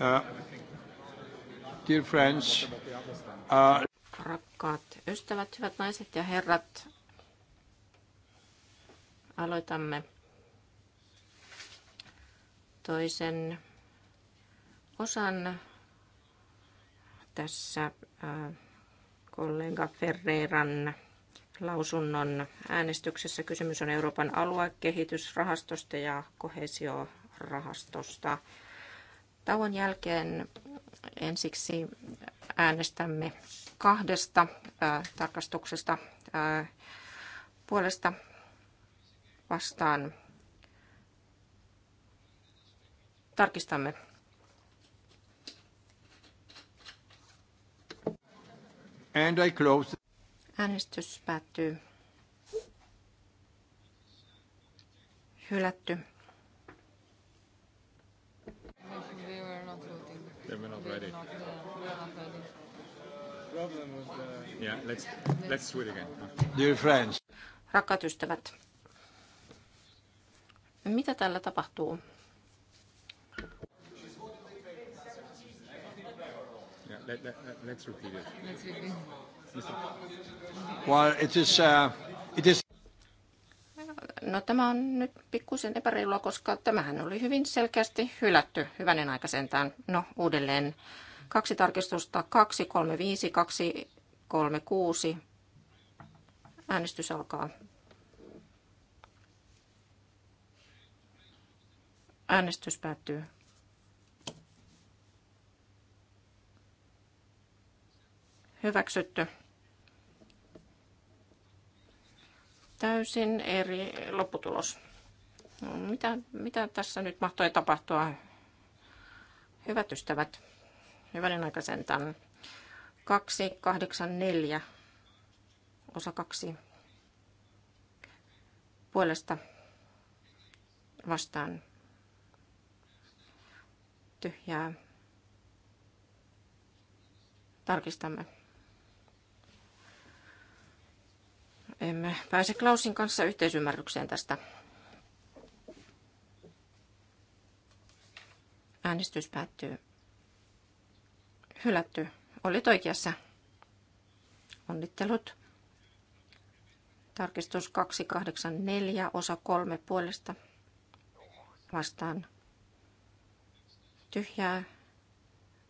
Uh, dear friends, uh... Rakkaat ystävät, hyvät naiset ja herrat, aloitamme toisen osan tässä uh, kollega Ferreiran lausunnon äänestyksessä. Kysymys on Euroopan aluekehitysrahastosta ja kohesiorahastosta. rahastosta Tauon jälkeen ensiksi äänestämme kahdesta tarkastuksesta puolesta vastaan. Tarkistamme. And I close. Äänestys päättyy. Hylätty. They were uh, not ready. Uh, Rakkaat ystävät. Mitä tällä tapahtuu? let, let, let's repeat it. Let's repeat it. Well, it is, uh, it is... No tämä on nyt pikkuisen epäreilua, koska tämähän oli hyvin selkeästi hylätty hyvänen aika No uudelleen kaksi tarkistusta, 235, 236. Äänestys alkaa. Äänestys päättyy. Hyväksytty. täysin eri lopputulos. No, mitä, mitä tässä nyt mahtoi tapahtua? Hyvät ystävät, hyvänen aika sentään. 284, osa 2, puolesta vastaan tyhjää. Tarkistamme. emme pääse Klausin kanssa yhteisymmärrykseen tästä. Äänestys päättyy. Hylätty. Olit oikeassa. Onnittelut. Tarkistus 284, osa 3 puolesta. Vastaan. Tyhjää.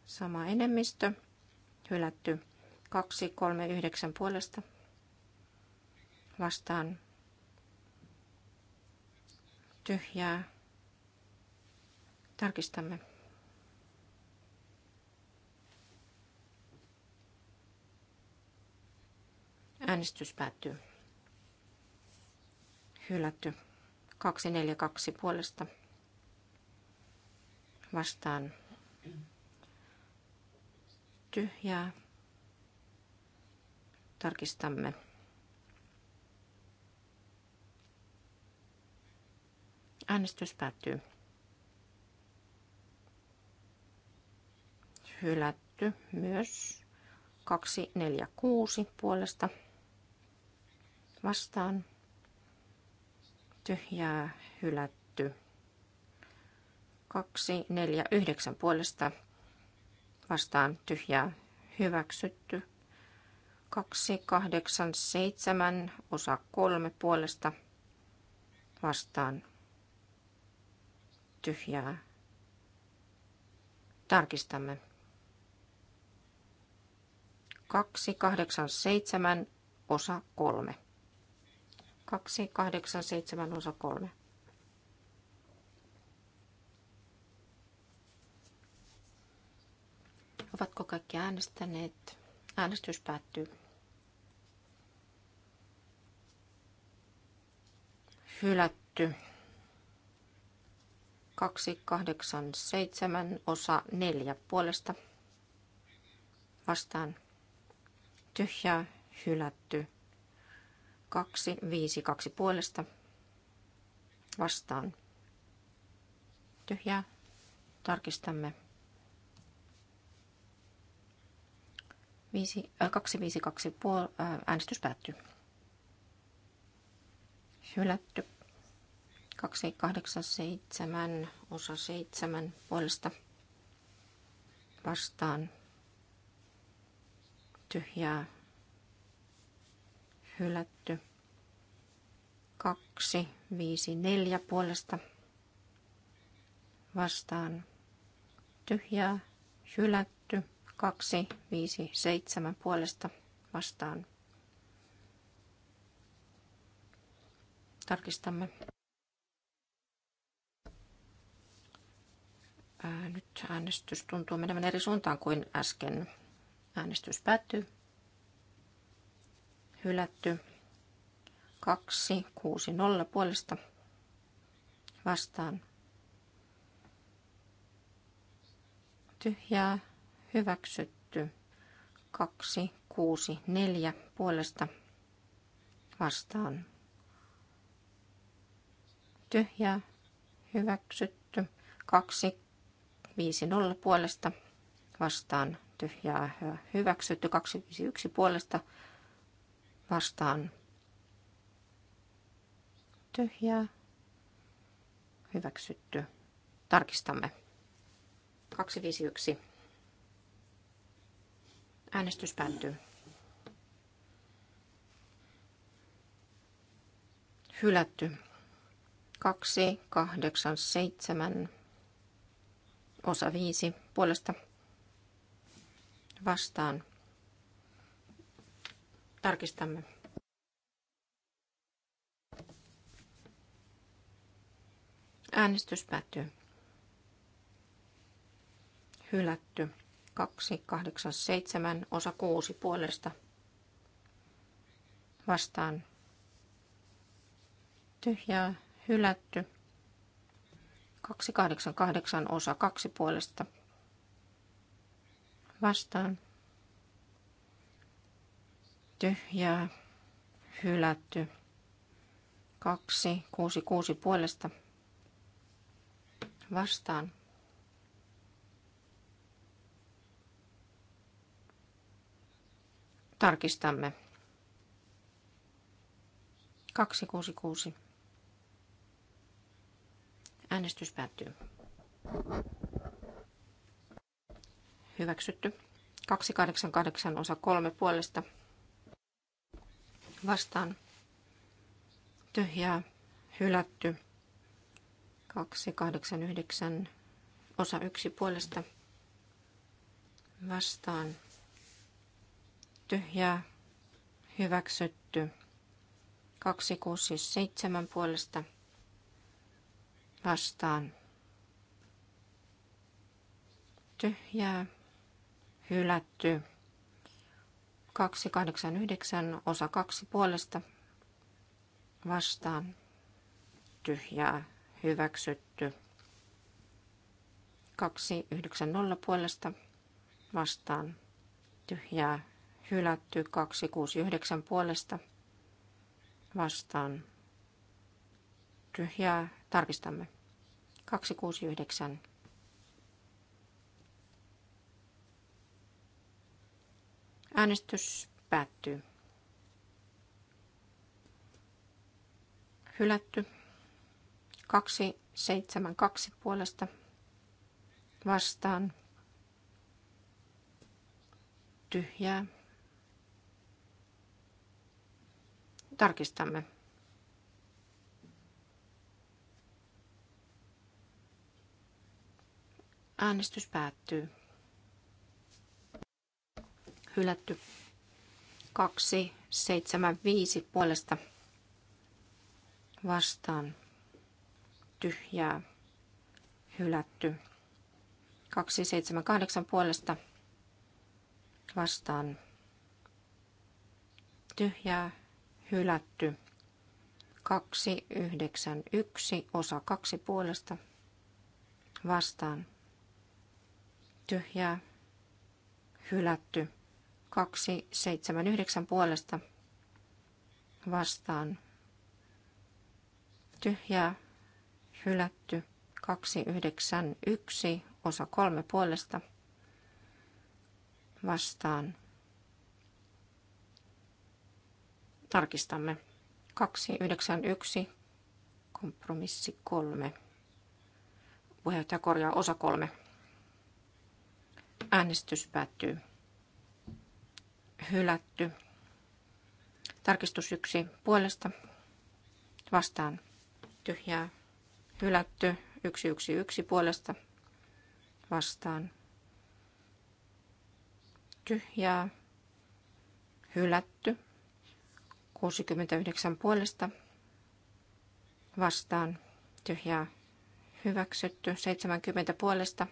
Sama enemmistö. Hylätty. 239 puolesta vastaan tyhjää. Tarkistamme. Äänestys päättyy. Hylätty. 242 puolesta vastaan tyhjää. Tarkistamme. Äänestys päättyy. Hylätty myös 246 puolesta vastaan. Tyhjää hylätty 249 puolesta vastaan tyhjää hyväksytty. 287 osa 3 puolesta vastaan tyhjää. Tarkistamme. 287 osa 3. 287 osa 3. Ovatko kaikki äänestäneet? Äänestys päättyy. Hylätty. 287 osa 4 puolesta vastaan tyhjää hylätty 252 puolesta vastaan tyhjää tarkistamme 5, äh, 252 äh, äänestys päättyy hylätty 287 osa 7 puolesta vastaan tyhjää hylätty. 254 puolesta vastaan tyhjää hylätty. 257 puolesta vastaan tarkistamme. Ää, Nyt äänestys tuntuu menevän eri suuntaan kuin äsken. Äänestys päättyy. Hylätty. 2, 6, 0 puolesta vastaan. Tyhjää hyväksytty. 2, 6, 4 puolesta vastaan. Tyhjää hyväksytty. 2, 50 puolesta vastaan tyhjää hyväksytty, 251 puolesta vastaan tyhjää hyväksytty. Tarkistamme. 251. Äänestys päättyy. Hylätty. 287 Osa viisi puolesta vastaan. Tarkistamme. Äänestys päättyy. Hylätty. 2, 8, 7, osa 6 puolesta vastaan. Tyhjää hylätty. 288 osa 2 puolesta vastaan. Tyhjää, hylätty. 266 puolesta vastaan. Tarkistamme. 266. Äänestys päättyy. Hyväksytty. 288 osa 3 puolesta. Vastaan. Tyhjää. Hylätty. 289 osa 1 puolesta. Vastaan. Tyhjää. Hyväksytty. 267 puolesta vastaan tyhjää, hylätty. 289 osa 2 puolesta vastaan tyhjää, hyväksytty. 290 puolesta vastaan tyhjää, hylätty. 269 puolesta vastaan tyhjää, Tarkistamme. 269. Äänestys päättyy. Hylätty. 272 puolesta vastaan. Tyhjää. Tarkistamme. Äänestys päättyy. Hylätty. 2, 7, 5 puolesta vastaan. Tyhjää. Hylätty. 2, 7, 8 puolesta vastaan. Tyhjää. Hylätty. 2, 9, 1 osa 2 puolesta vastaan tyhjää, hylätty. 279 puolesta vastaan, tyhjää, hylätty. 291 osa 3 puolesta vastaan. Tarkistamme. 291 kompromissi 3. Puheenjohtaja korjaa osa kolme. Äänestys päättyy. Hylätty. Tarkistus yksi puolesta. Vastaan. Tyhjää. Hylätty. Yksi yksi yksi puolesta. Vastaan. Tyhjää. Hylätty. 69 puolesta. Vastaan. Tyhjää. Hyväksytty. 70 puolesta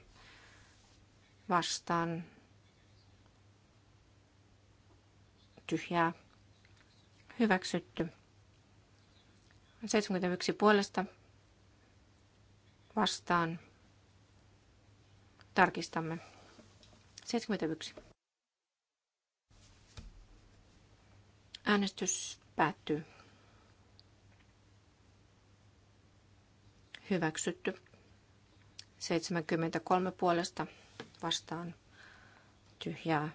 vastaan tyhjää hyväksytty. 71 puolesta vastaan tarkistamme. 71. Äänestys päättyy. Hyväksytty. 73 puolesta vastaan tyhjää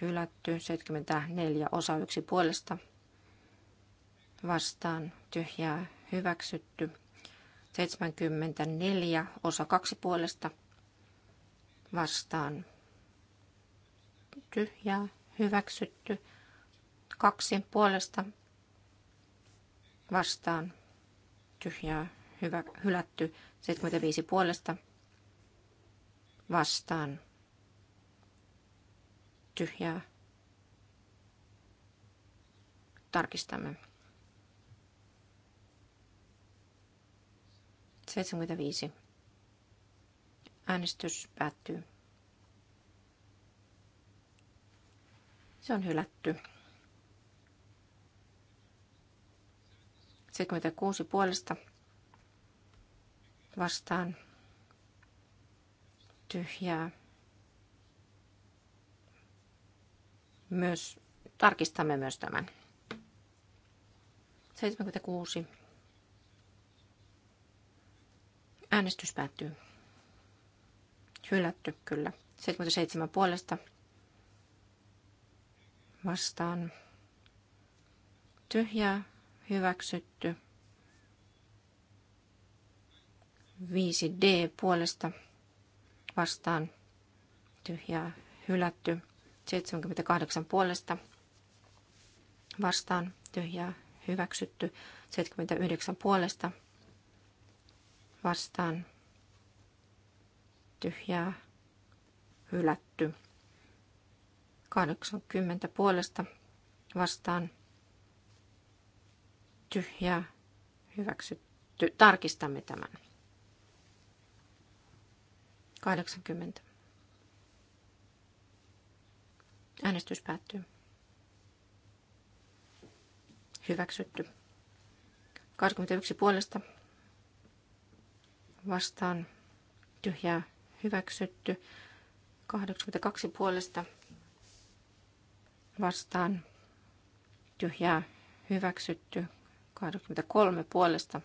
hylätty. 74 osa yksi puolesta vastaan tyhjää hyväksytty. 74 osa kaksi puolesta vastaan tyhjää hyväksytty. Kaksi puolesta vastaan tyhjää hyvä, hylätty. 75 puolesta vastaan vastaan tyhjää. Tarkistamme. 75. Äänestys päättyy. Se on hylätty. 76 puolesta vastaan tyhjää. Myös tarkistamme myös tämän. 76. Äänestys päättyy. Hylätty, kyllä. 77 puolesta vastaan. Tyhjää, hyväksytty. 5D puolesta vastaan ja hylätty. 78 puolesta vastaan tyhjää hyväksytty. 79 puolesta vastaan tyhjää hylätty. 80 puolesta vastaan tyhjää hyväksytty. Tarkistamme tämän. 80. Äänestys päättyy. Hyväksytty. 21 puolesta vastaan tyhjää hyväksytty. 82 puolesta vastaan tyhjää hyväksytty. 83 puolesta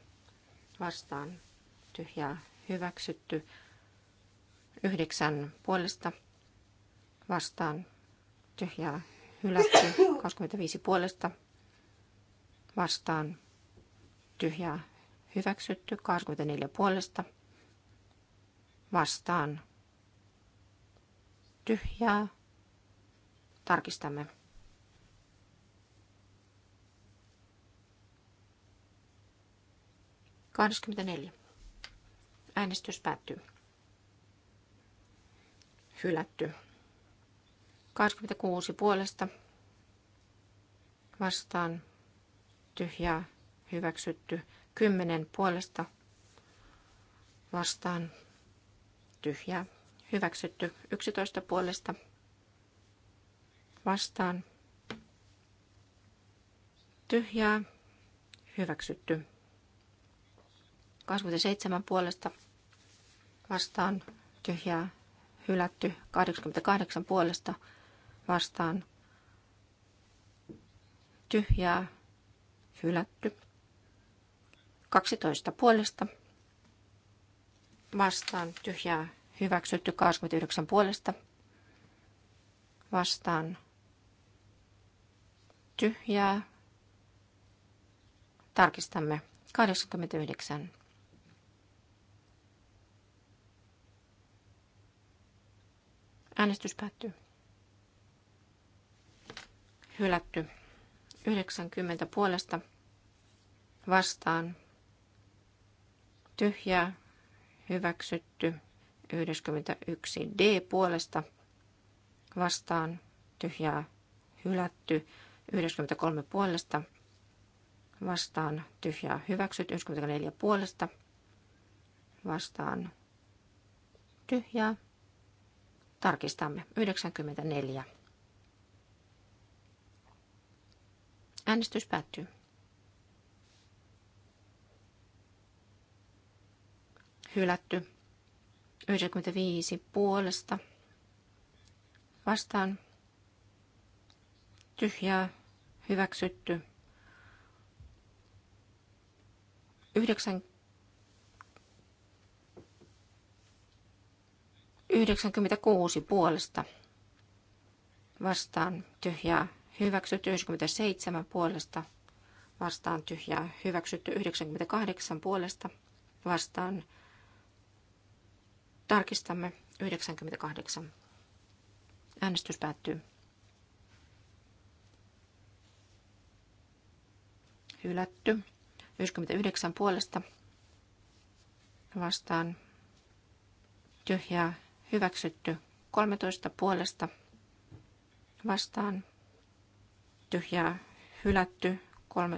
vastaan tyhjää hyväksytty yhdeksän puolesta vastaan tyhjää hylätty. 25 puolesta vastaan tyhjää hyväksytty. 24 puolesta vastaan tyhjää. Tarkistamme. Kahdeskymmentäneljä. Äänestys päättyy hylätty. 26 puolesta vastaan tyhjää hyväksytty. 10 puolesta vastaan tyhjää hyväksytty. 11 puolesta vastaan tyhjää hyväksytty. 27 puolesta vastaan tyhjää hylätty 88 puolesta vastaan tyhjää hylätty 12 puolesta vastaan tyhjää hyväksytty 89 puolesta vastaan tyhjää tarkistamme 89 Äänestys päättyy. Hylätty. 90 puolesta vastaan. Tyhjää. Hyväksytty. 91 D puolesta vastaan. Tyhjää. Hylätty. 93 puolesta vastaan. Tyhjää. Hyväksytty. 94 puolesta vastaan. Tyhjää Tarkistamme. 94. Äänestys päättyy. Hylätty. 95 puolesta. Vastaan. Tyhjää. Hyväksytty. 90 96 puolesta vastaan tyhjää hyväksytty 97 puolesta vastaan tyhjää hyväksytty 98 puolesta vastaan tarkistamme 98. Äänestys päättyy. Hylätty 99 puolesta vastaan tyhjää Hyväksytty 13 puolesta vastaan. Tyhjää hylätty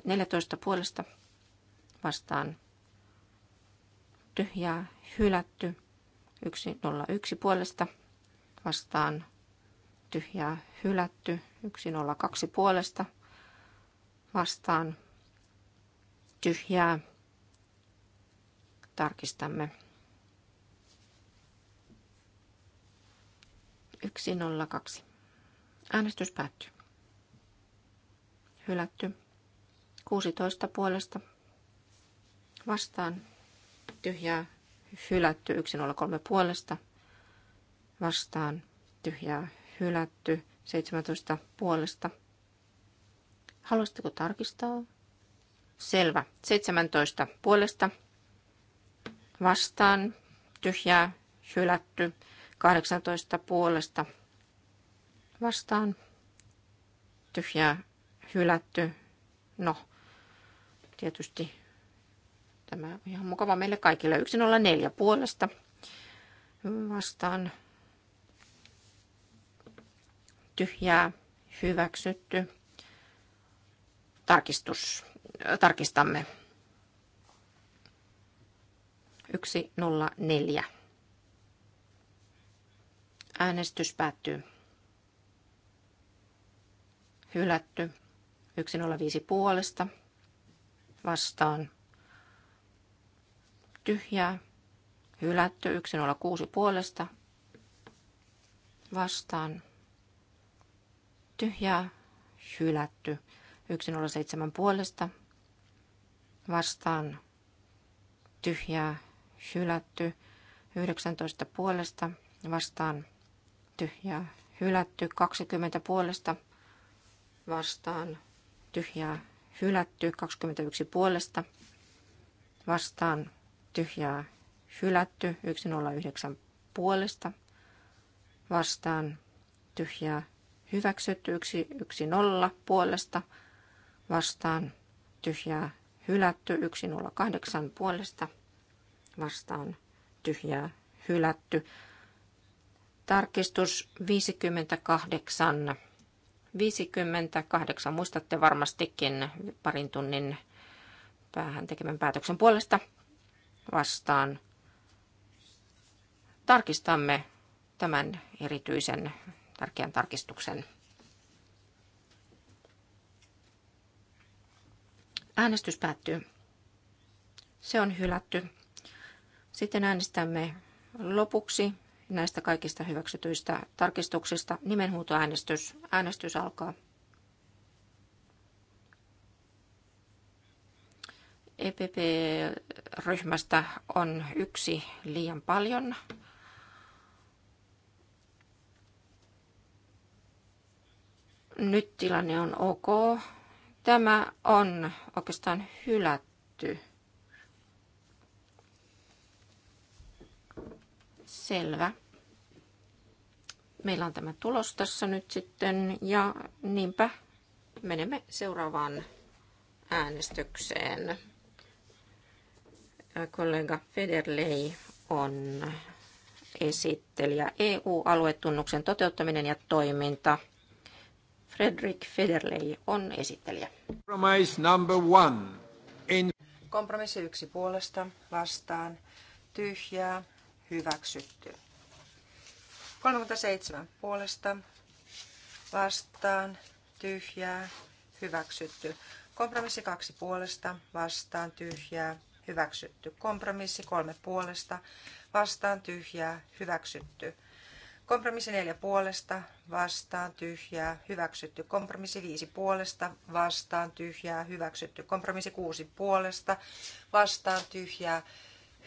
14 puolesta vastaan. Tyhjää hylätty 101 puolesta vastaan. Tyhjää hylätty 102 puolesta vastaan. Tyhjää tarkistamme. 102. Äänestys päättyy. Hylätty. 16 puolesta. Vastaan. Tyhjää. Hylätty. 103 puolesta. Vastaan. Tyhjää. Hylätty. 17 puolesta. Haluaisitteko tarkistaa? Selvä. 17 puolesta. Vastaan. Tyhjää. Hylätty. 18 puolesta vastaan. Tyhjää hylätty. No, tietysti tämä on ihan mukava meille kaikille. 104 puolesta vastaan. Tyhjää hyväksytty. Tarkistus. Tarkistamme. 104. Äänestys päättyy. Hylätty. 105 puolesta. Vastaan. Tyhjää. Hylätty. 106 puolesta. Vastaan. Tyhjää. Hylätty. 107 puolesta. Vastaan. Tyhjää. Hylätty. 19 puolesta. Vastaan hylätty ja hylätty 20 puolesta vastaan tyhjää hylätty 21 puolesta vastaan tyhjää hylätty 109 puolesta vastaan tyhjää hyväksytty 110 puolesta vastaan tyhjää hylätty 108 puolesta vastaan tyhjää hylätty Tarkistus 58. 58. Muistatte varmastikin parin tunnin päähän tekemän päätöksen puolesta vastaan. Tarkistamme tämän erityisen tärkeän tarkistuksen. Äänestys päättyy. Se on hylätty. Sitten äänestämme lopuksi näistä kaikista hyväksytyistä tarkistuksista. Nimenhuutoäänestys. Äänestys alkaa. EPP-ryhmästä on yksi liian paljon. Nyt tilanne on ok. Tämä on oikeastaan hylätty. Selvä. Meillä on tämä tulos tässä nyt sitten ja niinpä menemme seuraavaan äänestykseen. Kollega Federley on esittelijä EU-aluetunnuksen toteuttaminen ja toiminta. Frederick Federley on esittelijä. Compromise number one. In... Kompromissi yksi puolesta, vastaan, tyhjää, hyväksytty. 37 puolesta vastaan tyhjää hyväksytty. Kompromissi 2 puolesta vastaan tyhjää hyväksytty. Kompromissi 3 puolesta vastaan tyhjää hyväksytty. Kompromissi 4 puolesta vastaan tyhjää hyväksytty. Kompromissi 5 puolesta vastaan tyhjää hyväksytty. Kompromissi 6 puolesta vastaan tyhjää hyväksytty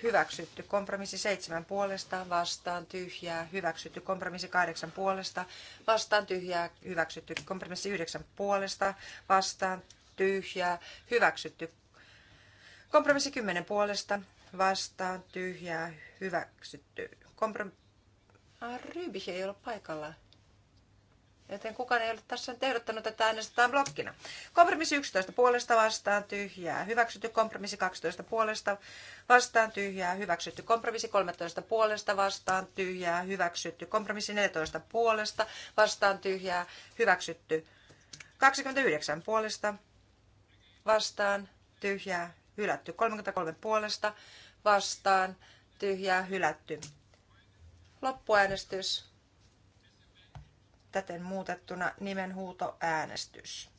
hyväksytty. Kompromissi seitsemän puolesta, vastaan tyhjää, hyväksytty. Kompromissi kahdeksan puolesta, vastaan tyhjää, hyväksytty. Kompromissi yhdeksän puolesta, vastaan tyhjää, hyväksytty. Kompromissi kymmenen puolesta, vastaan tyhjää, hyväksytty. Kompromissi... Ah, Rybih ei ole paikalla. Joten kukaan ei ole tässä nyt ehdottanut, että äänestetään blokkina. Kompromissi 11 puolesta vastaan tyhjää. Hyväksytty kompromissi 12 puolesta vastaan tyhjää. Hyväksytty kompromissi 13 puolesta vastaan tyhjää. Hyväksytty kompromissi 14 puolesta vastaan tyhjää. Hyväksytty 29 puolesta vastaan tyhjää. Hylätty 33 puolesta vastaan tyhjää. Hylätty. Loppuäänestys täten muutettuna nimenhuutoäänestys.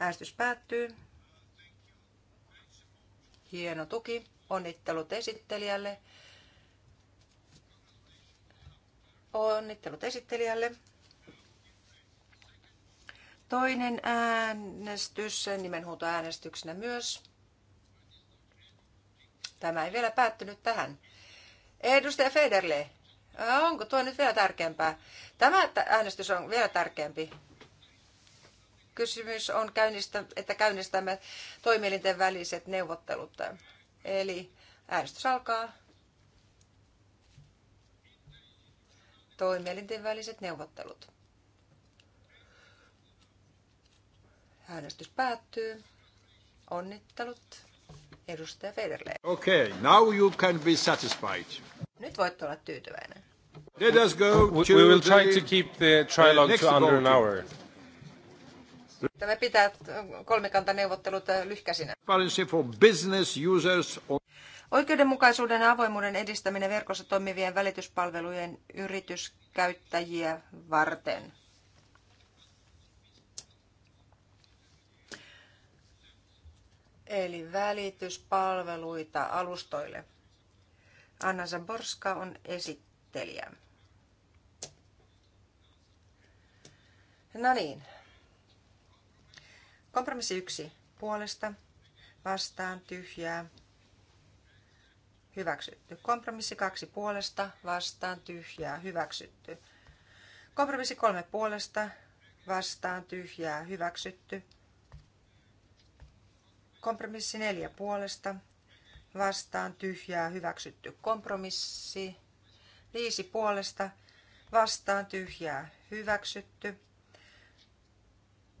Äänestys päättyy. Hieno tuki. Onnittelut esittelijälle. Onnittelut esittelijälle. Toinen äänestys, nimenhuutoäänestyksenä myös. Tämä ei vielä päättynyt tähän. Edustaja Federle, onko tuo nyt vielä tärkeämpää? Tämä äänestys on vielä tärkeämpi. Kysymys on, käynnistä, että käynnistämme toimielinten väliset neuvottelut. Eli äänestys alkaa. Toimielinten väliset neuvottelut. Äänestys päättyy. Onnittelut edustaja Federle. Okay, now you can be satisfied. Nyt voit olla tyytyväinen. Let us go to We will try to keep the trilogue to under an hour. Tämä pitää kolmikantaneuvottelut äh, lyhkäsinä. For business users on... Oikeudenmukaisuuden ja avoimuuden edistäminen verkossa toimivien välityspalvelujen yrityskäyttäjiä varten. eli välityspalveluita alustoille. Anna Zaborska on esittelijä. No niin. Kompromissi yksi. Puolesta, vastaan, tyhjää, hyväksytty. Kompromissi kaksi. Puolesta, vastaan, tyhjää, hyväksytty. Kompromissi kolme. Puolesta, vastaan, tyhjää, hyväksytty. Kompromissi neljä puolesta. Vastaan tyhjää hyväksytty. Kompromissi viisi puolesta. Vastaan tyhjää hyväksytty.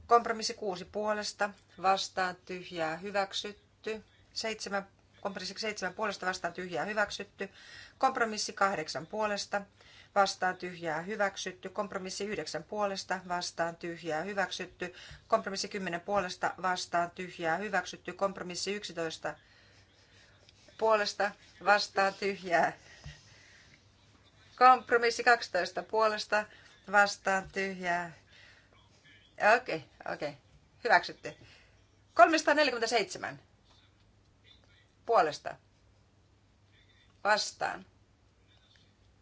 Kompromissi kuusi puolesta. Vastaan tyhjää hyväksytty. Seitsemän Kompromissi 7 puolesta vastaan tyhjää hyväksytty. Kompromissi 8 puolesta vastaan tyhjää hyväksytty. Kompromissi 9 puolesta vastaan tyhjää hyväksytty. Kompromissi 10 puolesta vastaan tyhjää hyväksytty. Kompromissi 11 puolesta vastaan tyhjää. Kompromissi 12 puolesta vastaan tyhjää. Okei, okay, okei. Okay. Hyväksytty. 347 puolesta vastaan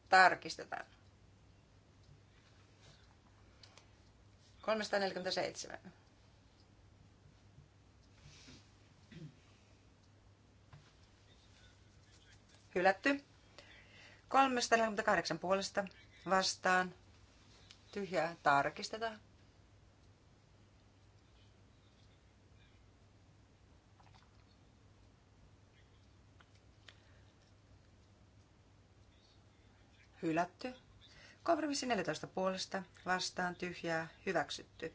Tarkistetaan. 347. Hylätty. 348 puolesta vastaan. Tyhjää tarkistetaan. hylätty. Kompromissi 14 puolesta vastaan tyhjää hyväksytty.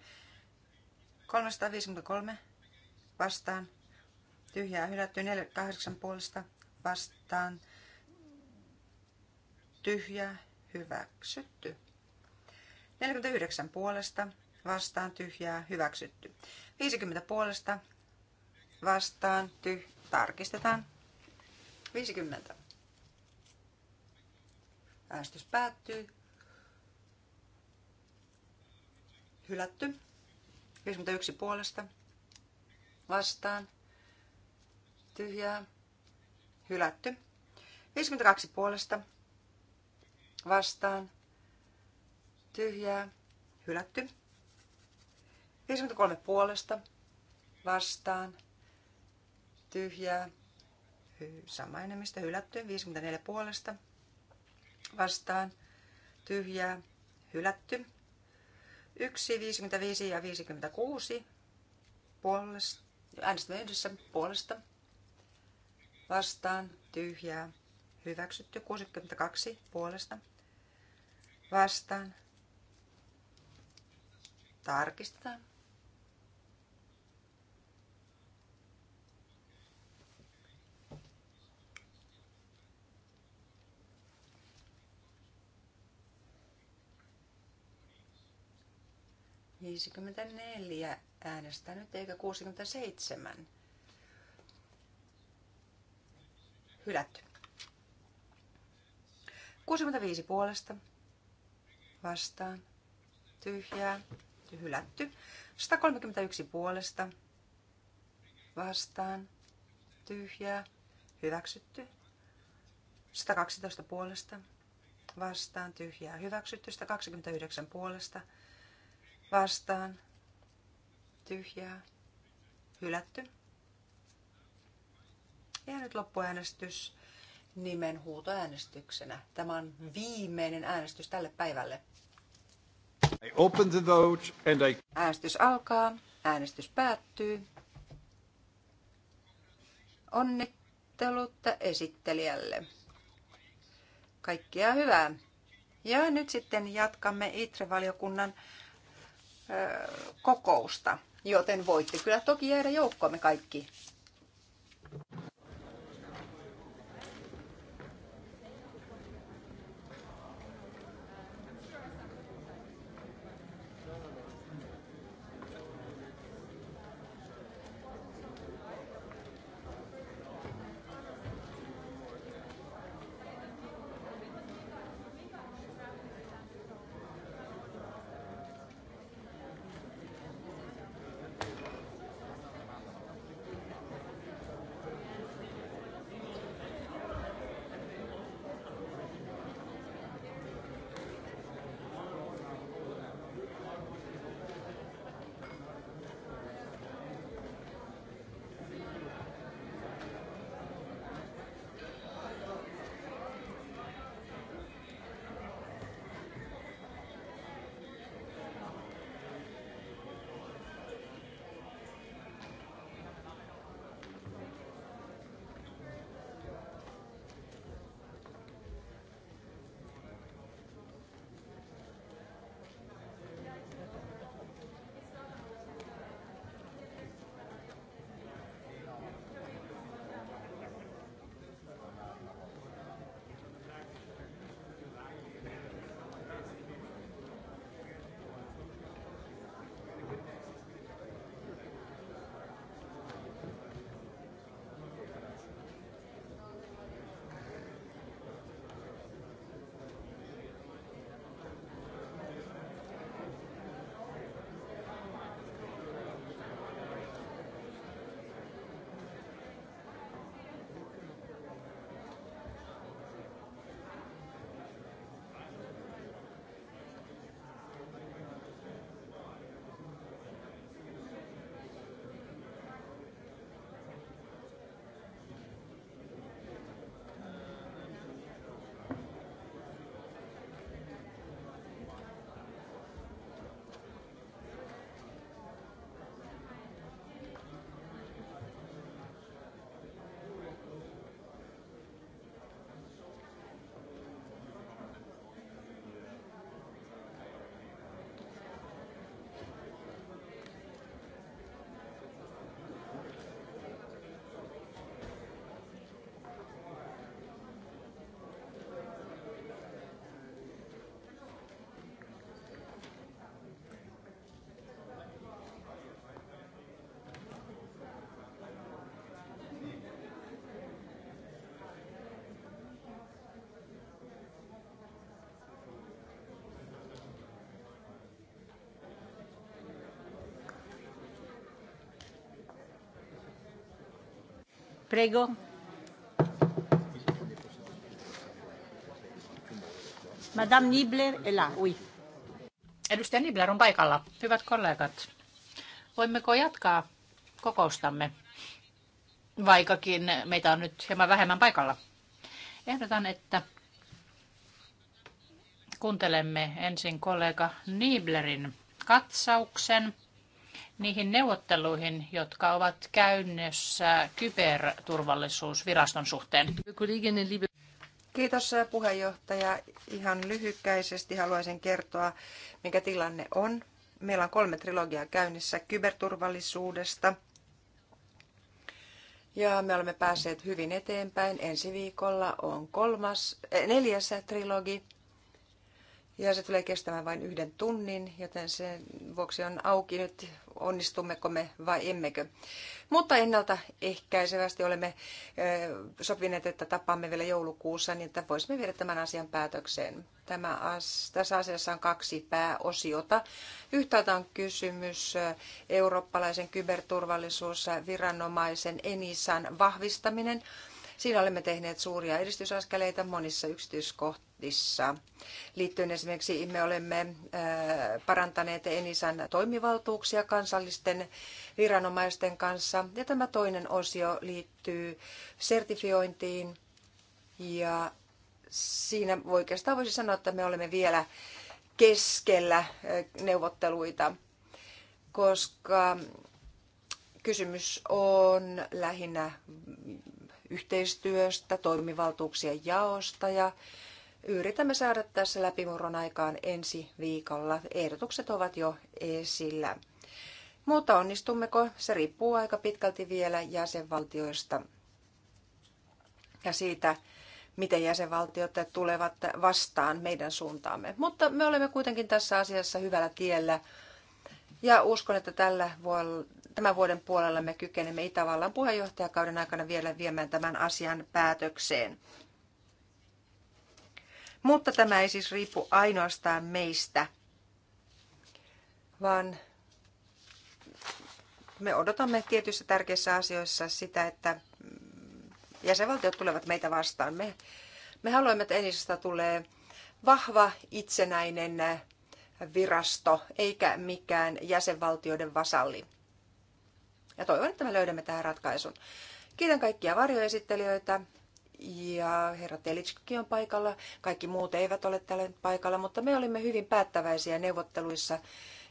353 vastaan tyhjää hylätty. 48 puolesta vastaan tyhjää hyväksytty. 49 puolesta vastaan tyhjää hyväksytty. 50 puolesta vastaan tyh tarkistetaan. 50. Äänestys päättyy. Hylätty. 51 puolesta. Vastaan. Tyhjää. Hylätty. 52 puolesta. Vastaan. Tyhjää. Hylätty. 53 puolesta. Vastaan. Tyhjää. Sama enemmistö hylätty. 54 puolesta vastaan tyhjää hylätty. 1, 55 ja 56 puolesta, äänestämme yhdessä puolesta vastaan tyhjää hyväksytty. 62 puolesta vastaan tarkistetaan. 54 äänestänyt eikä 67. Hylätty. 65 puolesta. Vastaan. Tyhjää. Hylätty. 131 puolesta. Vastaan. Tyhjää. Hyväksytty. 112 puolesta. Vastaan. Tyhjää. Hyväksytty. 129 puolesta vastaan, tyhjää, hylätty. Ja nyt loppuäänestys nimen huutoäänestyksenä. Tämä on viimeinen äänestys tälle päivälle. I open the vote and I... Äänestys alkaa, äänestys päättyy. Onnittelutta esittelijälle. Kaikkia hyvää. Ja nyt sitten jatkamme ITRE-valiokunnan kokousta, joten voitte kyllä toki jäädä joukkoomme kaikki Prego. Madame Nibler elää, oui. Edustaja Nibler on paikalla. Hyvät kollegat, voimmeko jatkaa kokoustamme, vaikkakin meitä on nyt hieman vähemmän paikalla? Ehdotan, että kuuntelemme ensin kollega Niblerin katsauksen niihin neuvotteluihin, jotka ovat käynnissä kyberturvallisuusviraston suhteen. Kiitos puheenjohtaja. Ihan lyhykäisesti haluaisin kertoa, mikä tilanne on. Meillä on kolme trilogiaa käynnissä kyberturvallisuudesta. Ja me olemme päässeet hyvin eteenpäin. Ensi viikolla on kolmas, eh, neljäs trilogi ja se tulee kestämään vain yhden tunnin, joten sen vuoksi on auki nyt, onnistummeko me vai emmekö. Mutta ennaltaehkäisevästi olemme sopineet, että tapaamme vielä joulukuussa, niin että voisimme viedä tämän asian päätökseen. Tämä as, tässä asiassa on kaksi pääosiota. Yhtäältä on kysymys eurooppalaisen kyberturvallisuusviranomaisen Enisan vahvistaminen. Siinä olemme tehneet suuria edistysaskeleita monissa yksityiskohtissa raportissa. Liittyen esimerkiksi me olemme parantaneet Enisan toimivaltuuksia kansallisten viranomaisten kanssa. Ja tämä toinen osio liittyy sertifiointiin ja siinä oikeastaan voisi sanoa, että me olemme vielä keskellä neuvotteluita, koska kysymys on lähinnä yhteistyöstä, toimivaltuuksien jaosta ja yritämme saada tässä läpimurron aikaan ensi viikolla. Ehdotukset ovat jo esillä. Mutta onnistummeko, se riippuu aika pitkälti vielä jäsenvaltioista ja siitä, miten jäsenvaltiot tulevat vastaan meidän suuntaamme. Mutta me olemme kuitenkin tässä asiassa hyvällä tiellä ja uskon, että tällä vuodella, tämän vuoden puolella me kykenemme Itävallan puheenjohtajakauden aikana vielä viemään tämän asian päätökseen. Mutta tämä ei siis riippu ainoastaan meistä, vaan me odotamme tietyissä tärkeissä asioissa sitä, että jäsenvaltiot tulevat meitä vastaan. Me, me haluamme, että ensistä tulee vahva, itsenäinen virasto, eikä mikään jäsenvaltioiden vasalli. Ja toivon, että me löydämme tähän ratkaisun. Kiitän kaikkia varjoesittelijöitä, ja herra Telitskikin on paikalla. Kaikki muut eivät ole tällä paikalla, mutta me olimme hyvin päättäväisiä neuvotteluissa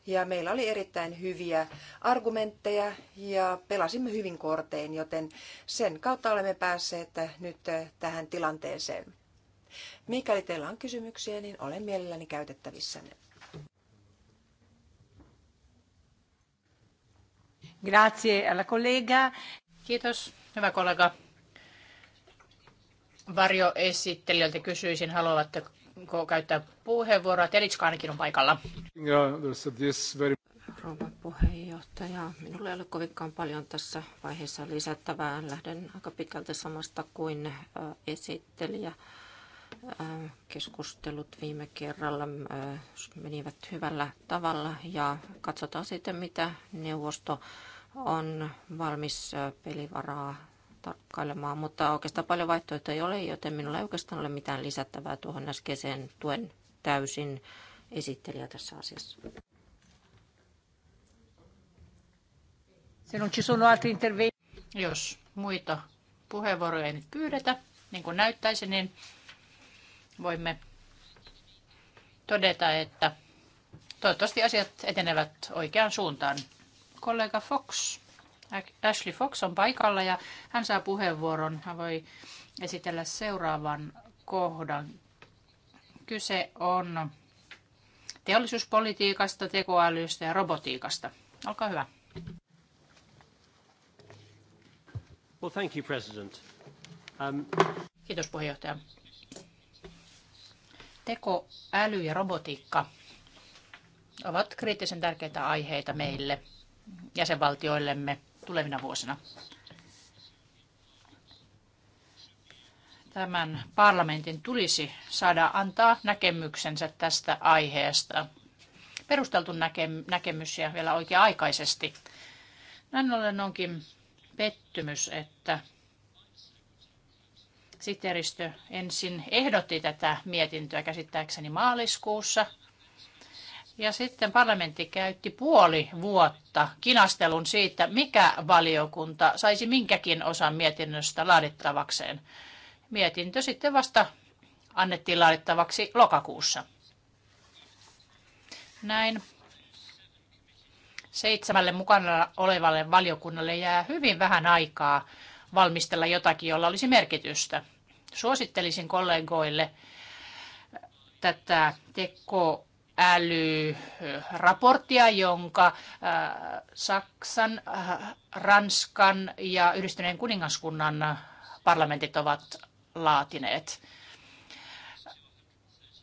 ja meillä oli erittäin hyviä argumentteja ja pelasimme hyvin kortein, joten sen kautta olemme päässeet nyt tähän tilanteeseen. Mikäli teillä on kysymyksiä, niin olen mielelläni käytettävissänne. Grazie alla collega. Kiitos, hyvä kollega varjoesittelijöiltä kysyisin, haluavatko käyttää puheenvuoroa. Telitska ainakin on paikalla. Rouva puheenjohtaja, minulla ei ole kovinkaan paljon tässä vaiheessa lisättävää. Lähden aika pitkälti samasta kuin esittelijä. Keskustelut viime kerralla menivät hyvällä tavalla ja katsotaan sitten, mitä neuvosto on valmis pelivaraa tarkkailemaan, mutta oikeastaan paljon vaihtoehtoja ei ole, joten minulla ei oikeastaan ole mitään lisättävää tuohon äskeiseen tuen täysin esittelijä tässä asiassa. Jos muita puheenvuoroja ei nyt pyydetä, niin kuin näyttäisi, niin voimme todeta, että toivottavasti asiat etenevät oikeaan suuntaan. Kollega Fox Ashley Fox on paikalla ja hän saa puheenvuoron. Hän voi esitellä seuraavan kohdan. Kyse on teollisuuspolitiikasta, tekoälystä ja robotiikasta. Olkaa hyvä. Well, thank you, President. Um... Kiitos puheenjohtaja. Tekoäly ja robotiikka ovat kriittisen tärkeitä aiheita meille, jäsenvaltioillemme – tulevina vuosina. Tämän parlamentin tulisi saada antaa näkemyksensä tästä aiheesta. Perusteltu näkemys ja vielä oikea-aikaisesti. Näin ollen onkin pettymys, että sihteeristö ensin ehdotti tätä mietintöä käsittääkseni maaliskuussa – ja sitten parlamentti käytti puoli vuotta kinastelun siitä, mikä valiokunta saisi minkäkin osan mietinnöstä laadittavakseen. Mietintö sitten vasta annettiin laadittavaksi lokakuussa. Näin seitsemälle mukana olevalle valiokunnalle jää hyvin vähän aikaa valmistella jotakin, jolla olisi merkitystä. Suosittelisin kollegoille tätä teko älyraporttia, jonka äh, Saksan, äh, Ranskan ja Yhdistyneen kuningaskunnan parlamentit ovat laatineet.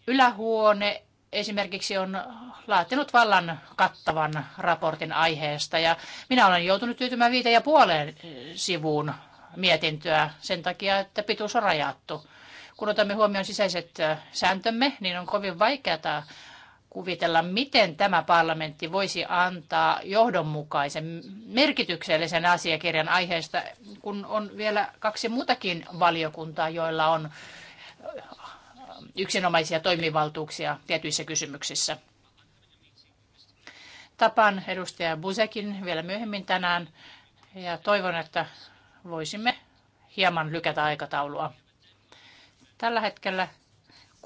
Ylähuone esimerkiksi on laatinut vallan kattavan raportin aiheesta ja minä olen joutunut tyytymään viiteen ja puoleen sivuun mietintöä sen takia, että pituus on rajattu. Kun otamme huomioon sisäiset sääntömme, niin on kovin vaikeaa kuvitella, miten tämä parlamentti voisi antaa johdonmukaisen merkityksellisen asiakirjan aiheesta, kun on vielä kaksi muutakin valiokuntaa, joilla on äh, yksinomaisia toimivaltuuksia tietyissä kysymyksissä. Tapaan edustaja Busekin vielä myöhemmin tänään ja toivon, että voisimme hieman lykätä aikataulua. Tällä hetkellä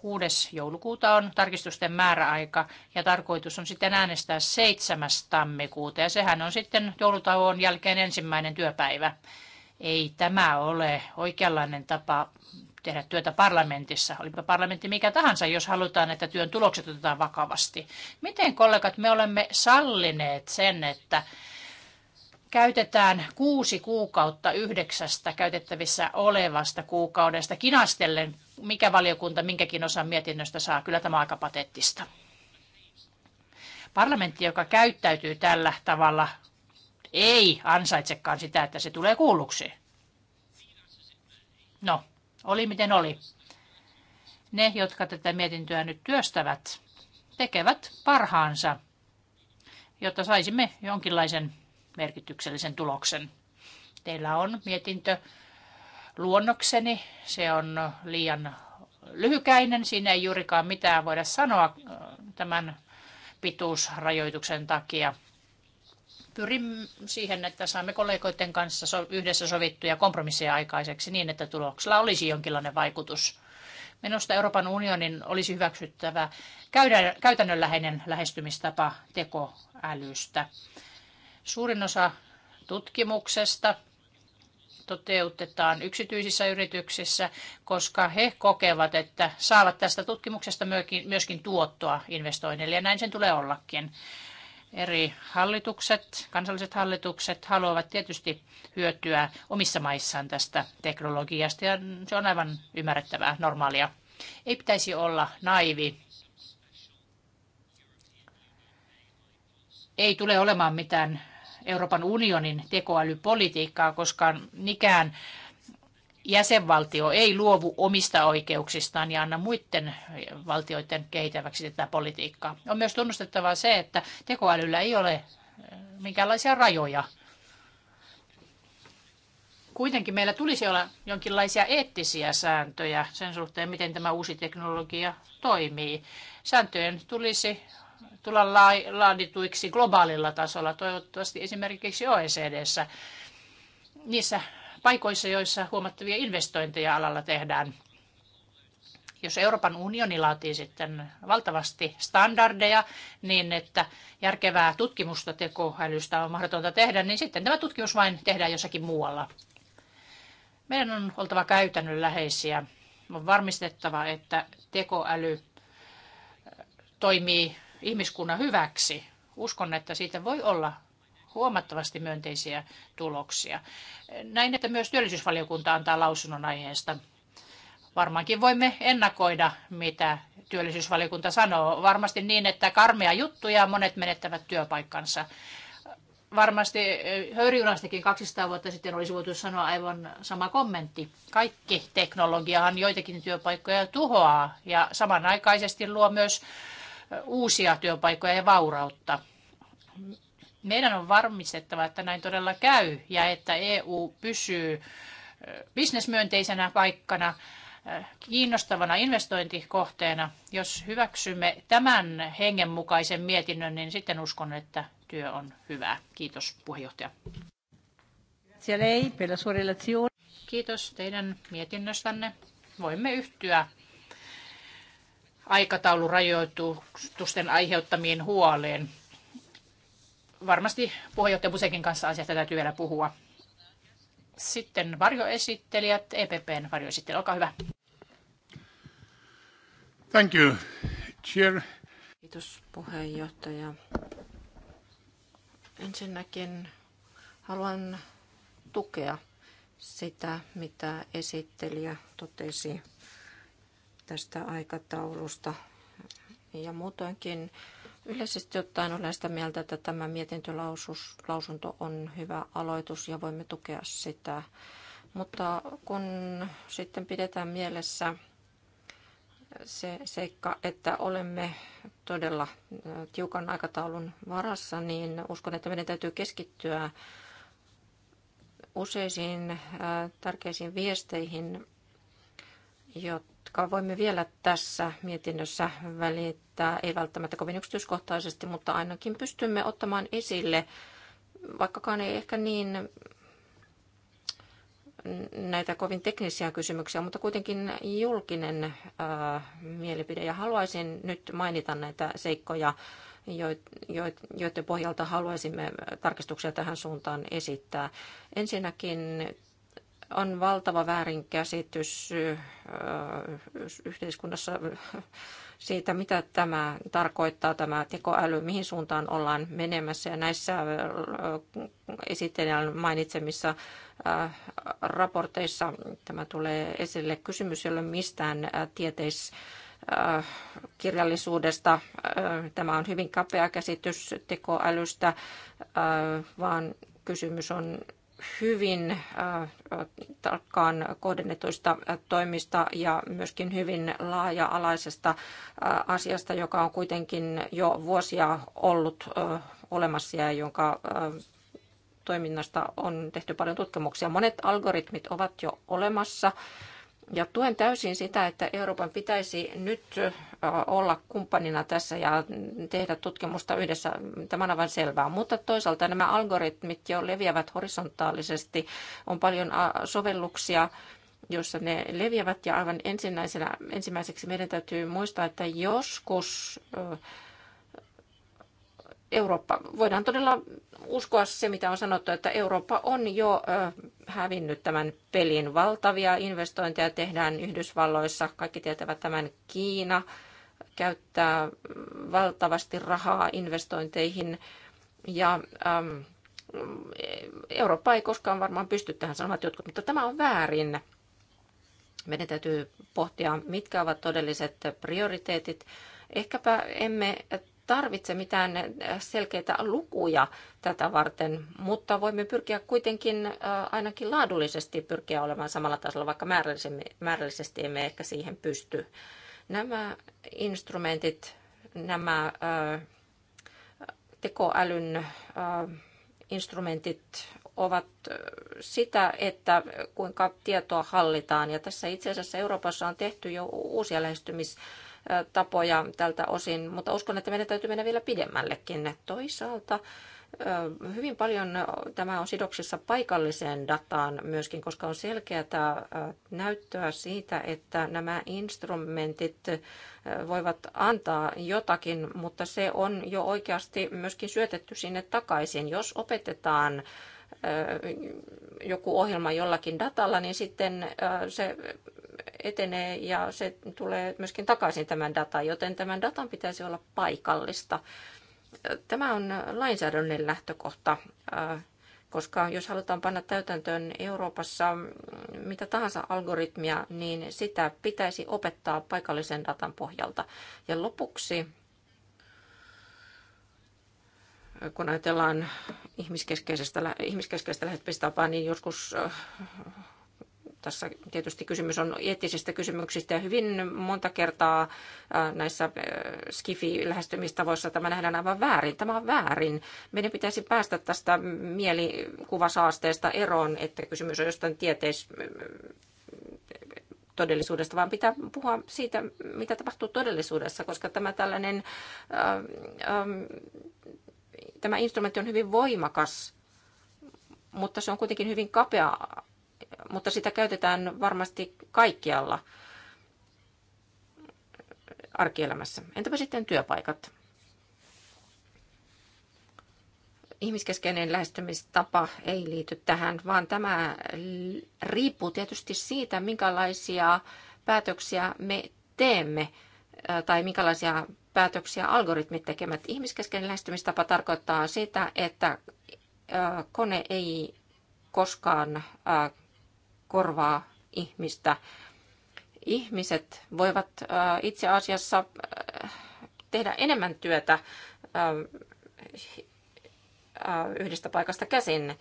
6. joulukuuta on tarkistusten määräaika ja tarkoitus on sitten äänestää 7. tammikuuta ja sehän on sitten joulutauon jälkeen ensimmäinen työpäivä. Ei tämä ole oikeanlainen tapa tehdä työtä parlamentissa, olipa parlamentti mikä tahansa, jos halutaan, että työn tulokset otetaan vakavasti. Miten kollegat, me olemme sallineet sen, että käytetään kuusi kuukautta yhdeksästä käytettävissä olevasta kuukaudesta kinastellen mikä valiokunta minkäkin osan mietinnöstä saa. Kyllä tämä on aika patettista. Parlamentti, joka käyttäytyy tällä tavalla, ei ansaitsekaan sitä, että se tulee kuulluksi. No, oli miten oli. Ne, jotka tätä mietintöä nyt työstävät, tekevät parhaansa, jotta saisimme jonkinlaisen merkityksellisen tuloksen. Teillä on mietintö luonnokseni. Se on liian lyhykäinen, siinä ei juurikaan mitään voida sanoa äh, tämän pituusrajoituksen takia. Pyrin siihen, että saamme kollegoiden kanssa yhdessä sovittuja kompromisseja aikaiseksi niin, että tuloksella olisi jonkinlainen vaikutus. Minusta Euroopan unionin olisi hyväksyttävä käytännönläheinen lähestymistapa tekoälystä. Suurin osa tutkimuksesta toteutetaan yksityisissä yrityksissä, koska he kokevat, että saavat tästä tutkimuksesta myöskin tuottoa investoinneille. ja näin sen tulee ollakin. Eri hallitukset, kansalliset hallitukset haluavat tietysti hyötyä omissa maissaan tästä teknologiasta, ja se on aivan ymmärrettävää, normaalia. Ei pitäisi olla naivi. Ei tule olemaan mitään Euroopan unionin tekoälypolitiikkaa, koska mikään jäsenvaltio ei luovu omista oikeuksistaan ja anna muiden valtioiden kehitäväksi tätä politiikkaa. On myös tunnustettava se, että tekoälyllä ei ole eh, minkäänlaisia rajoja. Kuitenkin meillä tulisi olla jonkinlaisia eettisiä sääntöjä sen suhteen, miten tämä uusi teknologia toimii. Sääntöjen tulisi tulla laadituiksi globaalilla tasolla, toivottavasti esimerkiksi OECDssä, niissä paikoissa, joissa huomattavia investointeja alalla tehdään. Jos Euroopan unioni laatii sitten valtavasti standardeja niin, että järkevää tutkimusta tekoälystä on mahdotonta tehdä, niin sitten tämä tutkimus vain tehdään jossakin muualla. Meidän on oltava käytännönläheisiä. On varmistettava, että tekoäly toimii ihmiskunnan hyväksi. Uskon, että siitä voi olla huomattavasti myönteisiä tuloksia. Näin, että myös työllisyysvaliokunta antaa lausunnon aiheesta. Varmaankin voimme ennakoida, mitä työllisyysvaliokunta sanoo. Varmasti niin, että karmea juttuja monet menettävät työpaikkansa. Varmasti eh, höyryunastakin 200 vuotta sitten olisi voitu sanoa aivan sama kommentti. Kaikki teknologiahan joitakin työpaikkoja tuhoaa ja samanaikaisesti luo myös uusia työpaikkoja ja vaurautta. Meidän on varmistettava, että näin todella käy ja että EU pysyy bisnesmyönteisenä paikkana, kiinnostavana investointikohteena. Jos hyväksymme tämän hengenmukaisen mietinnön, niin sitten uskon, että työ on hyvää. Kiitos puheenjohtaja. Kiitos teidän mietinnöstänne. Voimme yhtyä aikataulurajoitusten aiheuttamiin huoleen. Varmasti puheenjohtaja Busekin kanssa asiasta täytyy vielä puhua. Sitten varjoesittelijät, EPPn varjoesittelijä, olkaa hyvä. Thank you. Chair. Kiitos puheenjohtaja. Ensinnäkin haluan tukea sitä, mitä esittelijä totesi tästä aikataulusta. Ja muutoinkin yleisesti ottaen olen sitä mieltä, että tämä mietintölausunto on hyvä aloitus ja voimme tukea sitä. Mutta kun sitten pidetään mielessä se seikka, että olemme todella tiukan aikataulun varassa, niin uskon, että meidän täytyy keskittyä useisiin tärkeisiin viesteihin, jotta jotka voimme vielä tässä mietinnössä välittää, ei välttämättä kovin yksityiskohtaisesti, mutta ainakin pystymme ottamaan esille, vaikkakaan ei ehkä niin näitä kovin teknisiä kysymyksiä, mutta kuitenkin julkinen äh, mielipide. Ja haluaisin nyt mainita näitä seikkoja, joiden pohjalta haluaisimme tarkistuksia tähän suuntaan esittää. Ensinnäkin on valtava väärinkäsitys yhteiskunnassa siitä, mitä tämä tarkoittaa, tämä tekoäly, mihin suuntaan ollaan menemässä. Ja näissä esittelijän mainitsemissa raporteissa tämä tulee esille. Kysymys ei ole mistään tieteis kirjallisuudesta. Tämä on hyvin kapea käsitys tekoälystä, vaan kysymys on hyvin äh, tarkkaan kohdennetuista äh, toimista ja myöskin hyvin laaja-alaisesta äh, asiasta, joka on kuitenkin jo vuosia ollut olemassa ja jonka toiminnasta on tehty paljon tutkimuksia. Monet algoritmit ovat jo olemassa ja tuen täysin sitä, että Euroopan pitäisi nyt olla kumppanina tässä ja tehdä tutkimusta yhdessä. Tämä on aivan selvää. Mutta toisaalta nämä algoritmit jo leviävät horisontaalisesti. On paljon sovelluksia, jossa ne leviävät. Ja aivan ensimmäiseksi meidän täytyy muistaa, että joskus Eurooppa, voidaan todella uskoa se, mitä on sanottu, että Eurooppa on jo hävinnyt tämän pelin. Valtavia investointeja tehdään Yhdysvalloissa, kaikki tietävät tämän Kiina käyttää valtavasti rahaa investointeihin ja ähm, Eurooppa ei koskaan varmaan pysty tähän sanomaan jotkut, mutta tämä on väärin. Meidän täytyy pohtia, mitkä ovat todelliset prioriteetit. Ehkäpä emme tarvitse mitään eh, selkeitä lukuja tätä varten, mutta voimme pyrkiä kuitenkin eh, ainakin laadullisesti pyrkiä olemaan samalla tasolla, vaikka määrällisesti emme ehkä siihen pysty. Nämä instrumentit, nämä eh, tekoälyn instrumentit ovat sitä, että kuinka tietoa hallitaan. Ja tässä itse asiassa Euroopassa on tehty jo uusia lähestymis tapoja tältä osin, mutta uskon, että meidän täytyy mennä vielä pidemmällekin. Toisaalta hyvin paljon tämä on sidoksissa paikalliseen dataan myöskin, koska on selkeää näyttöä siitä, että nämä instrumentit voivat antaa jotakin, mutta se on jo oikeasti myöskin syötetty sinne takaisin. Jos opetetaan joku ohjelma jollakin datalla, niin sitten se etenee ja se tulee myöskin takaisin tämän data, joten tämän datan pitäisi olla paikallista. Tämä on lainsäädännön lähtökohta, äh, koska jos halutaan panna täytäntöön Euroopassa mitä tahansa algoritmia, niin sitä pitäisi opettaa paikallisen datan pohjalta. Ja lopuksi kun ajatellaan ihmiskeskeisestä, ihmiskeskeistä lähestymistapaa, niin joskus äh, tässä tietysti kysymys on eettisistä kysymyksistä ja hyvin monta kertaa äh, näissä äh, skifi-lähestymistavoissa tämä nähdään aivan väärin. Tämä on väärin. Meidän pitäisi päästä tästä mielikuvasaasteesta eroon, että kysymys on jostain tieteis todellisuudesta, vaan pitää puhua siitä, mitä tapahtuu todellisuudessa, koska tämä tällainen, ähm, ähm, tämä instrumentti on hyvin voimakas, mutta se on kuitenkin hyvin kapea mutta sitä käytetään varmasti kaikkialla arkielämässä. Entäpä sitten työpaikat? ihmiskeskeinen lähestymistapa ei liity tähän, vaan tämä riippuu tietysti siitä, minkälaisia päätöksiä me teemme tai minkälaisia päätöksiä algoritmit tekevät. Ihmiskeskeinen lähestymistapa tarkoittaa sitä, että kone ei koskaan korvaa ihmistä. Ihmiset voivat itse asiassa tehdä enemmän työtä yhdestä paikasta käsin.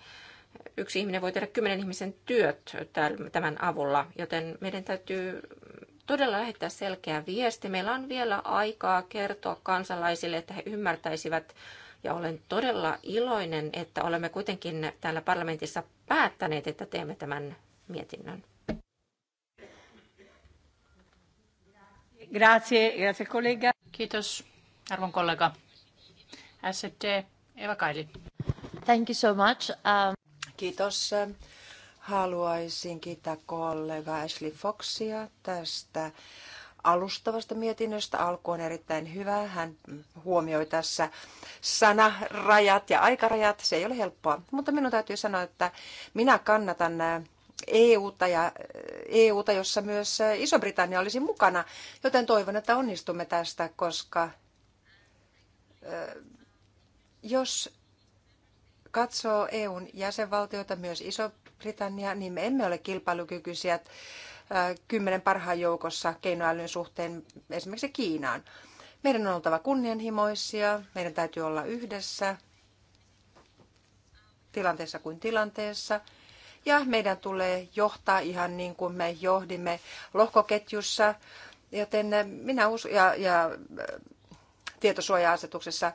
Yksi ihminen voi tehdä kymmenen ihmisen työt tämän avulla, joten meidän täytyy todella lähettää selkeä viesti. Meillä on vielä aikaa kertoa kansalaisille, että he ymmärtäisivät, ja olen todella iloinen, että olemme kuitenkin täällä parlamentissa päättäneet, että teemme tämän mietinnön. Grazie, grazie Kiitos, arvon kollega. SD Eva Kaili. Thank you so much. Um... Kiitos. Haluaisin kiittää kollega Ashley Foxia tästä alustavasta mietinnöstä. Alku on erittäin hyvä. Hän huomioi tässä sanarajat ja aikarajat. Se ei ole helppoa, mutta minun täytyy sanoa, että minä kannatan EUta, ja, EUta, jossa myös Iso-Britannia olisi mukana, joten toivon, että onnistumme tästä, koska jos katsoo EUn jäsenvaltioita, myös Iso-Britannia, niin me emme ole kilpailukykyisiä kymmenen parhaan joukossa keinoälyn suhteen esimerkiksi Kiinaan. Meidän on oltava kunnianhimoisia, meidän täytyy olla yhdessä tilanteessa kuin tilanteessa – ja meidän tulee johtaa ihan niin kuin me johdimme lohkoketjussa, joten eh, minä uskon, ja, ja eh, tietosuoja-asetuksessa,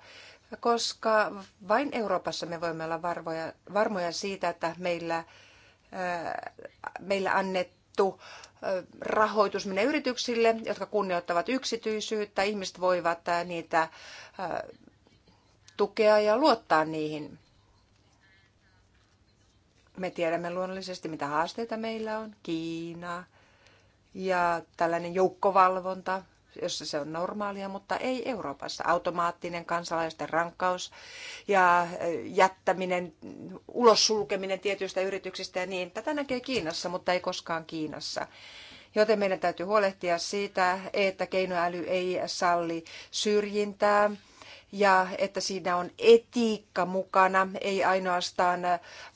koska vain Euroopassa me voimme olla varvoja, varmoja siitä, että meillä, eh, meillä annettu rahoitus menee yrityksille, jotka kunnioittavat yksityisyyttä. Ihmiset voivat niitä tukea ja luottaa niihin. Me tiedämme luonnollisesti, mitä haasteita meillä on. Kiina ja tällainen joukkovalvonta, jossa se on normaalia, mutta ei Euroopassa. Automaattinen kansalaisten rankkaus ja eh, jättäminen, ulos sulkeminen tietyistä yrityksistä ja niin. Tätä näkee Kiinassa, mutta ei koskaan Kiinassa. Joten meidän täytyy huolehtia siitä, että keinoäly ei salli syrjintää ja että siinä on etiikka mukana, ei ainoastaan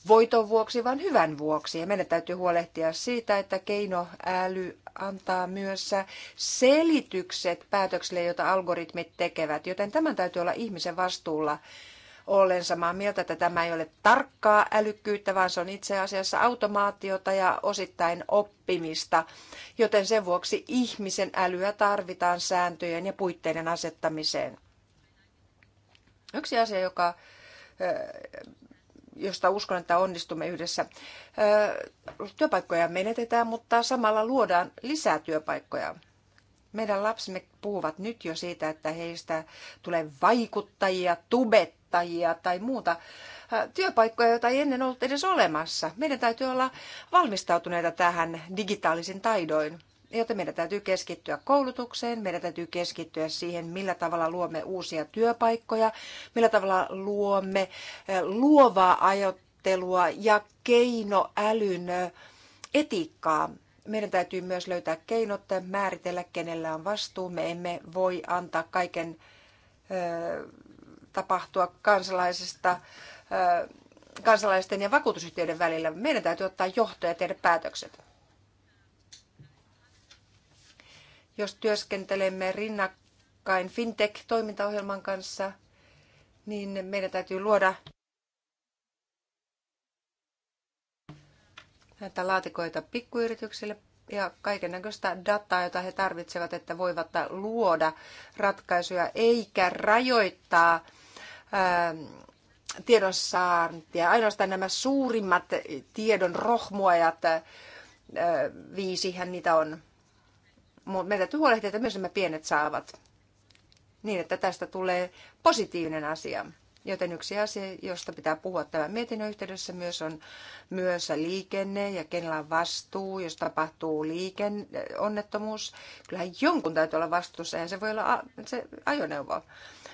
voiton vuoksi, vaan hyvän vuoksi. Ja meidän täytyy huolehtia siitä, että keinoäly antaa myös selitykset päätöksille, joita algoritmit tekevät, joten tämän täytyy olla ihmisen vastuulla olen samaa mieltä, että tämä ei ole tarkkaa älykkyyttä, vaan se on itse asiassa automaatiota ja osittain oppimista, joten sen vuoksi ihmisen älyä tarvitaan sääntöjen ja puitteiden asettamiseen. Yksi asia, joka, josta uskon, että onnistumme yhdessä. Työpaikkoja menetetään, mutta samalla luodaan lisää työpaikkoja. Meidän lapsemme puhuvat nyt jo siitä, että heistä tulee vaikuttajia, tubettajia tai muuta työpaikkoja, joita ei ennen ollut edes olemassa. Meidän täytyy olla valmistautuneita tähän digitaalisin taidoin. Joten meidän täytyy keskittyä koulutukseen, meidän täytyy keskittyä siihen, millä tavalla luomme uusia työpaikkoja, millä tavalla luomme eh, luovaa ajattelua ja keinoälyn eh, etiikkaa. Meidän täytyy myös löytää keinot eh, määritellä, kenellä on vastuu. Me emme voi antaa kaiken tapahtua kansalaisista, kansalaisten ja vakuutusyhtiöiden välillä. Meidän täytyy ottaa johto ja tehdä päätökset. Jos työskentelemme rinnakkain fintech-toimintaohjelman kanssa, niin meidän täytyy luoda näitä laatikoita pikkuyrityksille ja kaiken näköistä dataa, jota he tarvitsevat, että voivat luoda ratkaisuja eikä rajoittaa ähm, tiedonsaantia. Ainoastaan nämä suurimmat tiedon rohmuajat, äh, viisihän niitä on, meidän täytyy huolehtia, että myös nämä pienet saavat niin, että tästä tulee positiivinen asia. Joten yksi asia, josta pitää puhua tämän mietinnön yhteydessä myös on myös liikenne ja kenellä on vastuu, jos tapahtuu liikenneonnettomuus. Kyllähän jonkun täytyy olla vastuussa ja se voi olla se ajoneuvo.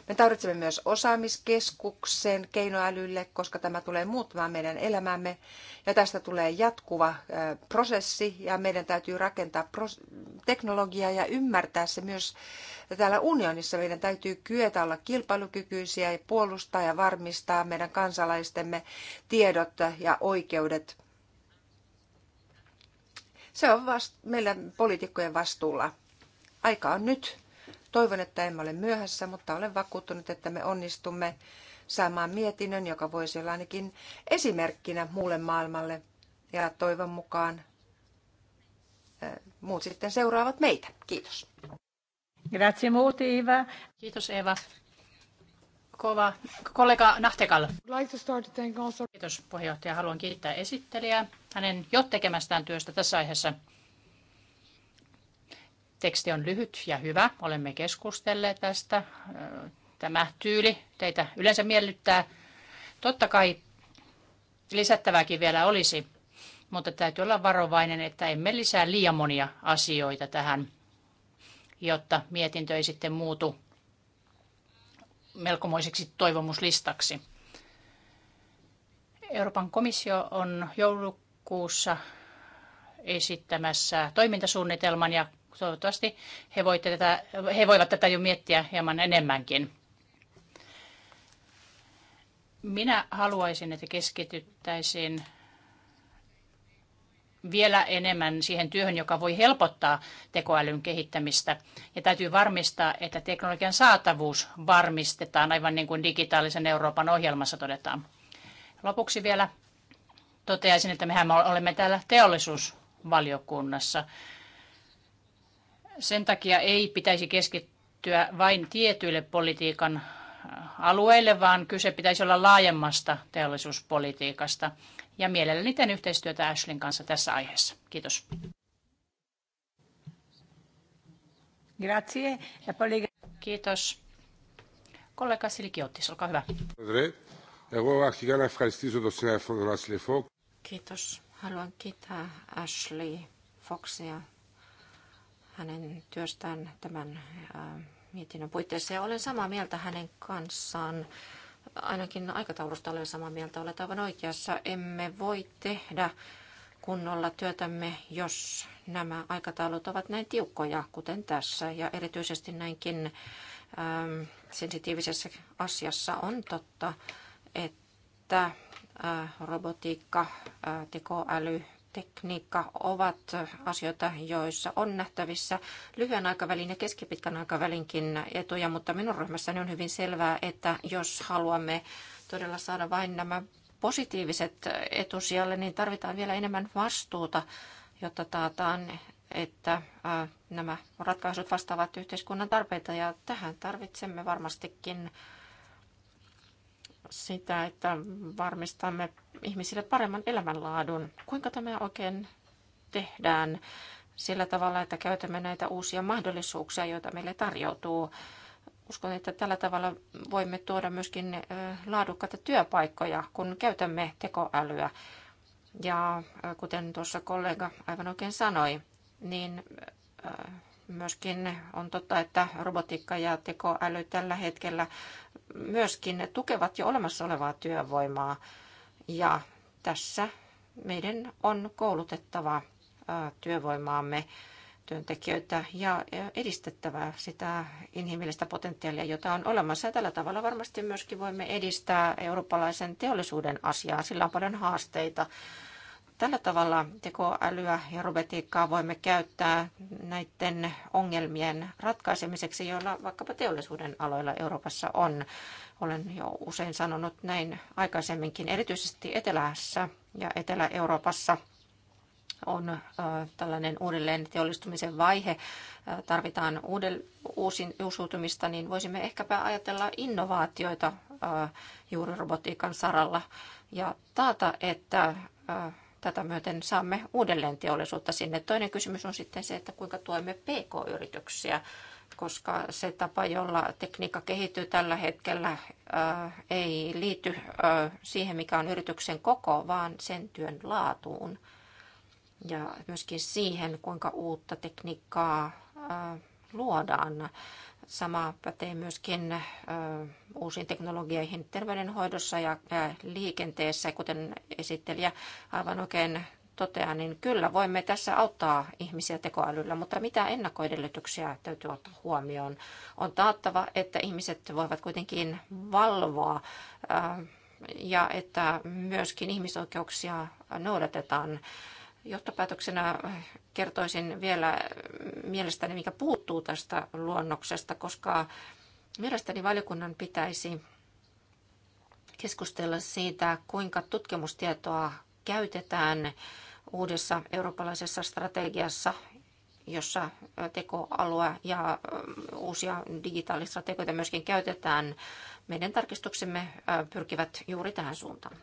Me tarvitsemme myös osaamiskeskuksen keinoälylle, koska tämä tulee muuttamaan meidän elämämme ja tästä tulee jatkuva prosessi ja meidän täytyy rakentaa teknologiaa ja ymmärtää se myös ja täällä unionissa meidän täytyy kyetä olla kilpailukykyisiä ja puolustaa ja varmistaa meidän kansalaistemme tiedot ja oikeudet. Se on vast- meillä poliitikkojen vastuulla. Aika on nyt. Toivon, että emme ole myöhässä, mutta olen vakuuttunut, että me onnistumme saamaan mietinnön, joka voisi olla ainakin esimerkkinä muulle maailmalle. Ja toivon mukaan eh, muut sitten seuraavat meitä. Kiitos. Kiitos, Eva. Kova. Kollega Kiitos puheenjohtaja. Haluan kiittää esittelijää hänen jo tekemästään työstä tässä aiheessa. Teksti on lyhyt ja hyvä. Olemme keskustelleet tästä. Tämä tyyli teitä yleensä miellyttää. Totta kai lisättävääkin vielä olisi, mutta täytyy olla varovainen, että emme lisää liian monia asioita tähän jotta mietintö ei sitten muutu melkomoiseksi toivomuslistaksi. Euroopan komissio on joulukuussa esittämässä toimintasuunnitelman ja toivottavasti he, voitte tätä, he voivat tätä jo miettiä hieman enemmänkin. Minä haluaisin, että keskityttäisiin vielä enemmän siihen työhön, joka voi helpottaa tekoälyn kehittämistä. Ja täytyy varmistaa, että teknologian saatavuus varmistetaan, aivan niin kuin digitaalisen Euroopan ohjelmassa todetaan. Lopuksi vielä toteaisin, että mehän olemme täällä teollisuusvaliokunnassa. Sen takia ei pitäisi keskittyä vain tietyille politiikan alueille, vaan kyse pitäisi olla laajemmasta teollisuuspolitiikasta – ja mielelläni teen yhteistyötä Ashlin kanssa tässä aiheessa. Kiitos. Grazie. Kiitos. Kollega Silikiottis, olkaa hyvä. Kiitos. Haluan kiittää Ashley Foxia hänen työstään tämän äh, mietinnön puitteissa. Ja olen samaa mieltä hänen kanssaan ainakin aikataulusta olen samaa mieltä, olet aivan oikeassa. Emme voi tehdä kunnolla työtämme, jos nämä aikataulut ovat näin tiukkoja, kuten tässä. Ja erityisesti näinkin ähm, sensitiivisessä asiassa on totta, että äh, robotiikka, äh, tekoäly, tekniikka ovat asioita, joissa on nähtävissä lyhyen aikavälin ja keskipitkän aikavälinkin etuja, mutta minun ryhmässäni on hyvin selvää, että jos haluamme todella saada vain nämä positiiviset etusijalle, niin tarvitaan vielä enemmän vastuuta, jotta taataan, että nämä ratkaisut vastaavat yhteiskunnan tarpeita. Ja tähän tarvitsemme varmastikin sitä, että varmistamme ihmisille paremman elämänlaadun. Kuinka tämä oikein tehdään sillä tavalla, että käytämme näitä uusia mahdollisuuksia, joita meille tarjoutuu? Uskon, että tällä tavalla voimme tuoda myöskin laadukkaita työpaikkoja, kun käytämme tekoälyä. Ja kuten tuossa kollega aivan oikein sanoi, niin myöskin on totta, että robotiikka ja tekoäly tällä hetkellä myöskin tukevat jo olemassa olevaa työvoimaa. Ja tässä meidän on koulutettava työvoimaamme työntekijöitä ja edistettävä sitä inhimillistä potentiaalia, jota on olemassa. Ja tällä tavalla varmasti myöskin voimme edistää eurooppalaisen teollisuuden asiaa. Sillä on paljon haasteita Tällä tavalla tekoälyä ja robotiikkaa voimme käyttää näiden ongelmien ratkaisemiseksi, joilla vaikkapa teollisuuden aloilla Euroopassa on. Olen jo usein sanonut näin aikaisemminkin, erityisesti Etelässä ja Etelä-Euroopassa on tällainen uudelleen teollistumisen vaihe, tarvitaan uudel, uusin, uusiutumista, niin voisimme ehkäpä ajatella innovaatioita juuri robotiikan saralla ja taata, että tätä myöten saamme uudelleen teollisuutta sinne. Toinen kysymys on sitten se, että kuinka tuemme PK-yrityksiä, koska se tapa, jolla tekniikka kehittyy tällä hetkellä, äh, ei liity äh, siihen, mikä on yrityksen koko, vaan sen työn laatuun ja myöskin siihen, kuinka uutta tekniikkaa äh, luodaan. Sama pätee myöskin uusiin teknologioihin terveydenhoidossa ja liikenteessä, kuten esittelijä aivan oikein toteaa, niin kyllä voimme tässä auttaa ihmisiä tekoälyllä, mutta mitä ennakkoedellytyksiä täytyy ottaa huomioon? On taattava, että ihmiset voivat kuitenkin valvoa ja että myöskin ihmisoikeuksia noudatetaan Johtopäätöksenä kertoisin vielä mielestäni, mikä puuttuu tästä luonnoksesta, koska mielestäni valiokunnan pitäisi keskustella siitä, kuinka tutkimustietoa käytetään uudessa eurooppalaisessa strategiassa jossa tekoalue ja uusia digitaalistrategioita myöskin käytetään. Meidän tarkistuksemme pyrkivät juuri tähän suuntaan.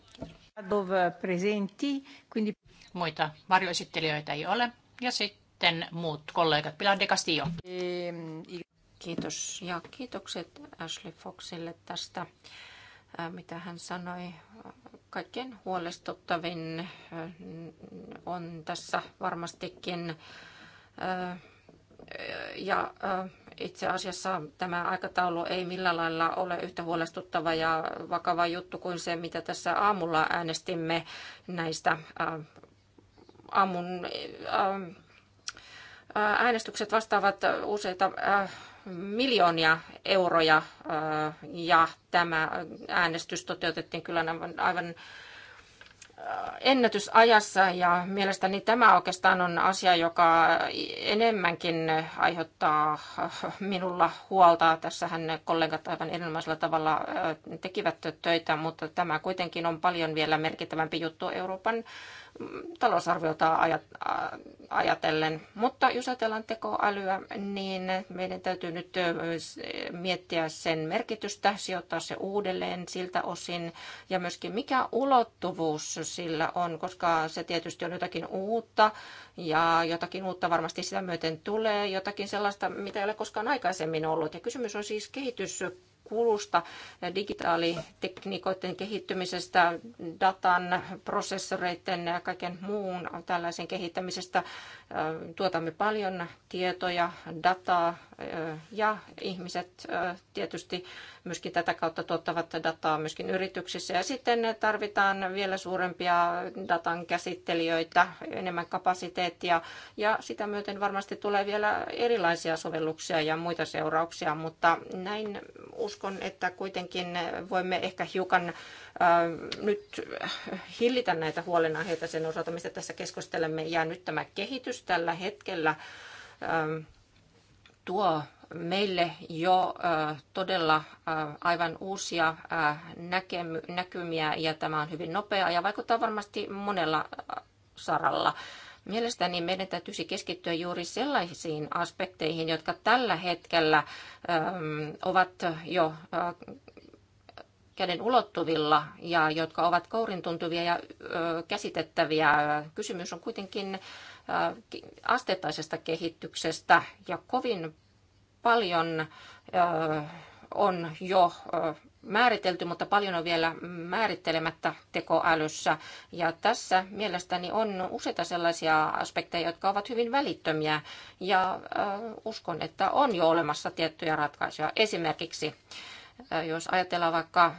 Muita varjoesittelijöitä ei ole. Ja sitten muut kollegat. Pilar de Castillo. Ehm, Kiitos ja kiitokset Ashley Foxille tästä, mitä hän sanoi. Kaikkein huolestuttavin on tässä varmastikin ja itse asiassa tämä aikataulu ei millään lailla ole yhtä huolestuttava ja vakava juttu kuin se, mitä tässä aamulla äänestimme näistä aamun äänestykset vastaavat useita miljoonia euroja ja tämä äänestys toteutettiin kyllä aivan ennätysajassa ja mielestäni tämä oikeastaan on asia, joka enemmänkin aiheuttaa minulla huolta. Tässähän kollegat aivan erinomaisella tavalla tekivät töitä, mutta tämä kuitenkin on paljon vielä merkittävämpi juttu Euroopan talousarviota ajatellen. Mutta jos ajatellaan tekoälyä, niin meidän täytyy nyt miettiä sen merkitystä, sijoittaa se uudelleen siltä osin ja myöskin mikä ulottuvuus sillä on, koska se tietysti on jotakin uutta ja jotakin uutta varmasti sitä myöten tulee, jotakin sellaista, mitä ei ole koskaan aikaisemmin ollut. Ja kysymys on siis kehitys kulusta, digitaalitekniikoiden kehittymisestä, datan, prosessoreiden ja kaiken muun tällaisen kehittämisestä. Tuotamme paljon tietoja, dataa, ja ihmiset tietysti myöskin tätä kautta tuottavat dataa myöskin yrityksissä. Ja sitten tarvitaan vielä suurempia datan käsittelijöitä, enemmän kapasiteettia ja sitä myöten varmasti tulee vielä erilaisia sovelluksia ja muita seurauksia, mutta näin uskon, että kuitenkin voimme ehkä hiukan nyt hillitä näitä huolenaiheita sen osalta, mistä tässä keskustelemme. Ja nyt tämä kehitys tällä hetkellä tuo meille jo todella aivan uusia näkymiä ja tämä on hyvin nopea ja vaikuttaa varmasti monella saralla. Mielestäni meidän täytyisi keskittyä juuri sellaisiin aspekteihin, jotka tällä hetkellä ovat jo käden ulottuvilla ja jotka ovat kourin tuntuvia ja käsitettäviä. Kysymys on kuitenkin asteittaisesta kehityksestä ja kovin paljon on jo määritelty, mutta paljon on vielä määrittelemättä tekoälyssä. Ja tässä mielestäni on useita sellaisia aspekteja, jotka ovat hyvin välittömiä. Ja uskon, että on jo olemassa tiettyjä ratkaisuja. Esimerkiksi jos ajatellaan vaikka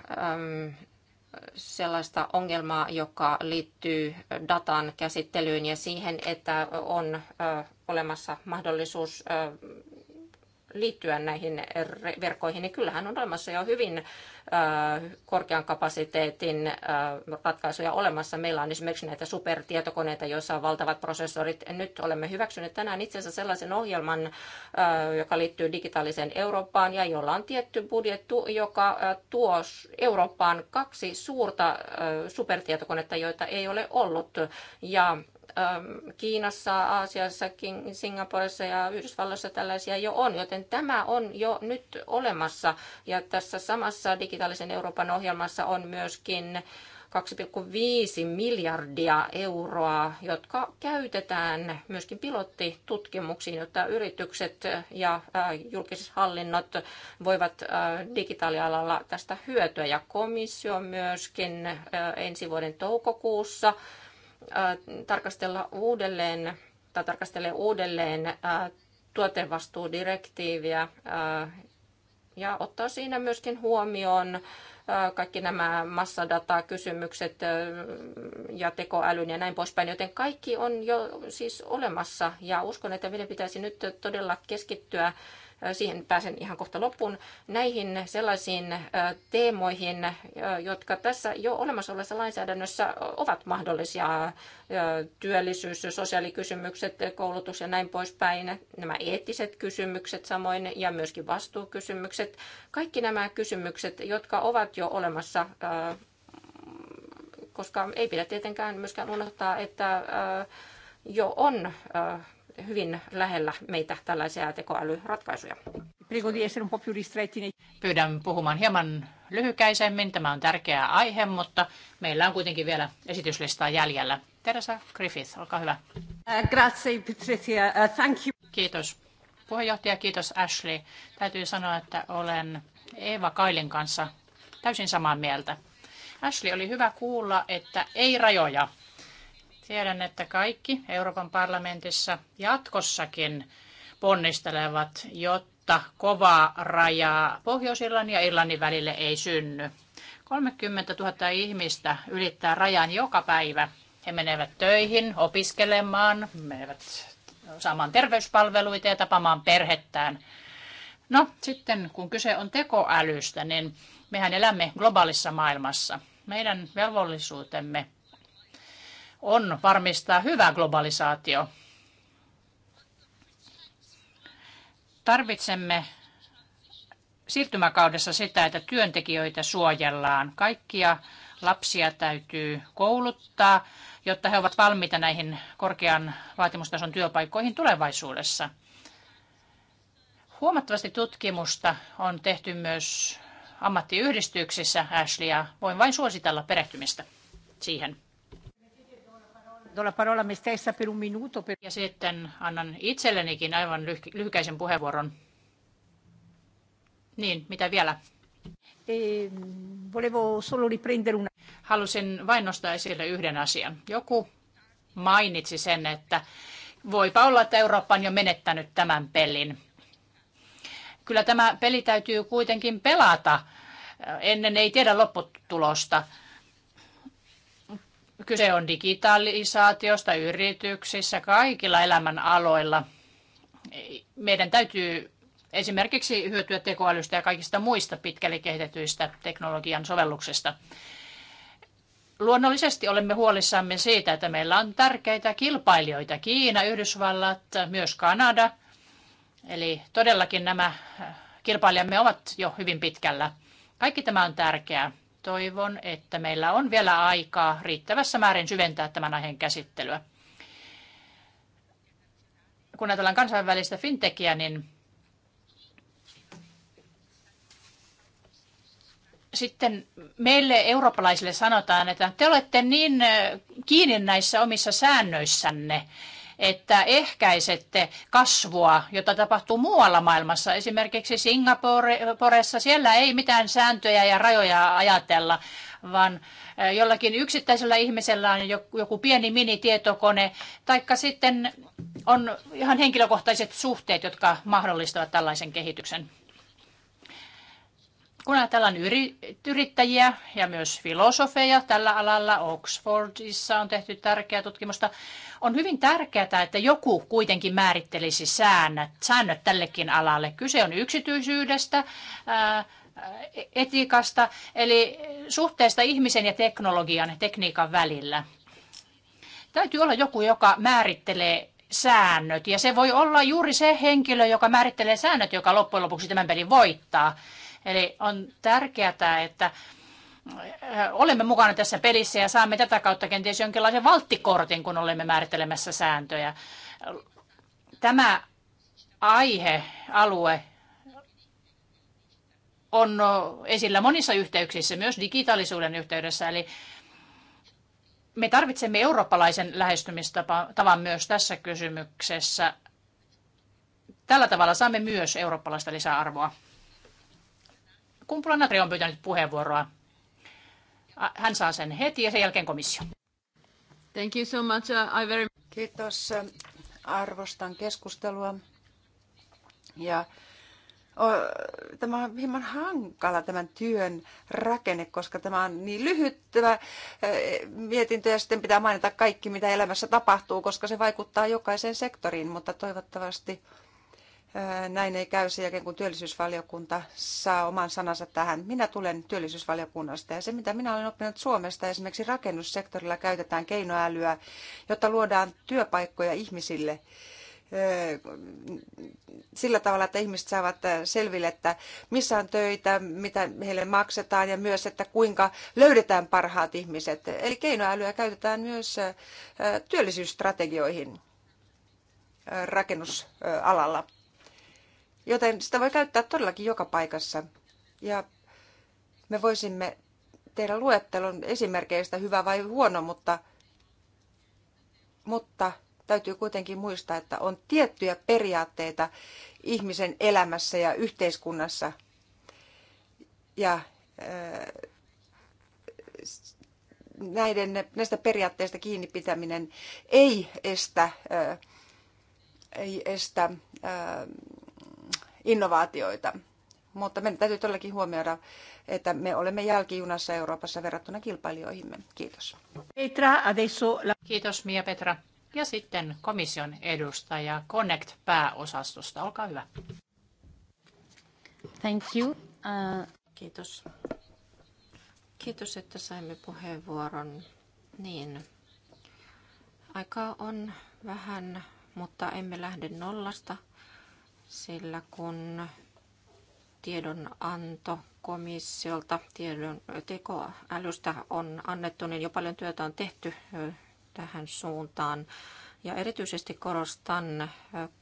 sellaista ongelmaa, joka liittyy datan käsittelyyn ja siihen, että on olemassa mahdollisuus liittyä näihin verkkoihin, niin kyllähän on olemassa jo hyvin äh, korkean kapasiteetin äh, ratkaisuja olemassa. Meillä on esimerkiksi näitä supertietokoneita, joissa on valtavat prosessorit. Nyt olemme hyväksyneet tänään itse asiassa sellaisen ohjelman, äh, joka liittyy digitaaliseen Eurooppaan ja jolla on tietty budjetti, joka tuo Eurooppaan kaksi suurta supertietokonetta, joita ei ole ollut. Ja Ähm, Kiinassa, Aasiassakin, Singaporessa ja Yhdysvalloissa tällaisia jo on, joten tämä on jo nyt olemassa. Ja tässä samassa digitaalisen Euroopan ohjelmassa on myöskin 2,5 miljardia euroa, jotka käytetään myöskin pilottitutkimuksiin, jotta yritykset ja äh, julkiset hallinnot voivat äh, digitaalialalla tästä hyötyä. Ja komissio myöskin äh, ensi vuoden toukokuussa tarkastella uudelleen tai tarkastelee uudelleen tuotevastuudirektiiviä ja ottaa siinä myöskin huomioon kaikki nämä massadatakysymykset ja tekoälyn ja näin poispäin, joten kaikki on jo siis olemassa ja uskon, että meidän pitäisi nyt todella keskittyä siihen pääsen ihan kohta loppuun, näihin sellaisiin teemoihin, jotka tässä jo olemassa olevassa lainsäädännössä ovat mahdollisia, työllisyys, sosiaalikysymykset, koulutus ja näin poispäin, nämä eettiset kysymykset samoin ja myöskin vastuukysymykset, kaikki nämä kysymykset, jotka ovat jo olemassa koska ei pidä tietenkään myöskään unohtaa, että jo on hyvin lähellä meitä tällaisia tekoälyratkaisuja. Pyydän puhumaan hieman lyhykäisemmin. Tämä on tärkeä aihe, mutta meillä on kuitenkin vielä esityslistaa jäljellä. Teresa Griffith, olkaa hyvä. Eh, grazie, eh, Thank you. Kiitos puheenjohtaja, kiitos Ashley. Täytyy sanoa, että olen Eeva Kailin kanssa täysin samaa mieltä. Ashley, oli hyvä kuulla, että ei rajoja Tiedän, että kaikki Euroopan parlamentissa jatkossakin ponnistelevat, jotta kovaa rajaa Pohjois-Irlannin ja Irlannin välille ei synny. 30 000 ihmistä ylittää rajan joka päivä. He menevät töihin, opiskelemaan, menevät saamaan terveyspalveluita ja tapaamaan perhettään. No sitten kun kyse on tekoälystä, niin mehän elämme globaalissa maailmassa. Meidän velvollisuutemme on varmistaa hyvä globalisaatio. Tarvitsemme siirtymäkaudessa sitä, että työntekijöitä suojellaan. Kaikkia lapsia täytyy kouluttaa, jotta he ovat valmiita näihin korkean vaatimustason työpaikkoihin tulevaisuudessa. Huomattavasti tutkimusta on tehty myös ammattiyhdistyksissä, Ashley, ja voin vain suositella perehtymistä siihen do la parola me stessa per un minuto. Per... Ja sitten annan itsellenikin aivan lyh- lyhykäisen puheenvuoron. Niin, mitä vielä? E, volevo solo riprendere una... Halusin vain nostaa esille yhden asian. Joku mainitsi sen, että voipa olla, että Eurooppa on jo menettänyt tämän pelin. Kyllä tämä peli täytyy kuitenkin pelata. Ennen ei tiedä lopputulosta Kyse on digitalisaatiosta yrityksissä, kaikilla elämän aloilla. Meidän täytyy esimerkiksi hyötyä tekoälystä ja kaikista muista pitkälle kehitetyistä teknologian sovelluksista. Luonnollisesti olemme huolissamme siitä, että meillä on tärkeitä kilpailijoita, Kiina, Yhdysvallat, myös Kanada. Eli todellakin nämä kilpailijamme ovat jo hyvin pitkällä. Kaikki tämä on tärkeää toivon, että meillä on vielä aikaa riittävässä määrin syventää tämän aiheen käsittelyä. Kun ajatellaan kansainvälistä fintechia, niin sitten meille eurooppalaisille sanotaan, että te olette niin kiinni näissä omissa säännöissänne, että ehkäisette kasvua, jota tapahtuu muualla maailmassa. Esimerkiksi Singaporessa siellä ei mitään sääntöjä ja rajoja ajatella, vaan eh, jollakin yksittäisellä ihmisellä on joku pieni minitietokone, taikka sitten on ihan henkilökohtaiset suhteet, jotka mahdollistavat tällaisen kehityksen. Kun ajatellaan yrittäjiä ja myös filosofeja tällä alalla, Oxfordissa on tehty tärkeää tutkimusta, on hyvin tärkeää, että joku kuitenkin määrittelisi säännöt, säännöt tällekin alalle. Kyse on yksityisyydestä, etiikasta, eli suhteesta ihmisen ja teknologian, tekniikan välillä. Täytyy olla joku, joka määrittelee säännöt, ja se voi olla juuri se henkilö, joka määrittelee säännöt, joka loppujen lopuksi tämän pelin voittaa. Eli on tärkeää, että äh, olemme mukana tässä pelissä ja saamme tätä kautta kenties jonkinlaisen valttikortin, kun olemme määrittelemässä sääntöjä. Tämä aihe, alue on esillä monissa yhteyksissä, myös digitaalisuuden yhteydessä. Eli me tarvitsemme eurooppalaisen lähestymistavan myös tässä kysymyksessä. Tällä tavalla saamme myös eurooppalaista lisäarvoa. Kumpula Natri on pyytänyt puheenvuoroa. Hän saa sen heti ja sen jälkeen komissio. Thank you so much. Uh, I very... Kiitos. Arvostan keskustelua. Ja Tämä on hieman hankala tämän työn rakenne, koska tämä on niin lyhyt tämä eh, mietintö ja sitten pitää mainita kaikki, mitä elämässä tapahtuu, koska se vaikuttaa jokaiseen sektoriin, mutta toivottavasti näin ei käy sen jälkeen, kun työllisyysvaliokunta saa oman sanansa tähän. Minä tulen työllisyysvaliokunnasta ja se, mitä minä olen oppinut Suomesta, esimerkiksi rakennussektorilla käytetään keinoälyä, jotta luodaan työpaikkoja ihmisille sillä tavalla, että ihmiset saavat selville, että missä on töitä, mitä heille maksetaan ja myös, että kuinka löydetään parhaat ihmiset. Eli keinoälyä käytetään myös työllisyysstrategioihin rakennusalalla. Joten sitä voi käyttää todellakin joka paikassa. Ja me voisimme tehdä luettelon esimerkkeistä hyvä vai huono, mutta, mutta täytyy kuitenkin muistaa, että on tiettyjä periaatteita ihmisen elämässä ja yhteiskunnassa. Ja äh, näiden, näistä periaatteista kiinni pitäminen ei estä, äh, ei estä äh, innovaatioita. Mutta meidän täytyy todellakin huomioida, että me olemme jälkijunassa Euroopassa verrattuna kilpailijoihimme. Kiitos. Petra, adesso... Kiitos Mia Petra. Ja sitten komission edustaja Connect-pääosastosta. Olkaa hyvä. Thank you. Uh... Kiitos. Kiitos, että saimme puheenvuoron. Niin, aikaa on vähän, mutta emme lähde nollasta, sillä kun tiedonanto komissiolta tiedon tekoälystä on annettu, niin jo paljon työtä on tehty tähän suuntaan. Ja erityisesti korostan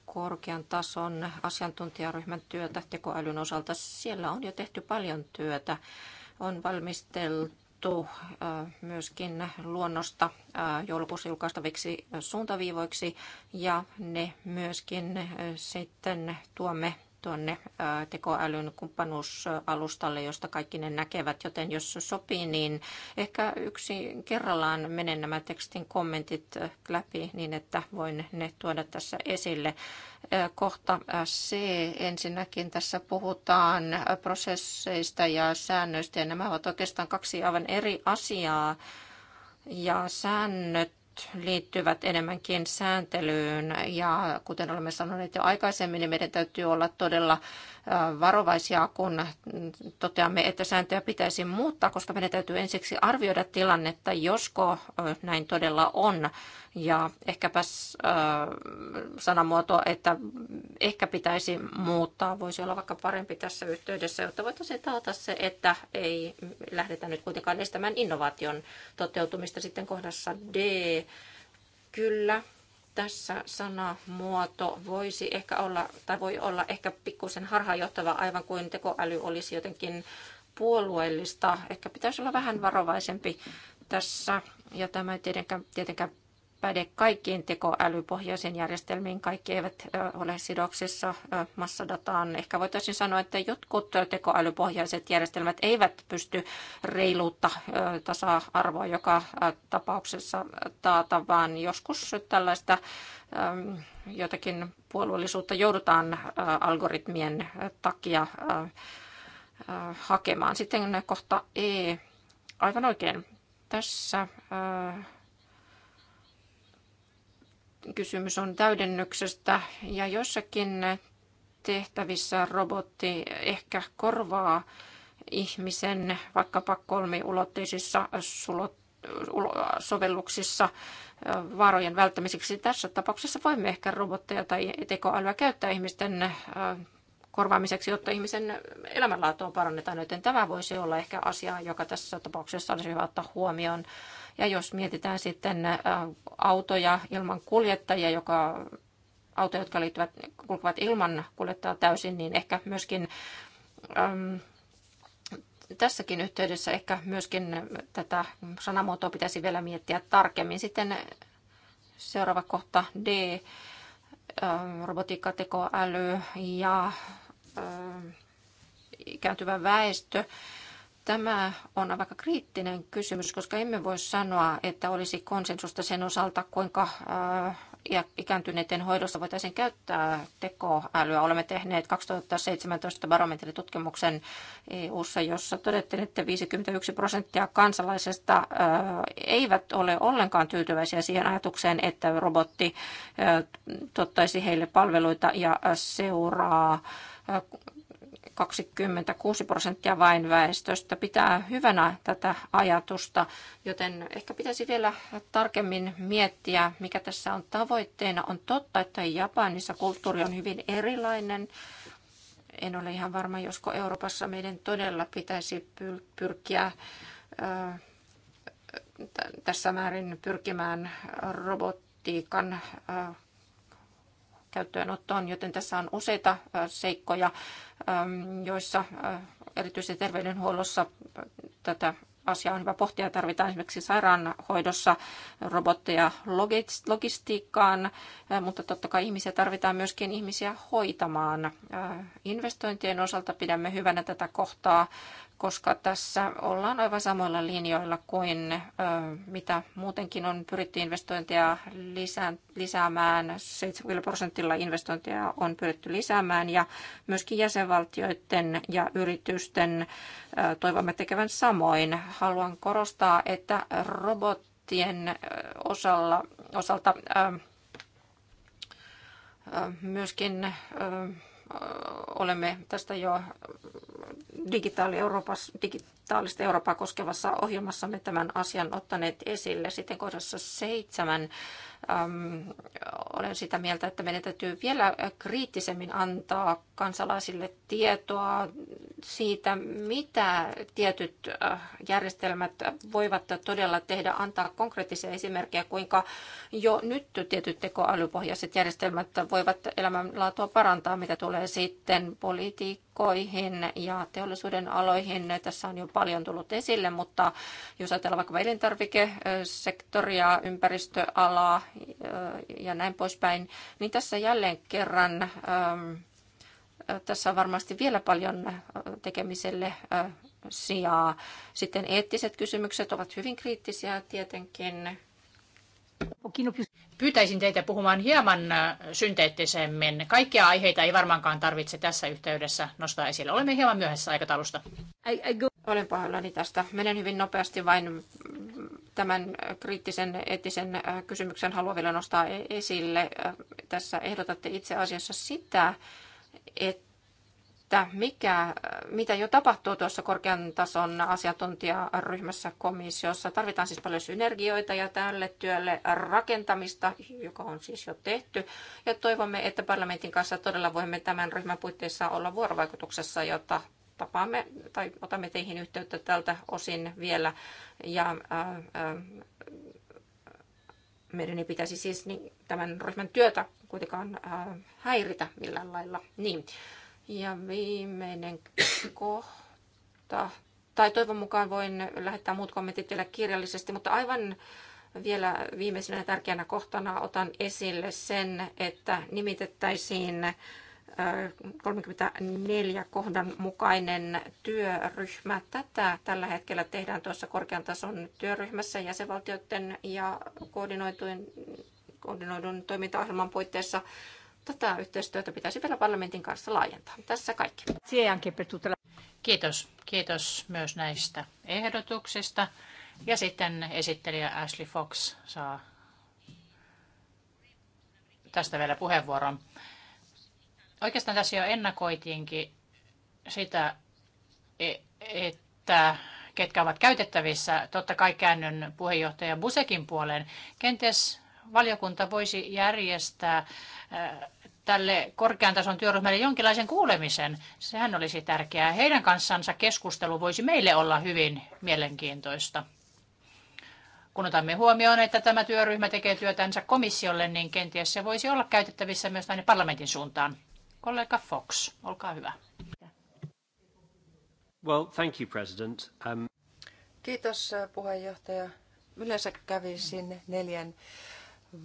korkean tason asiantuntijaryhmän työtä tekoälyn osalta. Siellä on jo tehty paljon työtä. On valmisteltu puhuttu myöskin luonnosta joulukuussa julkaistaviksi suuntaviivoiksi ja ne myöskin sitten tuomme tuonne tekoälyn kumppanuusalustalle, josta kaikki ne näkevät. Joten jos sopii, niin ehkä yksi kerrallaan menen nämä tekstin kommentit läpi niin, että voin ne tuoda tässä esille. Kohta C. Ensinnäkin tässä puhutaan prosesseista ja säännöistä, ja nämä ovat oikeastaan kaksi aivan eri asiaa. Ja säännöt liittyvät enemmänkin sääntelyyn ja kuten olemme sanoneet jo aikaisemmin, niin meidän täytyy olla todella varovaisia, kun toteamme, että sääntöjä pitäisi muuttaa, koska meidän täytyy ensiksi arvioida tilannetta, josko näin todella on. Ja ehkäpä sanamuoto, että ehkä pitäisi muuttaa, voisi olla vaikka parempi tässä yhteydessä, jotta voitaisiin taata se, että ei lähdetä nyt kuitenkaan estämään innovaation toteutumista sitten kohdassa D. Kyllä, tässä sanamuoto voisi ehkä olla, tai voi olla ehkä pikkusen harhaanjohtava, aivan kuin tekoäly olisi jotenkin puolueellista. Ehkä pitäisi olla vähän varovaisempi tässä, ja tämä ei tietenkään, tietenkään päde kaikkiin tekoälypohjaisiin järjestelmiin. Kaikki eivät ole sidoksissa massadataan. Ehkä voitaisiin sanoa, että jotkut tekoälypohjaiset järjestelmät eivät pysty reiluutta tasa-arvoa joka tapauksessa taata, vaan joskus tällaista jotakin puolueellisuutta joudutaan algoritmien takia hakemaan. Sitten kohta E. Aivan oikein. Tässä kysymys on täydennyksestä ja jossakin tehtävissä robotti ehkä korvaa ihmisen vaikkapa kolmiulotteisissa sulot, sovelluksissa äh, vaarojen välttämiseksi. Tässä tapauksessa voimme ehkä robotteja tai tekoälyä käyttää ihmisten äh, korvaamiseksi, jotta ihmisen elämänlaatua parannetaan, joten tämä voisi olla ehkä asia, joka tässä tapauksessa olisi hyvä ottaa huomioon. Ja jos mietitään sitten äh, autoja ilman kuljettajia, joka autoja, jotka liittyvät, kulkevat ilman kuljettajaa täysin, niin ehkä myöskin äm, tässäkin yhteydessä ehkä myöskin tätä sanamuotoa pitäisi vielä miettiä tarkemmin. Sitten seuraava kohta D, äm, robotiikka, tekoäly ja äm, ikääntyvä väestö. Tämä on aika kriittinen kysymys, koska emme voi sanoa, että olisi konsensusta sen osalta, kuinka äh, ikääntyneiden hoidossa voitaisiin käyttää tekoälyä. Olemme tehneet 2017 barometritutkimuksen EU-ssa, jossa todettiin, että 51 prosenttia kansalaisista äh, eivät ole ollenkaan tyytyväisiä siihen ajatukseen, että robotti äh, tuottaisi heille palveluita ja seuraa 26 prosenttia vain väestöstä pitää hyvänä tätä ajatusta, joten ehkä pitäisi vielä tarkemmin miettiä, mikä tässä on tavoitteena. On totta, että Japanissa kulttuuri on hyvin erilainen. En ole ihan varma, josko Euroopassa meidän todella pitäisi pyrkiä tässä määrin pyrkimään robottiikan käyttöönottoon, joten tässä on useita seikkoja, joissa erityisesti terveydenhuollossa tätä asiaa on hyvä pohtia. Tarvitaan esimerkiksi sairaanhoidossa robotteja logistiikkaan, mutta totta kai ihmisiä tarvitaan myöskin ihmisiä hoitamaan. Investointien osalta pidämme hyvänä tätä kohtaa koska tässä ollaan aivan samoilla linjoilla kuin mitä muutenkin on pyritty investointeja lisäämään. 70 prosentilla investointeja on pyritty lisäämään ja myöskin jäsenvaltioiden ja yritysten toivomme tekevän samoin. Haluan korostaa, että robottien osalla, osalta myöskin olemme tästä jo digitaali digitaalista Eurooppaa koskevassa ohjelmassamme tämän asian ottaneet esille. Sitten kohdassa seitsemän Ähm, olen sitä mieltä, että meidän täytyy vielä kriittisemmin antaa kansalaisille tietoa siitä, mitä tietyt äh, järjestelmät voivat todella tehdä, antaa konkreettisia esimerkkejä, kuinka jo nyt tietyt tekoälypohjaiset järjestelmät voivat elämänlaatua parantaa, mitä tulee sitten politiikkoihin ja teollisuuden aloihin. Tässä on jo paljon tullut esille, mutta jos ajatellaan vaikka elintarvikesektoria, ympäristöalaa, ja näin poispäin, niin tässä jälleen kerran ähm, tässä on varmasti vielä paljon äh, tekemiselle äh, sijaa. Sitten eettiset kysymykset ovat hyvin kriittisiä tietenkin. Pyytäisin teitä puhumaan hieman äh, synteettisemmin. Kaikkia aiheita ei varmaankaan tarvitse tässä yhteydessä nostaa esille. Olemme hieman myöhässä aikataulusta. I, I go. Olen pahoillani tästä. Menen hyvin nopeasti vain Tämän kriittisen eettisen äh, kysymyksen haluan vielä nostaa e- esille. Äh, tässä ehdotatte itse asiassa sitä, että mikä, äh, mitä jo tapahtuu tuossa korkean tason asiantuntijaryhmässä komissiossa. Tarvitaan siis paljon synergioita ja tälle työlle rakentamista, joka on siis jo tehty. Ja toivomme, että parlamentin kanssa todella voimme tämän ryhmän puitteissa olla vuorovaikutuksessa, jotta tapaamme tai otamme teihin yhteyttä tältä osin vielä. Ja ää, äh, ää, äh, meidän ei pitäisi siis niin, tämän ryhmän työtä kuitenkaan ää, äh, häiritä millään lailla. Niin. Ja viimeinen kohta. Tai toivon mukaan voin lähettää muut kommentit vielä kirjallisesti, mutta aivan vielä viimeisenä tärkeänä kohtana otan esille sen, että nimitettäisiin 34 kohdan mukainen työryhmä. Tätä tällä hetkellä tehdään tuossa korkean tason työryhmässä jäsenvaltioiden ja koordinoidun koordinoidun toimintaohjelman puitteissa. Tätä yhteistyötä pitäisi vielä parlamentin kanssa laajentaa. Tässä kaikki. Kiitos. Kiitos myös näistä ehdotuksista. Ja sitten esittelijä Ashley Fox saa tästä vielä puheenvuoron. Oikeastaan tässä jo ennakoitiinkin sitä, e- että ketkä ovat käytettävissä. Totta kai käännön puheenjohtaja Busekin puoleen. Kenties valiokunta voisi järjestää tälle korkean tason työryhmälle jonkinlaisen kuulemisen. Sehän olisi tärkeää. Heidän kanssansa keskustelu voisi meille olla hyvin mielenkiintoista. Kun otamme huomioon, että tämä työryhmä tekee työtänsä komissiolle, niin kenties se voisi olla käytettävissä myös tänne parlamentin suuntaan. Kollega Fox, olkaa hyvä. Well, thank you, President. Um... Kiitos äh, puheenjohtaja. Yleensä kävisin neljän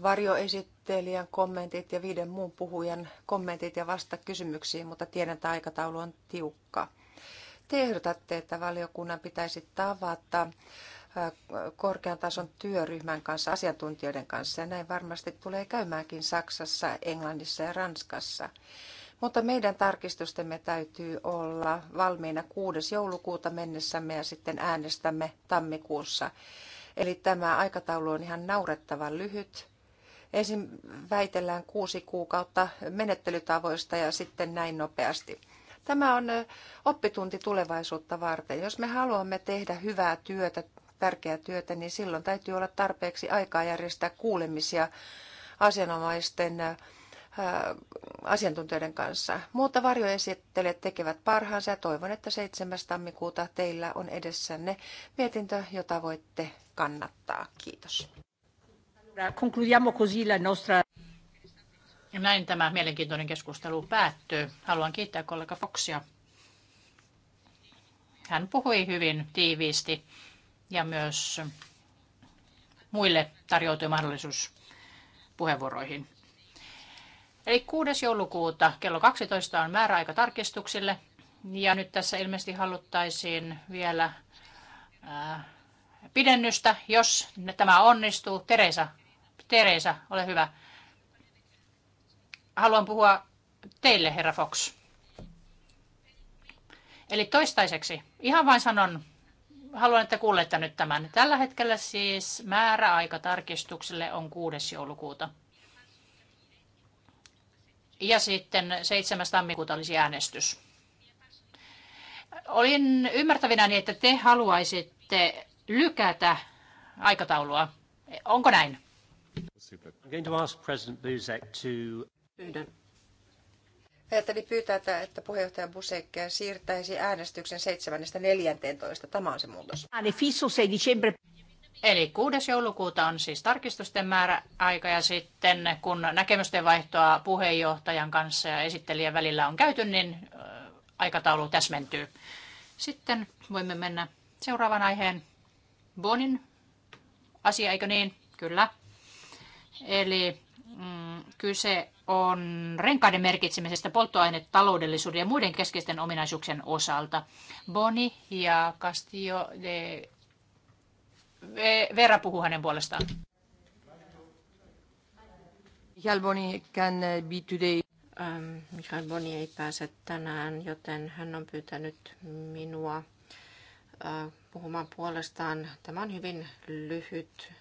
varjoesittelijän kommentit ja viiden muun puhujan kommentit ja vasta kysymyksiin, mutta tiedän, että aikataulu on tiukka. Te ehdotatte, että valiokunnan pitäisi tavata äh, korkean tason työryhmän kanssa, asiantuntijoiden kanssa, ja näin varmasti tulee käymäänkin Saksassa, Englannissa ja Ranskassa. Mutta meidän tarkistustemme täytyy olla valmiina 6. joulukuuta mennessämme ja sitten äänestämme tammikuussa. Eli tämä aikataulu on ihan naurettavan lyhyt. Ensin väitellään kuusi kuukautta menettelytavoista ja sitten näin nopeasti. Tämä on oppitunti tulevaisuutta varten. Jos me haluamme tehdä hyvää työtä, tärkeää työtä, niin silloin täytyy olla tarpeeksi aikaa järjestää kuulemisia asianomaisten asiantuntijoiden kanssa. Muuta varjoesittelijät tekevät parhaansa ja toivon, että 7. tammikuuta teillä on edessänne mietintö, jota voitte kannattaa. Kiitos. Concludiamo Näin tämä mielenkiintoinen keskustelu päättyy. Haluan kiittää kollega Foxia. Hän puhui hyvin tiiviisti ja myös muille tarjoutui mahdollisuus puheenvuoroihin. Eli 6. joulukuuta kello 12 on määräaika tarkistuksille. Ja nyt tässä ilmeisesti haluttaisiin vielä ää, äh, pidennystä, jos tämä onnistuu. Teresa, Teresa, ole hyvä. Haluan puhua teille, herra Fox. Eli toistaiseksi, ihan vain sanon, haluan, että kuulette nyt tämän. Tällä hetkellä siis määräaika tarkistukselle on 6. joulukuuta. Ja sitten 7. tammikuuta olisi äänestys. Olin ymmärtävinäni, että te haluaisitte lykätä aikataulua. Onko näin? I'm going to ask President Buzek to... Ajattelin pyytää, että, että puheenjohtaja Busek siirtäisi äänestyksen 7.14. Tämä on se muutos. Eli 6. joulukuuta on siis tarkistusten määrä aika ja sitten kun näkemysten vaihtoa puheenjohtajan kanssa ja esittelijän välillä on käyty, niin aikataulu täsmentyy. Sitten voimme mennä seuraavan aiheen. Bonin asia, eikö niin? Kyllä. Eli mm, kyse on renkaiden merkitsemisestä polttoainetaloudellisuuden ja muiden keskeisten ominaisuuksien osalta. Boni ja Castillo de Vera puhuu hänen puolestaan. Michael Boni can be today. Ähm, Michael Boni ei pääse tänään, joten hän on pyytänyt minua äh, puhumaan puolestaan. Tämä on hyvin lyhyt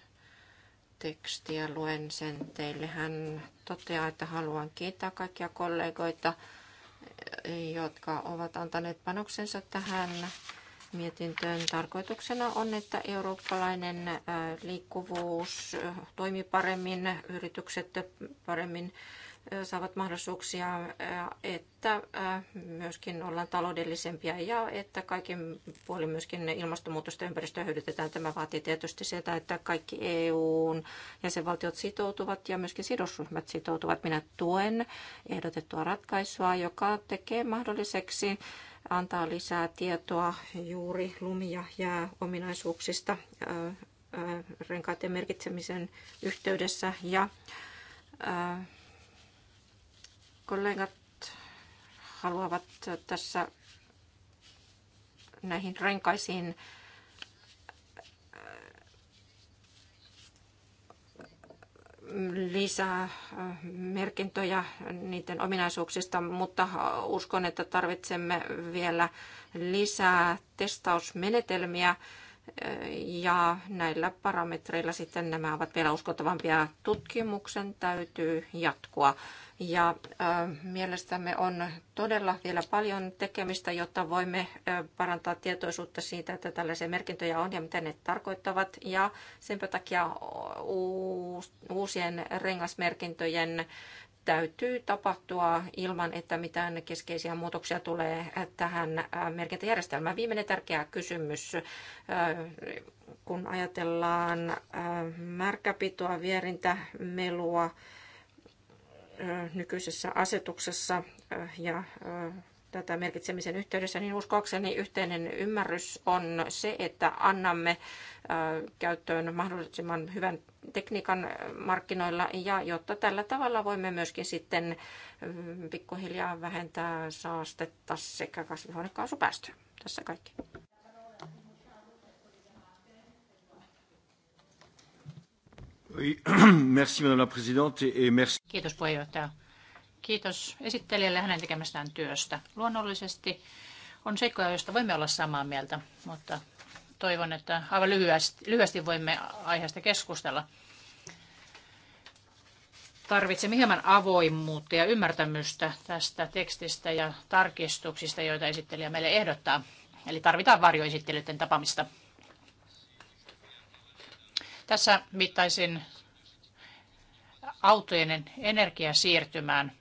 teksti ja luen sen teille. Hän toteaa, että haluan kiittää kaikkia kollegoita, jotka ovat antaneet panoksensa tähän mietintöön tarkoituksena on, että eurooppalainen liikkuvuus toimii paremmin, yritykset paremmin saavat mahdollisuuksia, että myöskin ollaan taloudellisempia ja että kaikin puolin myöskin ilmastonmuutosta ja ympäristöä hyödytetään. Tämä vaatii tietysti sitä, että kaikki EUn jäsenvaltiot sitoutuvat ja myöskin sidosryhmät sitoutuvat. Minä tuen ehdotettua ratkaisua, joka tekee mahdolliseksi antaa lisää tietoa juuri lumi- ja jääominaisuuksista renkaiden merkitsemisen yhteydessä. Ja kollegat haluavat tässä näihin renkaisiin lisää merkintöjä niiden ominaisuuksista, mutta uskon, että tarvitsemme vielä lisää testausmenetelmiä ja näillä parametreilla sitten nämä ovat vielä uskottavampia. Tutkimuksen täytyy jatkua. Ja mielestämme on todella vielä paljon tekemistä, jotta voimme parantaa tietoisuutta siitä, että tällaisia merkintöjä on ja mitä ne tarkoittavat. Ja sen takia uusien rengasmerkintöjen täytyy tapahtua ilman, että mitään keskeisiä muutoksia tulee tähän äh, merkintäjärjestelmään. Viimeinen tärkeä kysymys, äh, kun ajatellaan äh, märkäpitoa, vierintä, melua nykyisessä asetuksessa ja tätä merkitsemisen yhteydessä, niin uskoakseni yhteinen ymmärrys on se, että annamme käyttöön mahdollisimman hyvän tekniikan markkinoilla ja jotta tällä tavalla voimme myöskin sitten pikkuhiljaa vähentää saastetta sekä kasvihuonekaasupäästöä Tässä kaikki. Kiitos puheenjohtaja. Kiitos esittelijälle hänen tekemästään työstä. Luonnollisesti on seikkoja, joista voimme olla samaa mieltä, mutta toivon, että aivan lyhyesti, lyhyesti voimme aiheesta keskustella. Tarvitsemme hieman avoimuutta ja ymmärtämystä tästä tekstistä ja tarkistuksista, joita esittelijä meille ehdottaa. Eli tarvitaan varjoesittelyiden tapaamista. Tässä mittaisin autojen energiasiirtymään.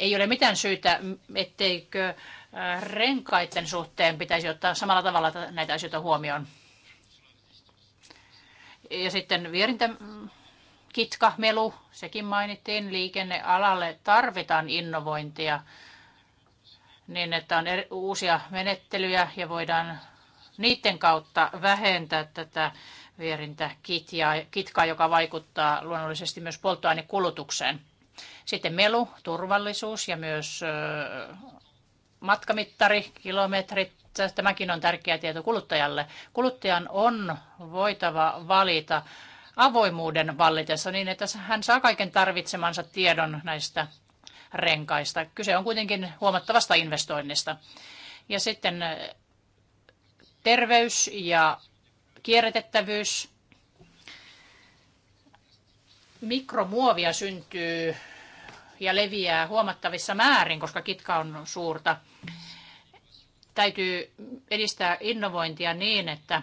Ei ole mitään syytä, etteikö äh, renkaiden suhteen pitäisi ottaa samalla tavalla näitä asioita huomioon. Ja sitten vierintä, mm, kitka, melu, sekin mainittiin. Liikennealalle tarvitaan innovointia niin, että on eri, uusia menettelyjä ja voidaan niiden kautta vähentää tätä kitkaa, joka vaikuttaa luonnollisesti myös polttoainekulutukseen. Sitten melu, turvallisuus ja myös matkamittari, kilometrit. Tämäkin on tärkeä tieto kuluttajalle. Kuluttajan on voitava valita avoimuuden vallitessa niin, että hän saa kaiken tarvitsemansa tiedon näistä renkaista. Kyse on kuitenkin huomattavasta investoinnista. Ja sitten terveys ja kierrätettävyys. Mikromuovia syntyy ja leviää huomattavissa määrin, koska kitka on suurta. Täytyy edistää innovointia niin, että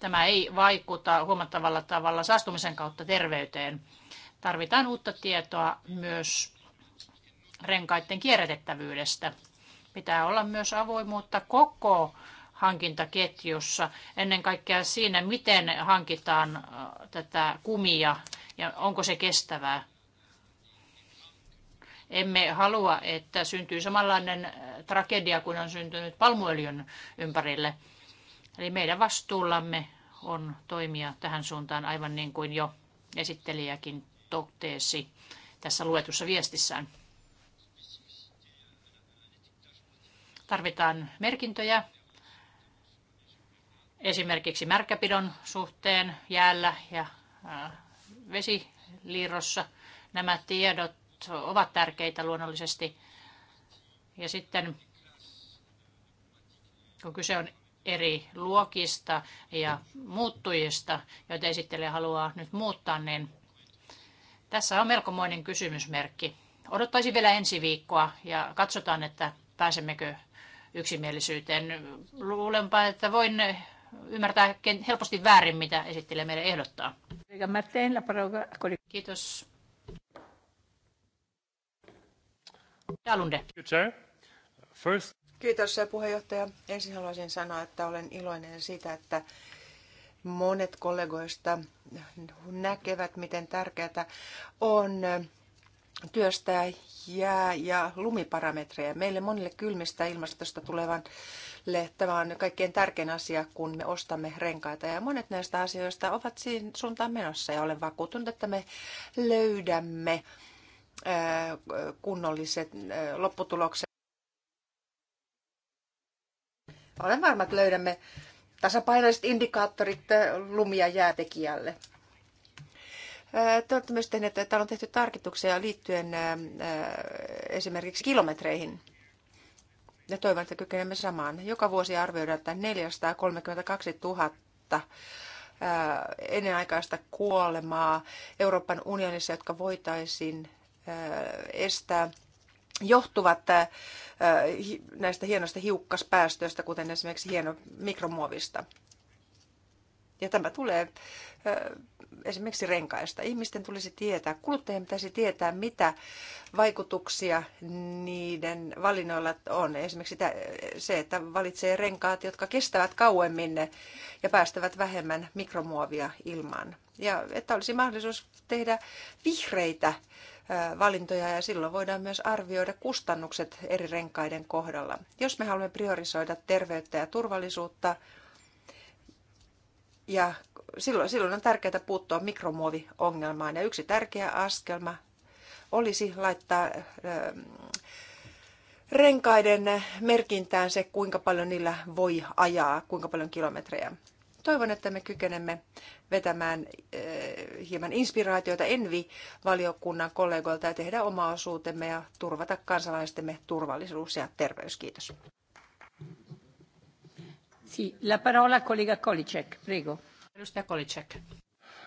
tämä ei vaikuta huomattavalla tavalla saastumisen kautta terveyteen. Tarvitaan uutta tietoa myös renkaiden kierrätettävyydestä. Pitää olla myös avoimuutta koko hankintaketjussa, ennen kaikkea siinä, miten hankitaan äh, tätä kumia ja onko se kestävää. Emme halua, että syntyy samanlainen äh, tragedia kuin on syntynyt palmuöljyn ympärille. Eli meidän vastuullamme on toimia tähän suuntaan, aivan niin kuin jo esittelijäkin totesi tässä luetussa viestissään. Tarvitaan merkintöjä esimerkiksi märkäpidon suhteen jäällä ja äh, vesiliirrossa. Nämä tiedot ovat tärkeitä luonnollisesti. Ja sitten kun kyse on eri luokista ja muuttujista, joita esittelijä haluaa nyt muuttaa, niin tässä on melkomoinen kysymysmerkki. Odottaisin vielä ensi viikkoa ja katsotaan, että pääsemmekö yksimielisyyteen. Luulenpa, että voin ymmärtää helposti väärin, mitä esittelijä meille ehdottaa. Kiitos Dalunde. First. Kiitos puheenjohtaja. Ensin haluaisin sanoa, että olen iloinen siitä, että monet kollegoista näkevät, miten tärkeää on työstää jää- ja lumiparametreja. Meille monille kylmistä ilmastosta tulevan tämä on kaikkein tärkein asia, kun me ostamme renkaita. Ja monet näistä asioista ovat siinä suuntaan menossa ja olen vakuuttunut, että me löydämme Äh, kunnolliset äh, lopputulokset. Olen varma, että löydämme tasapainoiset indikaattorit äh, lumia jäätekijälle. Te olette myös tehneet, että täällä on tehty tarkituksia liittyen esimerkiksi kilometreihin. Ja toivon, että kykenemme samaan. Joka vuosi arvioidaan, että 432 000 ennenaikaista kuolemaa Euroopan unionissa, jotka voitaisiin estää, johtuvat näistä hienoista hiukkaspäästöistä, kuten esimerkiksi hieno mikromuovista. Ja tämä tulee esimerkiksi renkaista. Ihmisten tulisi tietää, kuluttajien pitäisi tietää, mitä vaikutuksia niiden valinnoilla on. Esimerkiksi se, että valitsee renkaat, jotka kestävät kauemmin ja päästävät vähemmän mikromuovia ilmaan. Ja että olisi mahdollisuus tehdä vihreitä valintoja ja silloin voidaan myös arvioida kustannukset eri renkaiden kohdalla. Jos me haluamme priorisoida terveyttä ja turvallisuutta, ja silloin, silloin on tärkeää puuttua mikromuoviongelmaan. Ja yksi tärkeä askelma olisi laittaa ö, renkaiden merkintään se, kuinka paljon niillä voi ajaa, kuinka paljon kilometrejä. Toivon, että me kykenemme vetämään eh, hieman inspiraatiota Envi-valiokunnan kollegoilta ja tehdä oma osuutemme ja turvata kansalaistemme turvallisuus ja terveys. Kiitos. Si, la parola kollega Kolicek, prego. Edustaja Kolicek.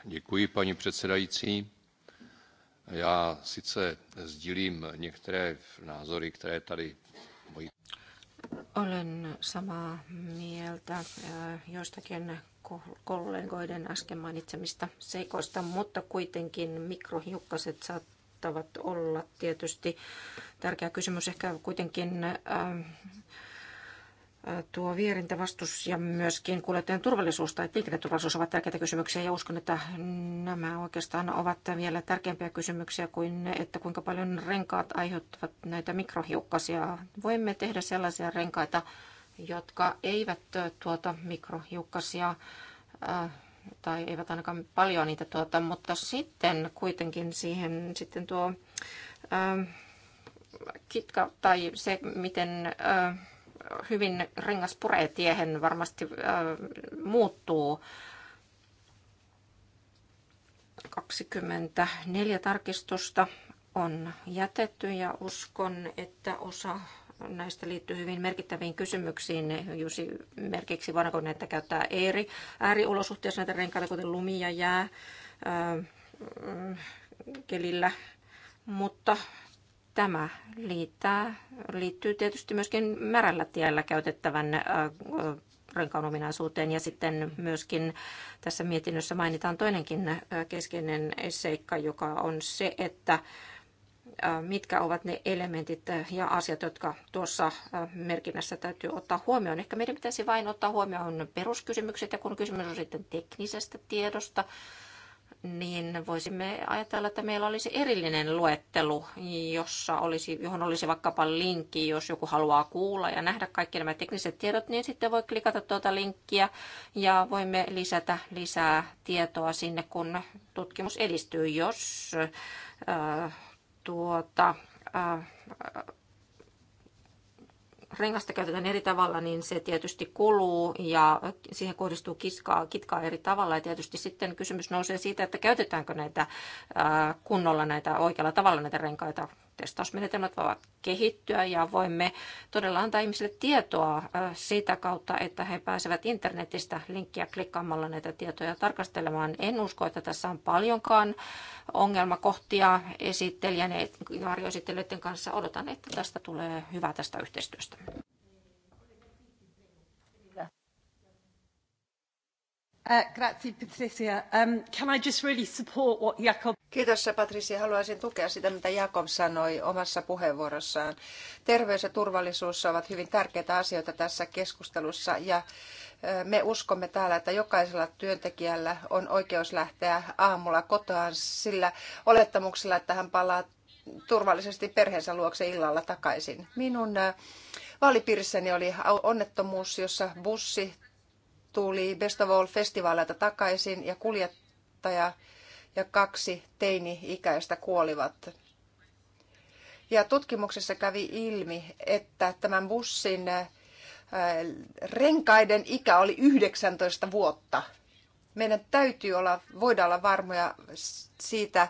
Děkuji, paní předsedající. Já sice sdílím některé názory, které tady moji olen samaa mieltä äh, joistakin kollegoiden äsken mainitsemista seikoista, mutta kuitenkin mikrohiukkaset saattavat olla tietysti tärkeä kysymys. Ehkä kuitenkin äh, tuo vierintävastus ja myöskin kuljettajan turvallisuus tai liikenneturvallisuus ovat tärkeitä kysymyksiä ja uskon, että nämä oikeastaan ovat vielä tärkeämpiä kysymyksiä kuin että kuinka paljon renkaat aiheuttavat näitä mikrohiukkasia. Voimme tehdä sellaisia renkaita, jotka eivät tuota mikrohiukkasia tai eivät ainakaan paljon niitä tuota, mutta sitten kuitenkin siihen sitten tuo kitka tai se, miten hyvin rengas puree tiehen, varmasti muuttuu. 24 tarkistusta on jätetty ja uskon, että osa näistä liittyy hyvin merkittäviin kysymyksiin. Juuri merkiksi voidaanko näitä käyttää eri ääriolosuhteissa näitä renkaita, kuten lumi ja jää kelillä. Mutta Tämä liittää, liittyy tietysti myöskin märällä tiellä käytettävän renkaan ominaisuuteen. Ja sitten myöskin tässä mietinnössä mainitaan toinenkin keskeinen seikka, joka on se, että mitkä ovat ne elementit ja asiat, jotka tuossa merkinnässä täytyy ottaa huomioon. Ehkä meidän pitäisi vain ottaa huomioon peruskysymykset ja kun kysymys on sitten teknisestä tiedosta, niin voisimme ajatella, että meillä olisi erillinen luettelu, jossa olisi, johon olisi vaikkapa linkki, jos joku haluaa kuulla ja nähdä kaikki nämä tekniset tiedot, niin sitten voi klikata tuota linkkiä ja voimme lisätä lisää tietoa sinne, kun tutkimus edistyy, jos äh, tuota, äh, rengasta käytetään eri tavalla, niin se tietysti kuluu ja siihen kohdistuu kiskaa, kitkaa eri tavalla. Ja tietysti sitten kysymys nousee siitä, että käytetäänkö näitä äh, kunnolla näitä oikealla tavalla näitä renkaita testausmenetelmät voivat kehittyä ja voimme todella antaa ihmisille tietoa äh, sitä kautta, että he pääsevät internetistä linkkiä klikkaamalla näitä tietoja tarkastelemaan. En usko, että tässä on paljonkaan ongelmakohtia esittelijän ja varjoesittelijöiden kanssa. Odotan, että tästä tulee hyvä tästä yhteistyöstä. Kiitos Patricia. Haluaisin tukea sitä, mitä Jakob sanoi omassa puheenvuorossaan. Terveys ja turvallisuus ovat hyvin tärkeitä asioita tässä keskustelussa ja me uskomme täällä, että jokaisella työntekijällä on oikeus lähteä aamulla kotoaan sillä olettamuksella, että hän palaa turvallisesti perheensä luokse illalla takaisin. Minun vaalipiirissäni oli onnettomuus, jossa bussi tuli Best of All-festivaaleilta takaisin ja kuljettaja ja kaksi teini-ikäistä kuolivat. Ja tutkimuksessa kävi ilmi, että tämän bussin äh, renkaiden ikä oli 19 vuotta meidän täytyy olla, voida olla varmoja siitä,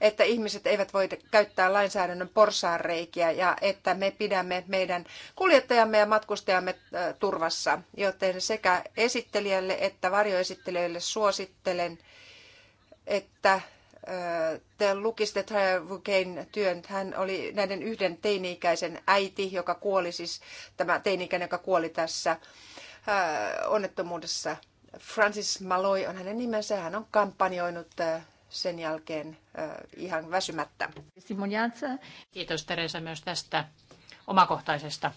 että ihmiset eivät voi käyttää lainsäädännön porsaanreikiä ja että me pidämme meidän kuljettajamme ja matkustajamme äh, turvassa. Joten sekä esittelijälle että varjoesittelijöille suosittelen, että äh, te lukisitte Tara Vukain työn. Hän oli näiden yhden teini-ikäisen äiti, joka kuoli siis, tämä teini-ikäinen, joka kuoli tässä äh, onnettomuudessa – Francis Maloi on hänen nimensä. Hän on kampanjoinut äh, sen jälkeen äh, ihan väsymättä. Kiitos Teresa myös tästä omakohtaisesta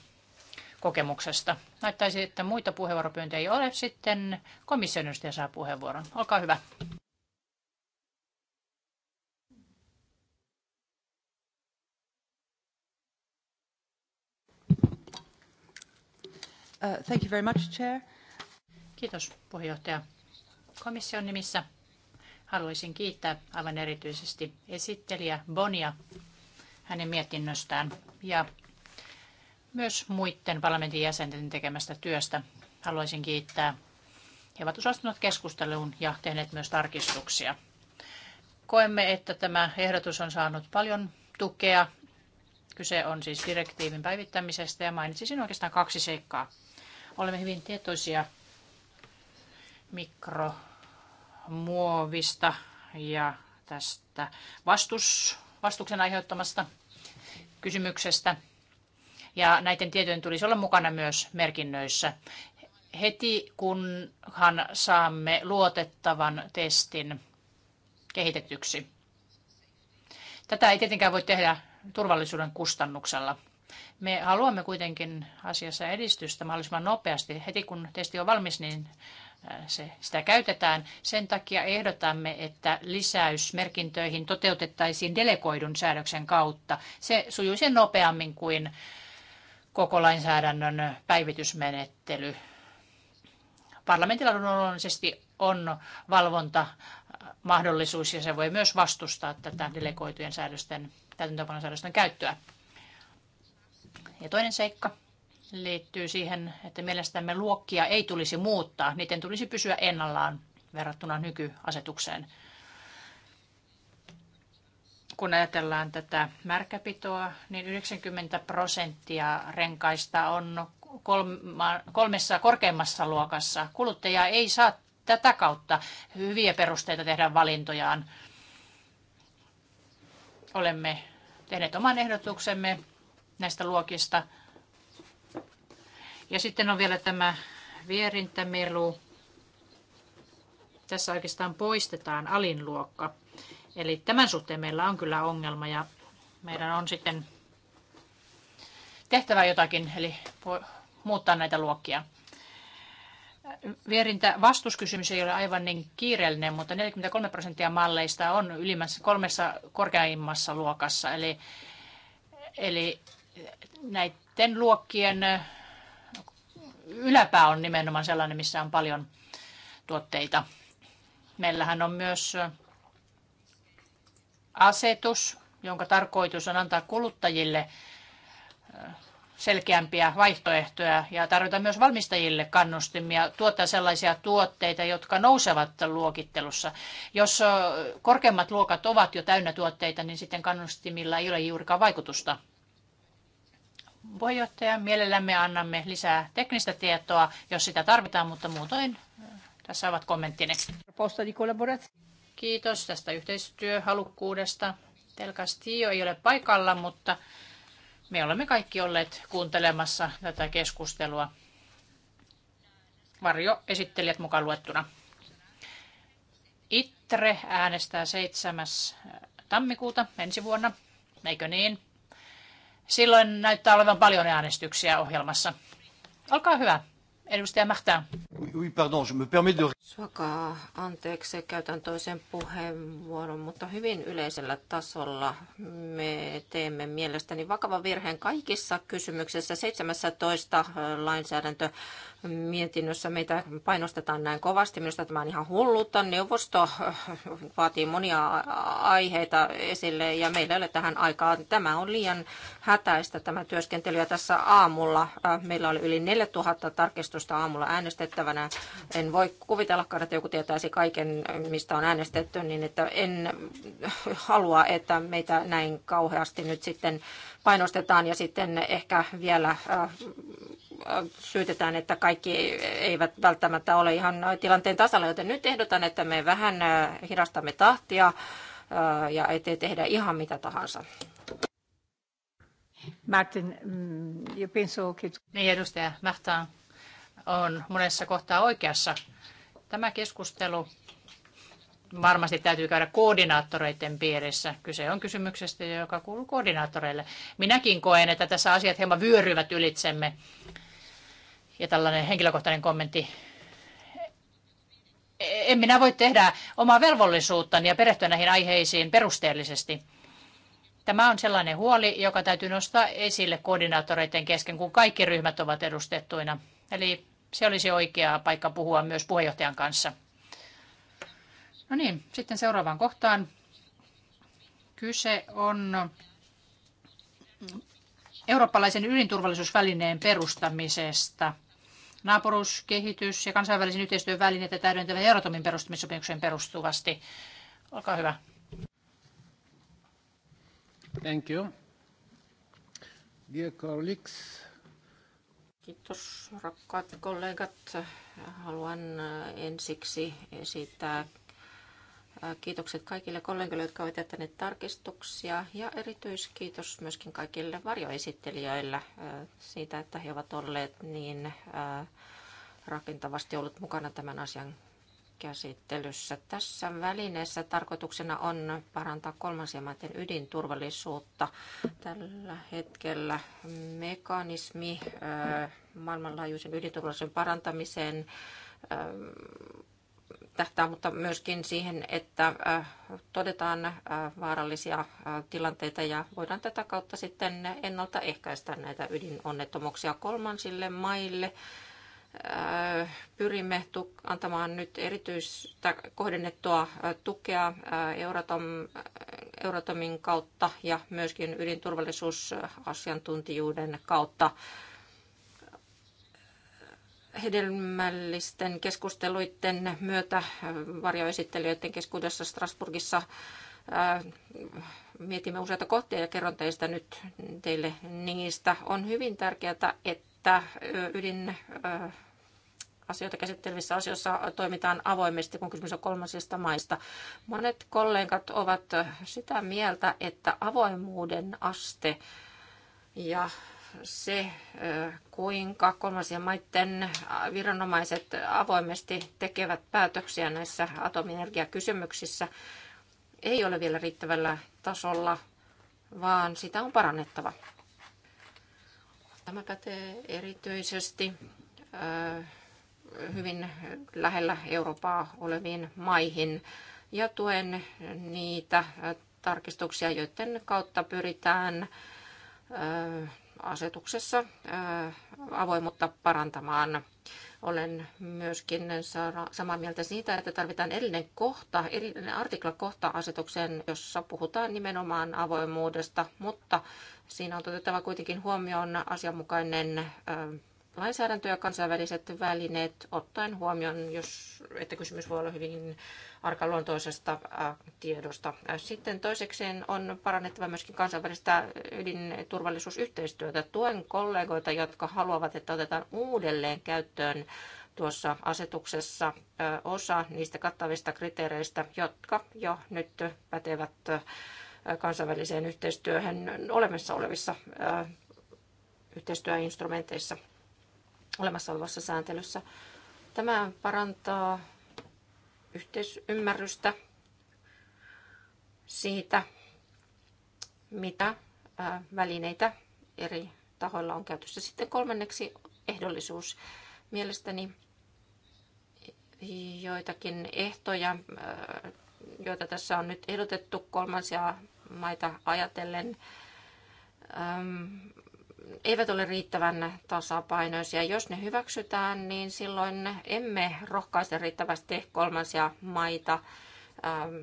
kokemuksesta. Näyttäisi, että muita puheenvuoropyyntöjä ei ole. Sitten komission edustaja saa puheenvuoron. Olkaa hyvä. Uh, thank you very much, Chair. Kiitos puheenjohtaja. Komission nimissä haluaisin kiittää aivan erityisesti esittelijä Bonia hänen mietinnöstään ja myös muiden parlamentin jäsenten tekemästä työstä. Haluaisin kiittää. He ovat osallistuneet keskusteluun ja tehneet myös tarkistuksia. Koemme, että tämä ehdotus on saanut paljon tukea. Kyse on siis direktiivin päivittämisestä ja mainitsisin oikeastaan kaksi seikkaa. Olemme hyvin tietoisia mikromuovista ja tästä vastus, vastuksen aiheuttamasta kysymyksestä. Ja näiden tietojen tulisi olla mukana myös merkinnöissä. Heti kunhan saamme luotettavan testin kehitetyksi. Tätä ei tietenkään voi tehdä turvallisuuden kustannuksella. Me haluamme kuitenkin asiassa edistystä mahdollisimman nopeasti. Heti kun testi on valmis, niin Äh, se, sitä käytetään. Sen takia ehdotamme, että lisäysmerkintöihin toteutettaisiin delegoidun säädöksen kautta. Se sujuisi nopeammin kuin koko lainsäädännön päivitysmenettely. Parlamentilla luonnollisesti on valvonta mahdollisuus ja se voi myös vastustaa tätä delegoitujen säädösten, täytäntöönpanosäädösten käyttöä. Ja toinen seikka liittyy siihen, että mielestämme luokkia ei tulisi muuttaa. Niiden tulisi pysyä ennallaan verrattuna nykyasetukseen. Kun ajatellaan tätä märkäpitoa, niin 90 prosenttia renkaista on kolmessa korkeimmassa luokassa. Kuluttaja ei saa tätä kautta hyviä perusteita tehdä valintojaan. Olemme tehneet oman ehdotuksemme näistä luokista – ja sitten on vielä tämä vierintämelu. Tässä oikeastaan poistetaan alinluokka. Eli tämän suhteen meillä on kyllä ongelma ja meidän on sitten tehtävä jotakin, eli muuttaa näitä luokkia. Vierintä vastuskysymys ei ole aivan niin kiireellinen, mutta 43 prosenttia malleista on ylimmässä kolmessa korkeimmassa luokassa. Eli, eli näiden luokkien yläpää on nimenomaan sellainen, missä on paljon tuotteita. Meillähän on myös asetus, jonka tarkoitus on antaa kuluttajille selkeämpiä vaihtoehtoja ja tarjota myös valmistajille kannustimia tuottaa sellaisia tuotteita, jotka nousevat luokittelussa. Jos korkeimmat luokat ovat jo täynnä tuotteita, niin sitten kannustimilla ei ole juurikaan vaikutusta puheenjohtaja. Mielellämme annamme lisää teknistä tietoa, jos sitä tarvitaan, mutta muutoin äh, tässä ovat kommenttine. Kiitos tästä yhteistyöhalukkuudesta. Telkas Tio ei ole paikalla, mutta me olemme kaikki olleet kuuntelemassa tätä keskustelua. Varjo esittelijät mukaan luettuna. ITRE äänestää 7. Äh, tammikuuta ensi vuonna, eikö niin? Silloin näyttää olevan paljon äänestyksiä ohjelmassa. Olkaa hyvä, edustaja Mähtää. Oui, pardon, je me permets de... Suokaa anteeksi, käytän toisen puheenvuoron, mutta hyvin yleisellä tasolla me teemme mielestäni vakavan virheen kaikissa kysymyksissä. 17 lainsäädäntö mietinnössä meitä painostetaan näin kovasti. Minusta tämä on ihan hullutta. Neuvosto vaatii monia aiheita esille ja meillä ei ole tähän aikaa. Tämä on liian hätäistä tämä työskentely ja tässä aamulla. Meillä oli yli 4000 tarkistusta aamulla äänestettävä päivänä. En voi kuvitellakaan, että joku tietäisi kaiken, mistä on äänestetty, niin että en halua, että meitä näin kauheasti nyt sitten painostetaan ja sitten ehkä vielä äh, syytetään, että kaikki eivät välttämättä ole ihan tilanteen tasalla, joten nyt ehdotan, että me vähän äh, hidastamme tahtia äh, ja ettei tehdä ihan mitä tahansa. Martin, mm, penso että... Niin, edustaja Mähtään on monessa kohtaa oikeassa. Tämä keskustelu varmasti täytyy käydä koordinaattoreiden piirissä. Kyse on kysymyksestä, joka kuuluu koordinaattoreille. Minäkin koen, että tässä asiat hieman vyöryvät ylitsemme. Ja tällainen henkilökohtainen kommentti. En minä voi tehdä omaa velvollisuuttani ja perehtyä näihin aiheisiin perusteellisesti. Tämä on sellainen huoli, joka täytyy nostaa esille koordinaattoreiden kesken, kun kaikki ryhmät ovat edustettuina. Eli se olisi oikea paikka puhua myös puheenjohtajan kanssa. No niin, sitten seuraavaan kohtaan. Kyse on eurooppalaisen ydinturvallisuusvälineen perustamisesta. Naapuruus, kehitys ja kansainvälisen yhteistyön välineitä täydentävän Euratomin perustamissopimukseen perustuvasti. Olkaa hyvä. Thank you. Dear colleagues, Kiitos rakkaat kollegat. Haluan ensiksi esittää kiitokset kaikille kollegoille, jotka ovat jättäneet tarkistuksia ja erityiskiitos myöskin kaikille varjoesittelijöille siitä, että he ovat olleet niin rakentavasti ollut mukana tämän asian käsittelyssä. Tässä välineessä tarkoituksena on parantaa kolmansien maiden ydinturvallisuutta. Tällä hetkellä mekanismi äh, maailmanlaajuisen ydinturvallisuuden parantamiseen äh, tähtää, mutta myöskin siihen, että äh, todetaan vaarallisia tilanteita ja voidaan tätä kautta sitten ennaltaehkäistä näitä ydinonnettomuuksia kolmansille maille pyrimme antamaan nyt erityistä kohdennettua tukea Euratom, Euratomin kautta ja myöskin ydinturvallisuusasiantuntijuuden kautta hedelmällisten keskusteluiden myötä varjoesittelijöiden keskuudessa Strasburgissa mietimme useita kohtia ja kerron teistä nyt teille niistä. On hyvin tärkeää, että että ydin asioita käsittelevissä asioissa toimitaan avoimesti, kun kysymys on kolmansista maista. Monet kollegat ovat sitä mieltä, että avoimuuden aste ja se, kuinka kolmansien maiden viranomaiset avoimesti tekevät päätöksiä näissä atomienergiakysymyksissä, ei ole vielä riittävällä tasolla, vaan sitä on parannettava. Tämä pätee erityisesti hyvin lähellä Eurooppaa oleviin maihin ja tuen niitä tarkistuksia, joiden kautta pyritään asetuksessa avoimuutta parantamaan. Olen myöskin samaa mieltä siitä, että tarvitaan erillinen kohta, erillinen artikla kohta asetukseen, jossa puhutaan nimenomaan avoimuudesta, mutta siinä on otettava kuitenkin huomioon asianmukainen lainsäädäntö ja kansainväliset välineet ottaen huomioon, jos, että kysymys voi olla hyvin arkaluontoisesta äh, tiedosta. Äh, sitten toisekseen on parannettava myöskin kansainvälistä ydinturvallisuusyhteistyötä. Tuen kollegoita, jotka haluavat, että otetaan uudelleen käyttöön tuossa asetuksessa äh, osa niistä kattavista kriteereistä, jotka jo nyt pätevät kansainväliseen yhteistyöhön olemassa olevissa yhteistyöinstrumenteissa olemassa olevassa sääntelyssä. Tämä parantaa yhteisymmärrystä siitä, mitä välineitä eri tahoilla on käytössä. Sitten kolmanneksi ehdollisuus. Mielestäni joitakin ehtoja, joita tässä on nyt ehdotettu kolmansia maita ajatellen, eivät ole riittävän tasapainoisia. Jos ne hyväksytään, niin silloin emme rohkaise riittävästi kolmansia maita ähm,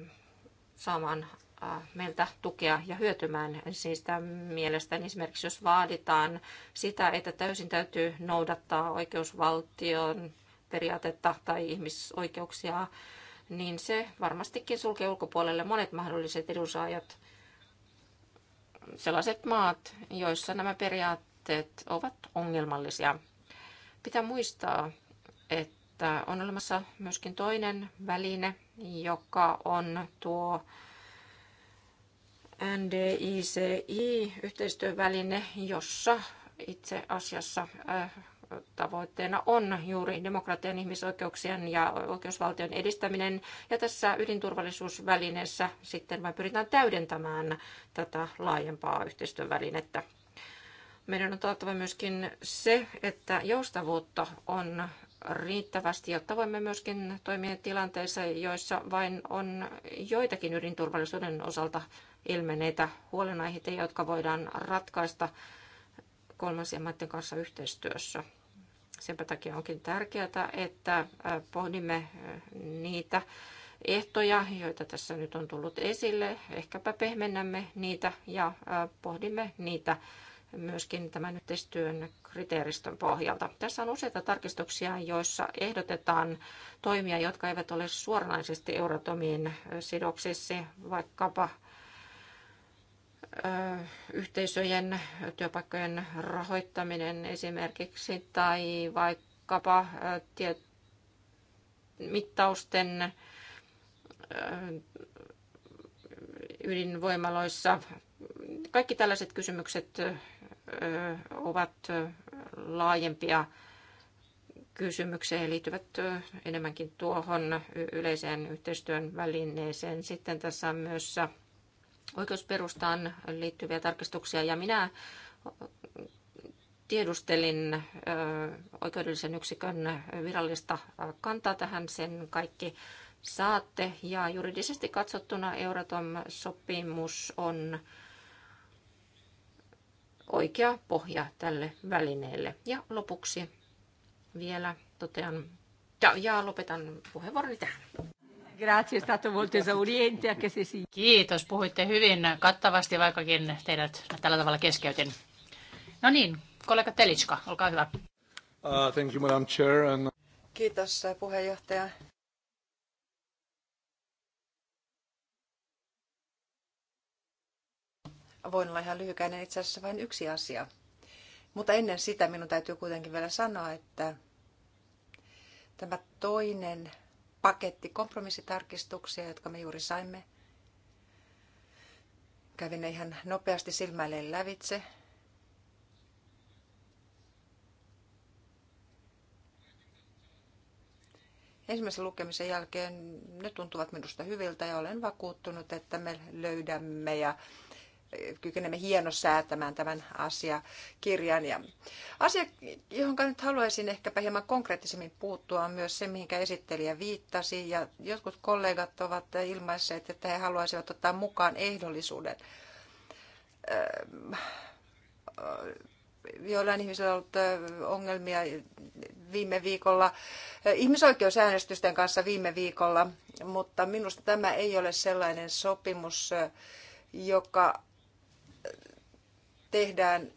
saamaan äh, meiltä tukea ja hyötymään. siitä mielestäni esimerkiksi jos vaaditaan sitä, että täysin täytyy noudattaa oikeusvaltion periaatetta tai ihmisoikeuksia, niin se varmastikin sulkee ulkopuolelle monet mahdolliset edunsaajat sellaiset maat, joissa nämä periaatteet ovat ongelmallisia. Pitää muistaa, että on olemassa myöskin toinen väline, joka on tuo NDICI-yhteistyöväline, jossa itse asiassa äh, tavoitteena on juuri demokratian, ihmisoikeuksien ja oikeusvaltion edistäminen. Ja tässä ydinturvallisuusvälineessä sitten vain pyritään täydentämään tätä laajempaa yhteistyön välinettä. Meidän on taattava myöskin se, että joustavuutta on riittävästi, jotta voimme myöskin toimia tilanteissa, joissa vain on joitakin ydinturvallisuuden osalta ilmeneitä huolenaiheita, jotka voidaan ratkaista kolmansien maiden kanssa yhteistyössä. Senpä takia onkin tärkeää, että pohdimme niitä ehtoja, joita tässä nyt on tullut esille. Ehkäpä pehmennämme niitä ja pohdimme niitä myöskin tämän yhteistyön kriteeristön pohjalta. Tässä on useita tarkistuksia, joissa ehdotetaan toimia, jotka eivät ole suoranaisesti Euratomiin sidoksissa, vaikkapa yhteisöjen työpaikkojen rahoittaminen esimerkiksi tai vaikkapa tie- mittausten ydinvoimaloissa. Kaikki tällaiset kysymykset ovat laajempia kysymyksiä ja liittyvät enemmänkin tuohon yleiseen yhteistyön välineeseen. Sitten tässä on myös oikeusperustaan liittyviä tarkistuksia ja minä tiedustelin oikeudellisen yksikön virallista kantaa tähän, sen kaikki saatte. Ja juridisesti katsottuna Euratom-sopimus on oikea pohja tälle välineelle. Ja lopuksi vielä totean ja, ja lopetan puheenvuoroni tähän. Grazie, stato molto esauriente, anche se Kiitos, puhuitte hyvin kattavasti, vaikkakin teidät tällä tavalla keskeytin. No niin, kollega Telitska, olkaa hyvä. Uh, thank you, Madam Chair. And... Kiitos, puheenjohtaja. Voin olla ihan lyhykäinen, itse asiassa vain yksi asia. Mutta ennen sitä minun täytyy kuitenkin vielä sanoa, että tämä toinen paketti kompromissitarkistuksia, jotka me juuri saimme. Kävin ne ihan nopeasti silmäilleen lävitse. Ensimmäisen lukemisen jälkeen ne tuntuvat minusta hyviltä ja olen vakuuttunut, että me löydämme ja kykenemme hienosäätämään tämän asiakirjan. Ja asia, johon nyt haluaisin ehkäpä hieman konkreettisemmin puuttua, on myös se, mihinkä esittelijä viittasi. Ja jotkut kollegat ovat ilmaisseet, että he haluaisivat ottaa mukaan ehdollisuuden. Öö, joillain ihmisillä on ollut ongelmia viime viikolla ihmisoikeusäänestysten kanssa viime viikolla, mutta minusta tämä ei ole sellainen sopimus, joka tehdään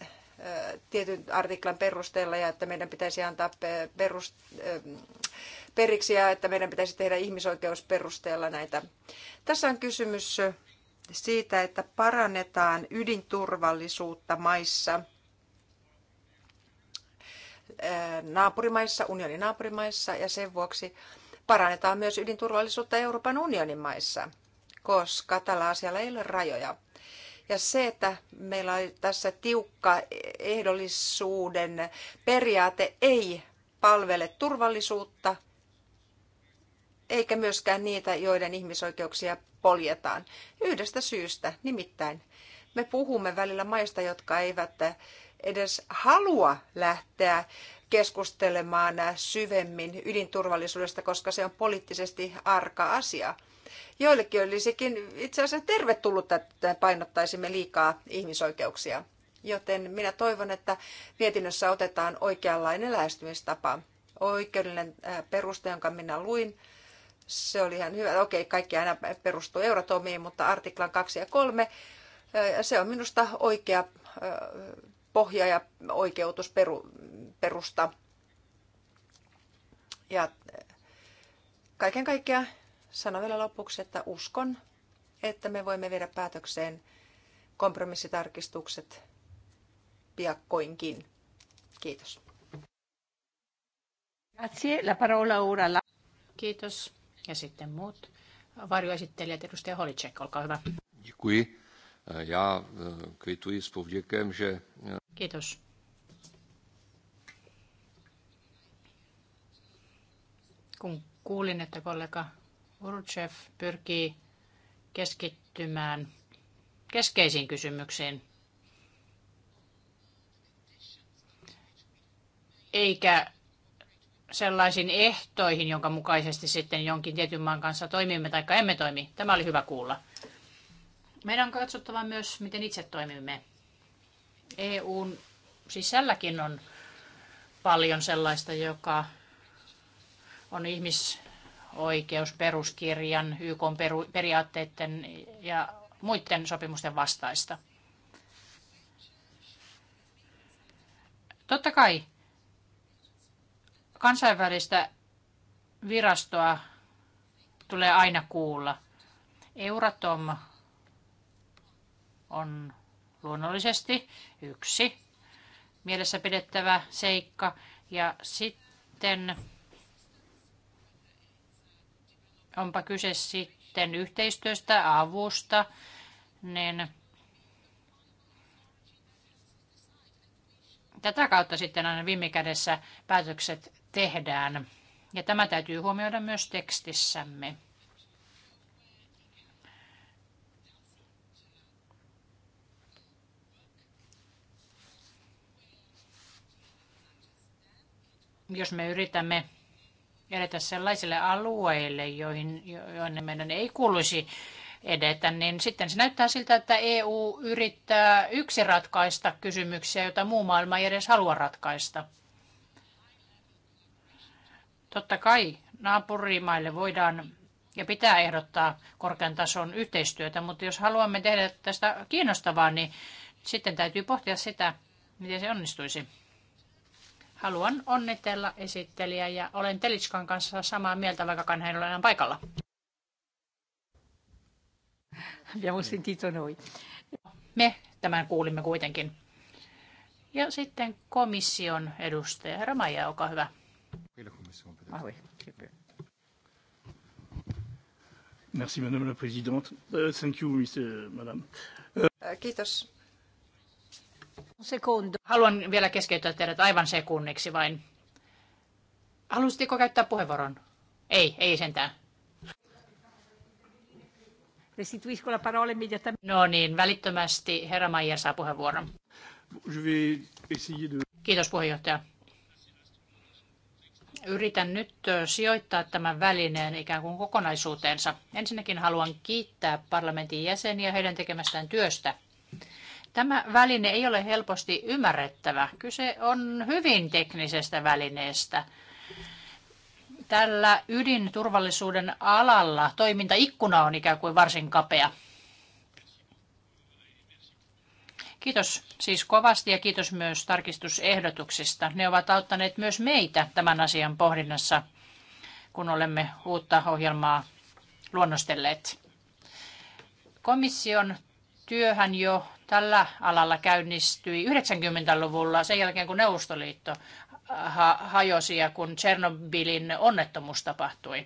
tietyn artiklan perusteella ja että meidän pitäisi antaa perust, periksi ja että meidän pitäisi tehdä ihmisoikeusperusteella näitä. Tässä on kysymys siitä, että parannetaan ydinturvallisuutta maissa, naapurimaissa, unionin naapurimaissa ja sen vuoksi parannetaan myös ydinturvallisuutta Euroopan unionin maissa, koska tällä asialla ei ole rajoja. Ja se, että meillä on tässä tiukka ehdollisuuden periaate, ei palvele turvallisuutta eikä myöskään niitä, joiden ihmisoikeuksia poljetaan. Yhdestä syystä, nimittäin me puhumme välillä maista, jotka eivät edes halua lähteä keskustelemaan syvemmin ydinturvallisuudesta, koska se on poliittisesti arka asia. Joillekin olisikin itse asiassa tervetullut, että painottaisimme liikaa ihmisoikeuksia. Joten minä toivon, että mietinnössä otetaan oikeanlainen lähestymistapa. Oikeudellinen äh, peruste, jonka minä luin, se oli ihan hyvä. Okei, kaikki aina perustuu Euratomiin, mutta artiklan 2 ja 3, äh, se on minusta oikea äh, pohja ja oikeutusperusta. Ja kaiken kaikkiaan sanon vielä lopuksi, että uskon, että me voimme viedä päätökseen kompromissitarkistukset piakkoinkin. Kiitos. Grazie. La parola ora. Kiitos. Ja sitten muut varjoesittelijät. Edustaja Holicek, olkaa hyvä. Kiitos. Eh, eh, Kiitos. Kun kuulin, että kollega Urchev pyrkii keskittymään keskeisiin kysymyksiin, eikä sellaisiin ehtoihin, jonka mukaisesti sitten jonkin tietyn maan kanssa toimimme tai emme toimi. Tämä oli hyvä kuulla. Meidän on katsottava myös, miten itse toimimme. EUn sisälläkin on paljon sellaista, joka on ihmis peruskirjan YK periaatteiden ja muiden sopimusten vastaista. Totta kai kansainvälistä virastoa tulee aina kuulla. Euratom on luonnollisesti yksi mielessä pidettävä seikka. Ja sitten onpa kyse sitten yhteistyöstä, avusta, niin tätä kautta sitten aina viime kädessä päätökset tehdään. Ja tämä täytyy huomioida myös tekstissämme. Jos me yritämme edetä sellaisille alueille, joihin, joihin meidän ei kuuluisi edetä, niin sitten se näyttää siltä, että EU yrittää yksi ratkaista kysymyksiä, joita muu maailma ei edes halua ratkaista. Totta kai naapurimaille voidaan ja pitää ehdottaa korkean tason yhteistyötä, mutta jos haluamme tehdä tästä kiinnostavaa, niin sitten täytyy pohtia sitä, miten se onnistuisi. Haluan onnitella esittelijä ja olen Teliskan kanssa samaa mieltä, vaikka hän ei ole enää paikalla. Me tämän kuulimme kuitenkin. Ja sitten komission edustaja, herra Maija, olkaa hyvä. Ah Merci, madame la présidente. Euh, thank you, madame. Kiitos, Sekundo. Haluan vielä keskeyttää teidät aivan sekunniksi vain. Halusitko käyttää puheenvuoron? Ei, ei sentään. la parola immediatamente. No niin, välittömästi herra Maija saa puheenvuoron. Kiitos puheenjohtaja. Yritän nyt sijoittaa tämän välineen ikään kuin kokonaisuuteensa. Ensinnäkin haluan kiittää parlamentin jäseniä heidän tekemästään työstä. Tämä väline ei ole helposti ymmärrettävä. Kyse on hyvin teknisestä välineestä. Tällä ydinturvallisuuden alalla toimintaikkuna on ikään kuin varsin kapea. Kiitos siis kovasti ja kiitos myös tarkistusehdotuksista. Ne ovat auttaneet myös meitä tämän asian pohdinnassa, kun olemme uutta ohjelmaa luonnostelleet. Komission työhän jo tällä alalla käynnistyi 90-luvulla sen jälkeen, kun Neuvostoliitto ha- hajosi ja kun Tchernobylin onnettomuus tapahtui.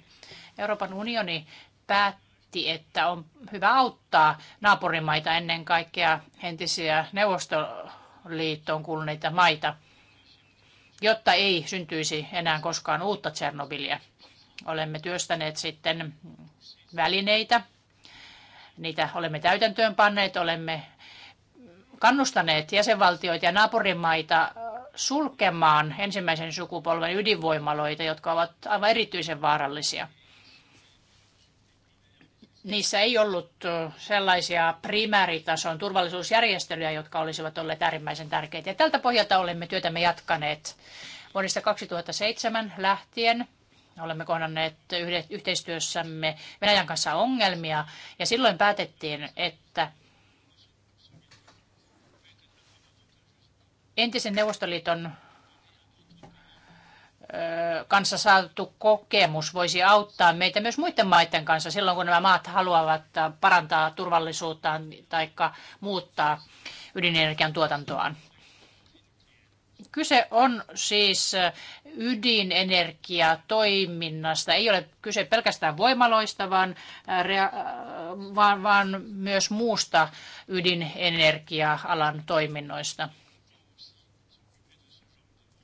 Euroopan unioni päätti, että on hyvä auttaa naapurimaita ennen kaikkea entisiä Neuvostoliittoon kuuluneita maita, jotta ei syntyisi enää koskaan uutta Tchernobylia. Olemme työstäneet sitten välineitä, niitä olemme täytäntöön panneet, olemme kannustaneet jäsenvaltioita ja naapurimaita sulkemaan ensimmäisen sukupolven ydinvoimaloita, jotka ovat aivan erityisen vaarallisia. Niissä ei ollut sellaisia primääritason turvallisuusjärjestelyjä, jotka olisivat olleet äärimmäisen tärkeitä. Ja tältä pohjalta olemme työtämme jatkaneet vuodesta 2007 lähtien. Olemme kohdanneet yhteistyössämme Venäjän kanssa ongelmia ja silloin päätettiin, että entisen Neuvostoliiton kanssa saatu kokemus voisi auttaa meitä myös muiden maiden kanssa silloin, kun nämä maat haluavat parantaa turvallisuuttaan tai muuttaa ydinenergian tuotantoaan. Kyse on siis ydinenergiatoiminnasta. Ei ole kyse pelkästään voimaloista, vaan, vaan, vaan myös muusta ydinenergia-alan toiminnoista –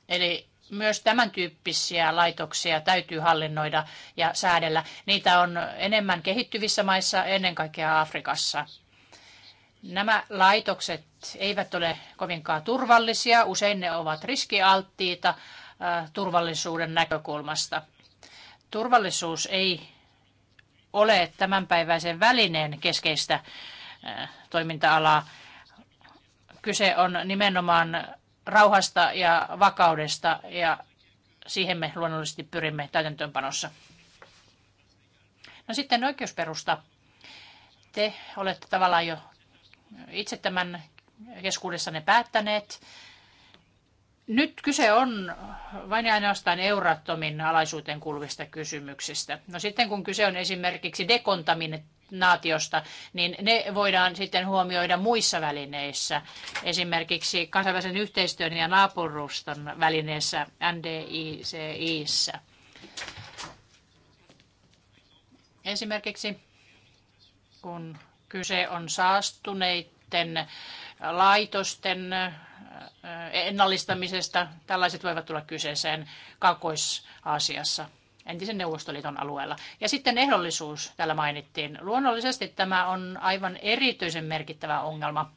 Eli myös tämän tyyppisiä laitoksia täytyy hallinnoida ja säädellä. Niitä on enemmän kehittyvissä maissa, ennen kaikkea Afrikassa. Nämä laitokset eivät ole kovinkaan turvallisia, usein ne ovat riskialttiita äh, turvallisuuden näkökulmasta. Turvallisuus ei ole tämänpäiväisen välineen keskeistä äh, toiminta-alaa. Kyse on nimenomaan rauhasta ja vakaudesta ja siihen me luonnollisesti pyrimme täytäntöönpanossa. No sitten oikeusperusta. Te olette tavallaan jo itse tämän keskuudessanne päättäneet. Nyt kyse on vain ja ainoastaan eurattomin alaisuuteen kuuluvista kysymyksistä. No sitten kun kyse on esimerkiksi dekontaminaatiosta, niin ne voidaan sitten huomioida muissa välineissä, esimerkiksi kansainvälisen yhteistyön ja naapuruston välineessä NDICIssä. Esimerkiksi kun kyse on saastuneiden laitosten ennallistamisesta. Tällaiset voivat tulla kyseeseen Kaakkois-Aasiassa entisen Neuvostoliiton alueella. Ja sitten ehdollisuus täällä mainittiin. Luonnollisesti tämä on aivan erityisen merkittävä ongelma.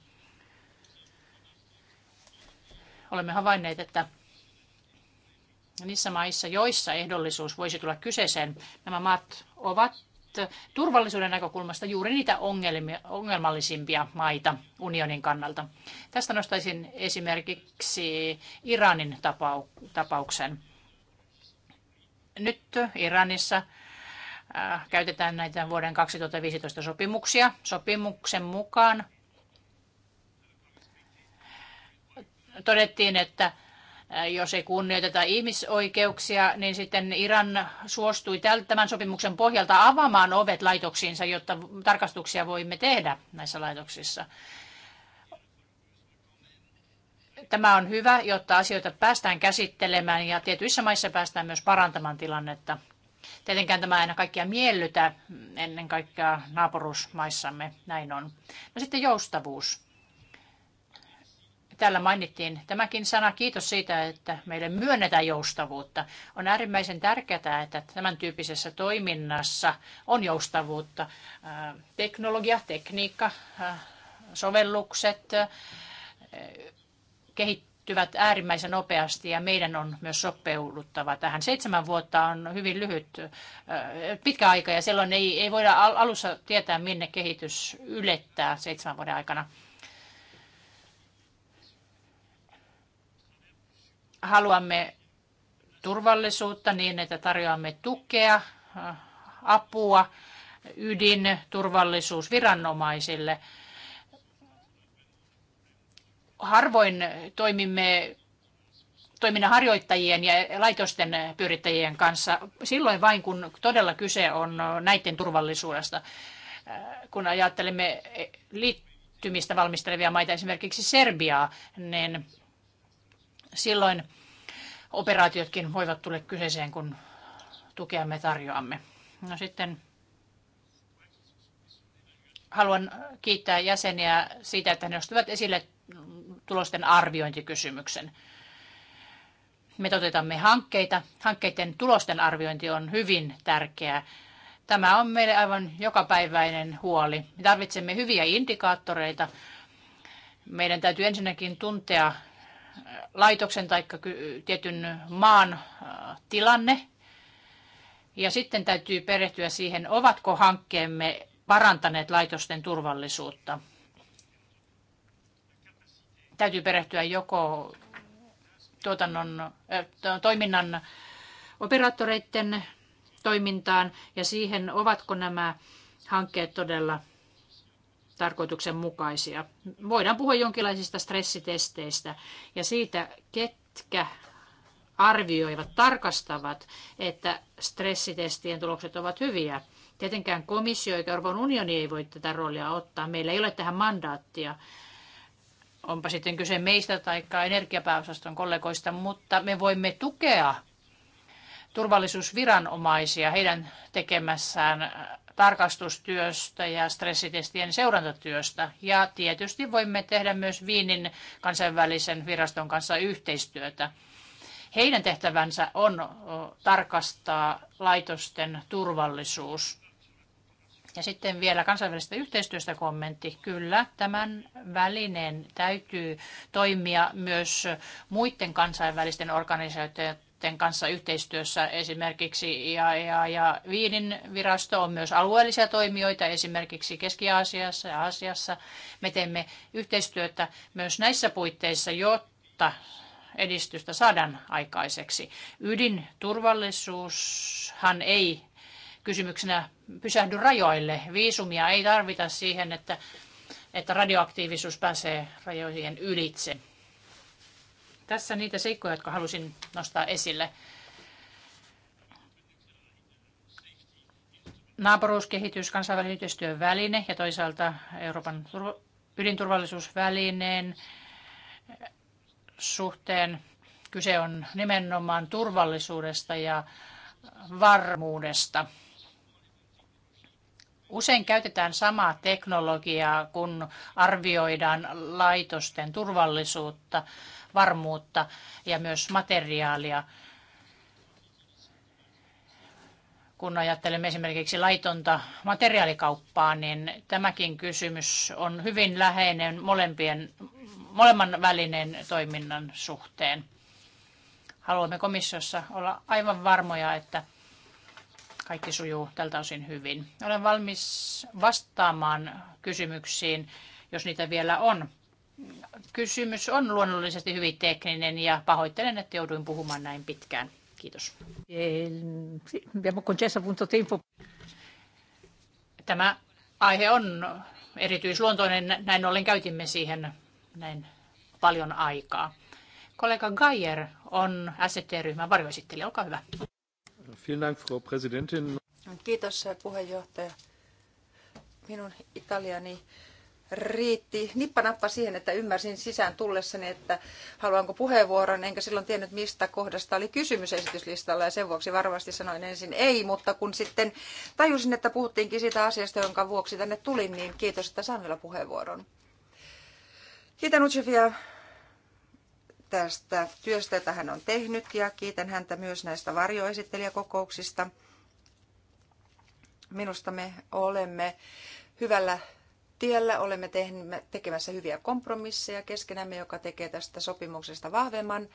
Olemme havainneet, että niissä maissa, joissa ehdollisuus voisi tulla kyseeseen, nämä maat ovat turvallisuuden näkökulmasta juuri niitä ongelmia, ongelmallisimpia maita unionin kannalta. Tästä nostaisin esimerkiksi Iranin tapauksen. Nyt Iranissa äh, käytetään näitä vuoden 2015 sopimuksia. Sopimuksen mukaan todettiin, että Äh, jos ei kunnioiteta ihmisoikeuksia, niin sitten Iran suostui tämän sopimuksen pohjalta avaamaan ovet laitoksiinsa, jotta tarkastuksia voimme tehdä näissä laitoksissa. Tämä on hyvä, jotta asioita päästään käsittelemään ja tietyissä maissa päästään myös parantamaan tilannetta. Tietenkään tämä aina kaikkia miellytä, ennen kaikkea naapurusmaissamme näin on. No sitten joustavuus Täällä mainittiin tämäkin sana. Kiitos siitä, että meille myönnetään joustavuutta. On äärimmäisen tärkeää, että tämän tyyppisessä toiminnassa on joustavuutta. Äh, teknologia, tekniikka, äh, sovellukset äh, kehittyvät äärimmäisen nopeasti ja meidän on myös sopeuduttava tähän. Seitsemän vuotta on hyvin lyhyt, pitkä aika ja silloin ei, ei voida alussa tietää, minne kehitys ylettää seitsemän vuoden aikana. Haluamme turvallisuutta niin, että tarjoamme tukea, apua ydin viranomaisille. Harvoin toimimme toiminnan harjoittajien ja laitosten pyörittäjien kanssa silloin vain, kun todella kyse on näiden turvallisuudesta. Kun ajattelemme liittymistä valmistelevia maita, esimerkiksi Serbiaa, niin silloin operaatiotkin voivat tulla kyseeseen, kun tukeamme tarjoamme. No sitten haluan kiittää jäseniä siitä, että he nostivat esille tulosten arviointikysymyksen. Me toteutamme hankkeita. Hankkeiden tulosten arviointi on hyvin tärkeää. Tämä on meille aivan jokapäiväinen huoli. Me tarvitsemme hyviä indikaattoreita. Meidän täytyy ensinnäkin tuntea laitoksen tai tietyn maan äh, tilanne. Ja sitten täytyy perehtyä siihen, ovatko hankkeemme parantaneet laitosten turvallisuutta. Täytyy perehtyä joko tuotannon, äh, toiminnan operaattoreiden toimintaan ja siihen, ovatko nämä hankkeet todella tarkoituksenmukaisia. Voidaan puhua jonkinlaisista stressitesteistä ja siitä, ketkä arvioivat, tarkastavat, että stressitestien tulokset ovat hyviä. Tietenkään komissio eikä Euroopan unioni ei voi tätä roolia ottaa. Meillä ei ole tähän mandaattia. Onpa sitten kyse meistä tai energiapääosaston kollegoista, mutta me voimme tukea turvallisuusviranomaisia heidän tekemässään tarkastustyöstä ja stressitestien seurantatyöstä. Ja tietysti voimme tehdä myös Viinin kansainvälisen viraston kanssa yhteistyötä. Heidän tehtävänsä on tarkastaa laitosten turvallisuus. Ja sitten vielä kansainvälisestä yhteistyöstä kommentti. Kyllä, tämän välineen täytyy toimia myös muiden kansainvälisten organisaatioiden viranomaisten kanssa yhteistyössä esimerkiksi ja, e ja, e ja Viinin virasto on myös alueellisia toimijoita esimerkiksi Keski-Aasiassa ja Aasiassa. Me teemme yhteistyötä myös näissä puitteissa, jotta edistystä saadaan aikaiseksi. Ydinturvallisuushan ei kysymyksenä pysähdy rajoille. Viisumia ei tarvita siihen, että, että radioaktiivisuus pääsee rajojen ylitse. Tässä niitä seikkoja, jotka halusin nostaa esille. Naapuruuskehitys, kansainvälinen yhteistyön väline ja toisaalta Euroopan ydinturvallisuusvälineen suhteen kyse on nimenomaan turvallisuudesta ja varmuudesta. Usein käytetään samaa teknologiaa, kun arvioidaan laitosten turvallisuutta, varmuutta ja myös materiaalia. Kun ajattelemme esimerkiksi laitonta materiaalikauppaa, niin tämäkin kysymys on hyvin läheinen molempien, molemman välinen toiminnan suhteen. Haluamme komissiossa olla aivan varmoja, että kaikki sujuu tältä osin hyvin. Olen valmis vastaamaan kysymyksiin, jos niitä vielä on. Kysymys on luonnollisesti hyvin tekninen ja pahoittelen, että jouduin puhumaan näin pitkään. Kiitos. Tämä aihe on erityisluontoinen, näin ollen käytimme siihen näin paljon aikaa. Kollega Geyer on ST-ryhmän varjoesittelijä. Olkaa hyvä. Kiitos puheenjohtaja. Minun italiani riitti nippanappa siihen, että ymmärsin sisään tullessani, että haluanko puheenvuoron, enkä silloin tiennyt mistä kohdasta oli kysymys esityslistalla ja sen vuoksi varmasti sanoin ensin ei, mutta kun sitten tajusin, että puhuttiinkin siitä asiasta, jonka vuoksi tänne tulin, niin kiitos, että saan vielä puheenvuoron. Kiitän Uchefia tästä työstä, jota hän on tehnyt ja kiitän häntä myös näistä varjoesittelijäkokouksista. Minusta me olemme hyvällä tiellä, olemme tekemässä hyviä kompromisseja keskenämme, joka tekee tästä sopimuksesta vahvemman.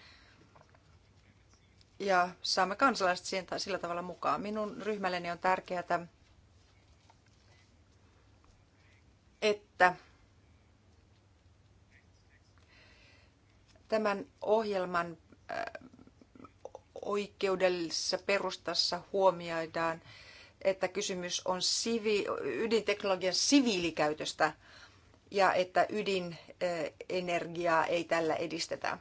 Ja saamme kansalaiset sillä tavalla mukaan. Minun ryhmälleni on tärkeää, että tämän ohjelman äh, oikeudellisessa perustassa huomioidaan, että kysymys on sivi, ydinteknologian siviilikäytöstä ja että ydinenergiaa äh, ei tällä edistetä.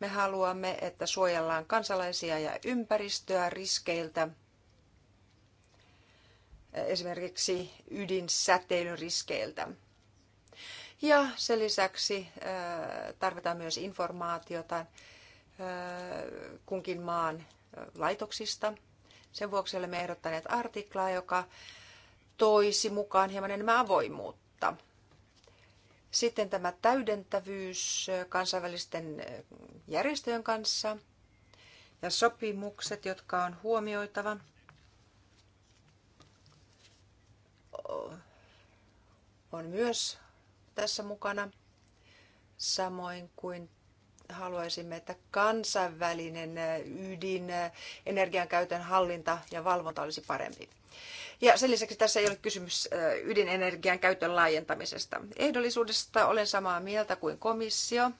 Me haluamme, että suojellaan kansalaisia ja ympäristöä riskeiltä, esimerkiksi ydinsäteilyriskeiltä. riskeiltä. Ja sen lisäksi äh, tarvitaan myös informaatiota äh, kunkin maan äh, laitoksista. Sen vuoksi olemme ehdottaneet artiklaa, joka toisi mukaan hieman enemmän avoimuutta. Sitten tämä täydentävyys kansainvälisten järjestöjen kanssa ja sopimukset, jotka on huomioitava. On myös tässä mukana, samoin kuin haluaisimme, että kansainvälinen äh, ydin, äh, energiankäytön hallinta ja valvonta olisi parempi. Ja sen lisäksi tässä ei ole kysymys äh, ydinenergian käytön laajentamisesta. Ehdollisuudesta olen samaa mieltä kuin komissio.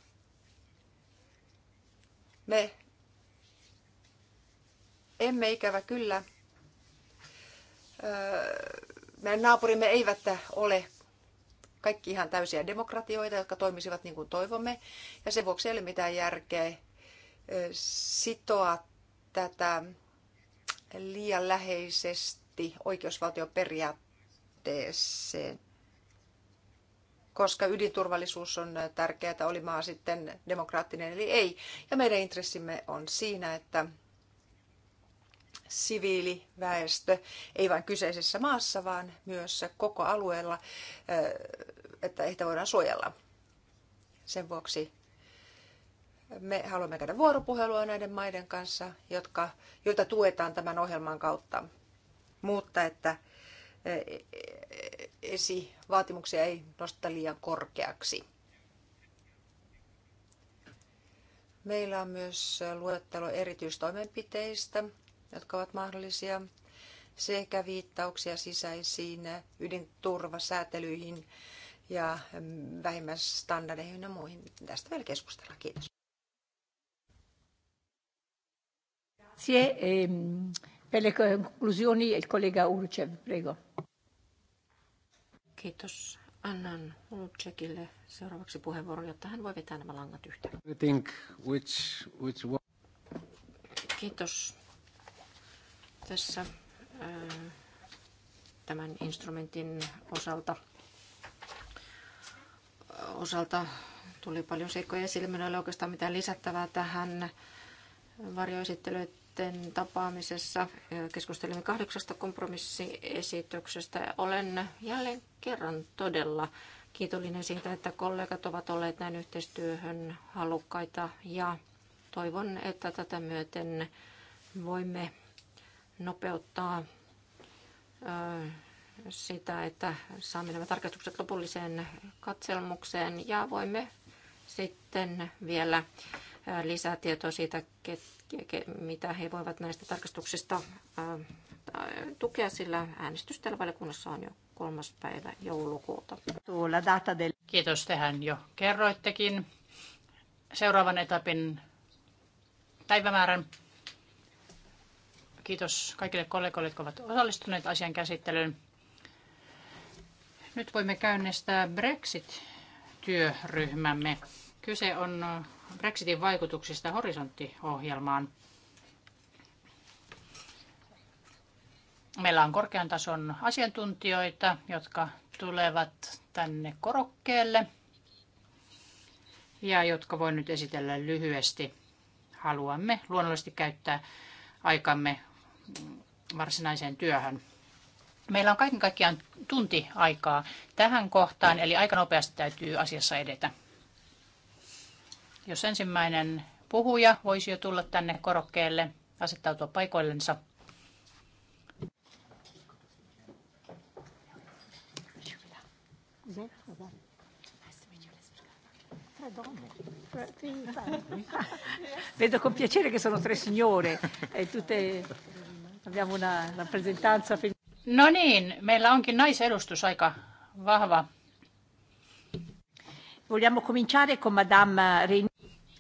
Me emme ikävä kyllä, meidän naapurimme eivät ole kaikki ihan täysiä demokratioita, jotka toimisivat niin kuin toivomme. Ja sen vuoksi ei ole mitään järkeä sitoa tätä liian läheisesti oikeusvaltioperiaatteeseen, koska ydinturvallisuus on tärkeää, oli maa sitten demokraattinen eli ei. Ja meidän intressimme on siinä, että siviiliväestö, ei vain kyseisessä maassa, vaan myös koko alueella että heitä voidaan suojella. Sen vuoksi me haluamme käydä vuoropuhelua näiden maiden kanssa, jotka, joita tuetaan tämän ohjelman kautta. Mutta että e, e, esivaatimuksia ei nosta liian korkeaksi. Meillä on myös luettelo erityistoimenpiteistä, jotka ovat mahdollisia, sekä viittauksia sisäisiin ydinturvasäätelyihin, ja mm, vähimmäisstandardeihin ja muihin. Tästä vielä keskustellaan. Kiitos. Grazie. Ehm, per le conclusioni il collega Urcev, prego. Kiitos. Annan Ulcekille seuraavaksi puheenvuoron, jotta hän voi vetää nämä langat yhteen. Which, which... Kiitos. Tässä äh, tämän instrumentin osalta osalta tuli paljon seikkoja esille. Minulla ei ole oikeastaan mitään lisättävää tähän varjoesittelyiden tapaamisessa. Keskustelimme kahdeksasta kompromissiesityksestä. Olen jälleen kerran todella kiitollinen siitä, että kollegat ovat olleet näin yhteistyöhön halukkaita ja toivon, että tätä myöten voimme nopeuttaa sitä, että saamme nämä tarkastukset lopulliseen katselmukseen ja voimme sitten vielä lisää tietoa siitä, mitä he voivat näistä tarkastuksista tukea, sillä äänestys tällä valiokunnassa on jo kolmas päivä joulukuuta. Kiitos, tehän jo kerroittekin. Seuraavan etapin päivämäärän. Kiitos kaikille kollegoille, jotka ovat osallistuneet asian käsittelyyn. Nyt voimme käynnistää Brexit-työryhmämme. Kyse on Brexitin vaikutuksista horisonttiohjelmaan. Meillä on korkean tason asiantuntijoita, jotka tulevat tänne korokkeelle ja jotka voin nyt esitellä lyhyesti. Haluamme luonnollisesti käyttää aikamme varsinaiseen työhön. Meillä on kaiken kaikkiaan tunti aikaa tähän kohtaan, eli aika nopeasti täytyy asiassa edetä. Jos ensimmäinen puhuja voisi jo tulla tänne korokkeelle, asettautua paikoillensa. Vedo con piacere che sono tre signore e tutte abbiamo una rappresentanza femminile. No niin, meillä onkin naisedustus aika vahva. Vogliamo cominciare con Madame Rein...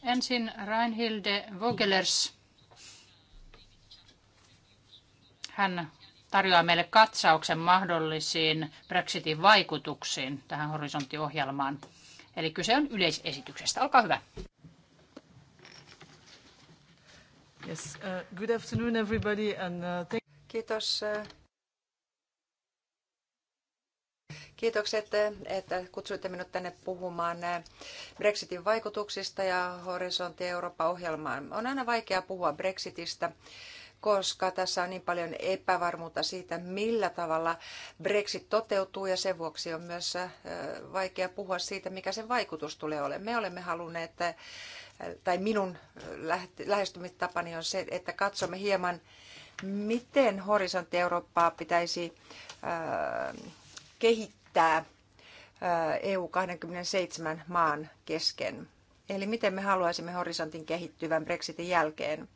Ensin Reinhilde Vogelers. Hän tarjoaa meille katsauksen mahdollisiin Brexitin vaikutuksiin tähän horisonttiohjelmaan. Eli kyse on yleisesityksestä. Olkaa hyvä. Yes, uh, good afternoon everybody and, uh, thank... Kiitos uh, Kiitokset, että kutsuitte minut tänne puhumaan Brexitin vaikutuksista ja Horisontti Eurooppa-ohjelmaan. On aina vaikea puhua Brexitistä, koska tässä on niin paljon epävarmuutta siitä, millä tavalla Brexit toteutuu ja sen vuoksi on myös vaikea puhua siitä, mikä sen vaikutus tulee olemaan. Me olemme halunneet, tai minun lähestymistapani on se, että katsomme hieman, miten Horisontti Eurooppaa pitäisi kehittää EU-27 maan kesken. Eli miten me haluaisimme horisontin kehittyvän Brexitin jälkeen.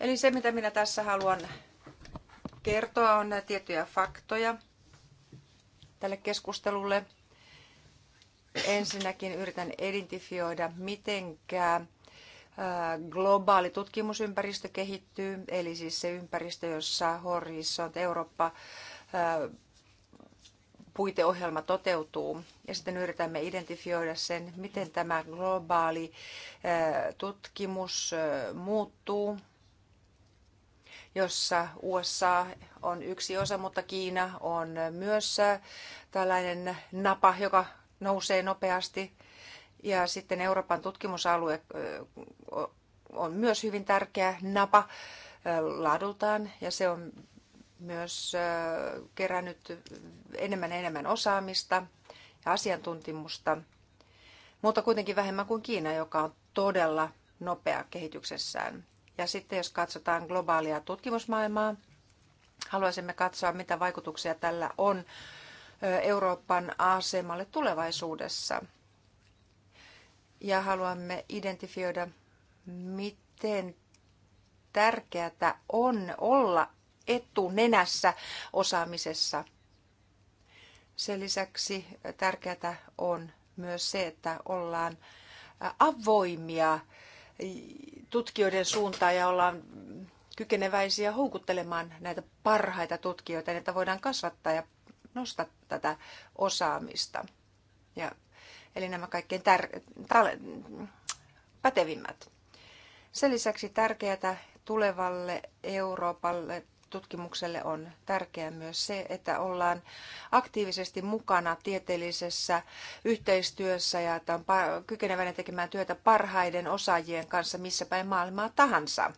Eli se, mitä minä tässä haluan kertoa, on tiettyjä faktoja tälle keskustelulle. Ensinnäkin yritän identifioida, mitenkä globaali tutkimusympäristö kehittyy, eli siis se ympäristö, jossa Horisont Eurooppa puiteohjelma toteutuu. Ja sitten yritämme identifioida sen, miten tämä globaali tutkimus muuttuu, jossa USA on yksi osa, mutta Kiina on myös tällainen napa, joka nousee nopeasti. Ja sitten Euroopan tutkimusalue on myös hyvin tärkeä napa laadultaan ja se on myös kerännyt enemmän ja enemmän osaamista ja asiantuntimusta, mutta kuitenkin vähemmän kuin Kiina, joka on todella nopea kehityksessään. Ja sitten jos katsotaan globaalia tutkimusmaailmaa, haluaisimme katsoa, mitä vaikutuksia tällä on Euroopan asemalle tulevaisuudessa. Ja haluamme identifioida, miten tärkeää on olla etunenässä osaamisessa. Sen lisäksi tärkeää on myös se, että ollaan avoimia tutkijoiden suuntaan ja ollaan kykeneväisiä houkuttelemaan näitä parhaita tutkijoita, niin että voidaan kasvattaa ja nostaa tätä osaamista. Ja, eli nämä kaikkein tär- tal- pätevimmät. Sen lisäksi tärkeää tulevalle Euroopalle tutkimukselle on tärkeää myös se, että ollaan aktiivisesti mukana tieteellisessä yhteistyössä ja että on kykeneväinen tekemään työtä parhaiden osaajien kanssa missä päin maailmaa tahansa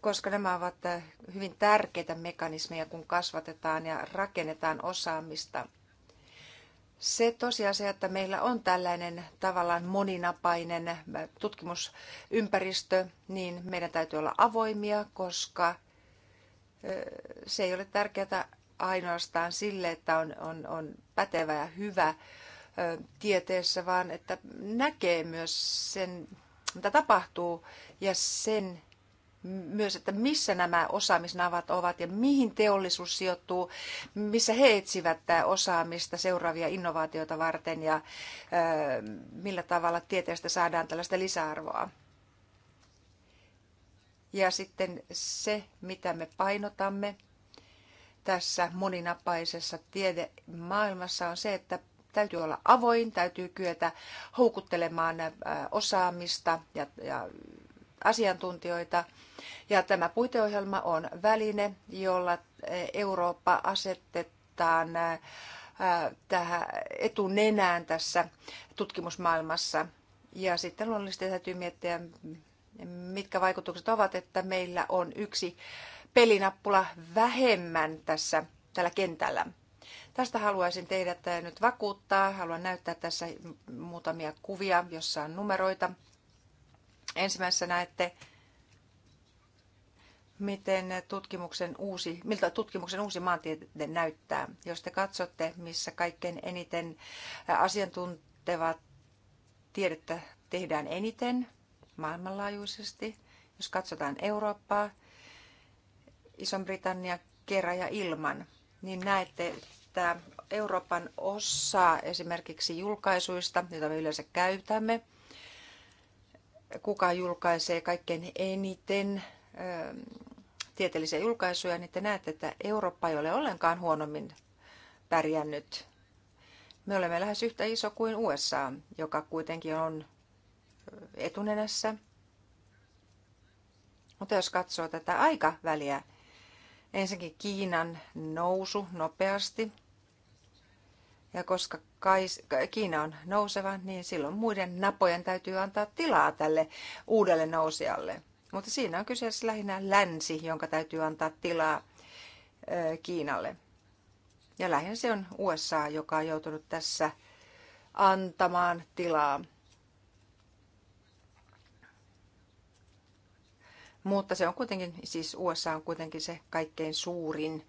koska nämä ovat eh, hyvin tärkeitä mekanismeja, kun kasvatetaan ja rakennetaan osaamista se tosiasia, että meillä on tällainen tavallaan moninapainen tutkimusympäristö, niin meidän täytyy olla avoimia, koska se ei ole tärkeää ainoastaan sille, että on, on, on pätevä ja hyvä tieteessä, vaan että näkee myös sen, mitä tapahtuu ja sen myös, että missä nämä osaamisnavat ovat ja mihin teollisuus sijoittuu, missä he etsivät osaamista seuraavia innovaatioita varten ja millä tavalla tieteestä saadaan tällaista lisäarvoa. Ja sitten se, mitä me painotamme tässä moninapaisessa tiedemaailmassa on se, että täytyy olla avoin, täytyy kyetä houkuttelemaan osaamista ja, ja asiantuntijoita. Ja tämä puiteohjelma on väline, jolla Eurooppa asetetaan tähän etunenään tässä tutkimusmaailmassa. Ja sitten luonnollisesti täytyy miettiä, mitkä vaikutukset ovat, että meillä on yksi pelinappula vähemmän tässä tällä kentällä. Tästä haluaisin teidät nyt vakuuttaa. Haluan näyttää tässä muutamia kuvia, jossa on numeroita Ensimmäisessä näette, miten tutkimuksen uusi, miltä tutkimuksen uusi maantiede näyttää. Jos te katsotte, missä kaikkein eniten asiantuntevat tiedettä tehdään eniten maailmanlaajuisesti, jos katsotaan Eurooppaa, iso britannia Kera ja ilman, niin näette, että Euroopan osa esimerkiksi julkaisuista, joita me yleensä käytämme, kuka julkaisee kaikkein eniten ähm, tieteellisiä julkaisuja, niin te näette, että Eurooppa ei ole ollenkaan huonommin pärjännyt. Me olemme lähes yhtä iso kuin USA, joka kuitenkin on äh, etunenässä. Mutta jos katsoo tätä aikaväliä, ensinnäkin Kiinan nousu nopeasti – ja koska Kiina on nouseva, niin silloin muiden napojen täytyy antaa tilaa tälle uudelle nousijalle. Mutta siinä on kyseessä lähinnä länsi, jonka täytyy antaa tilaa Kiinalle. Ja lähinnä se on USA, joka on joutunut tässä antamaan tilaa. Mutta se on kuitenkin, siis USA on kuitenkin se kaikkein suurin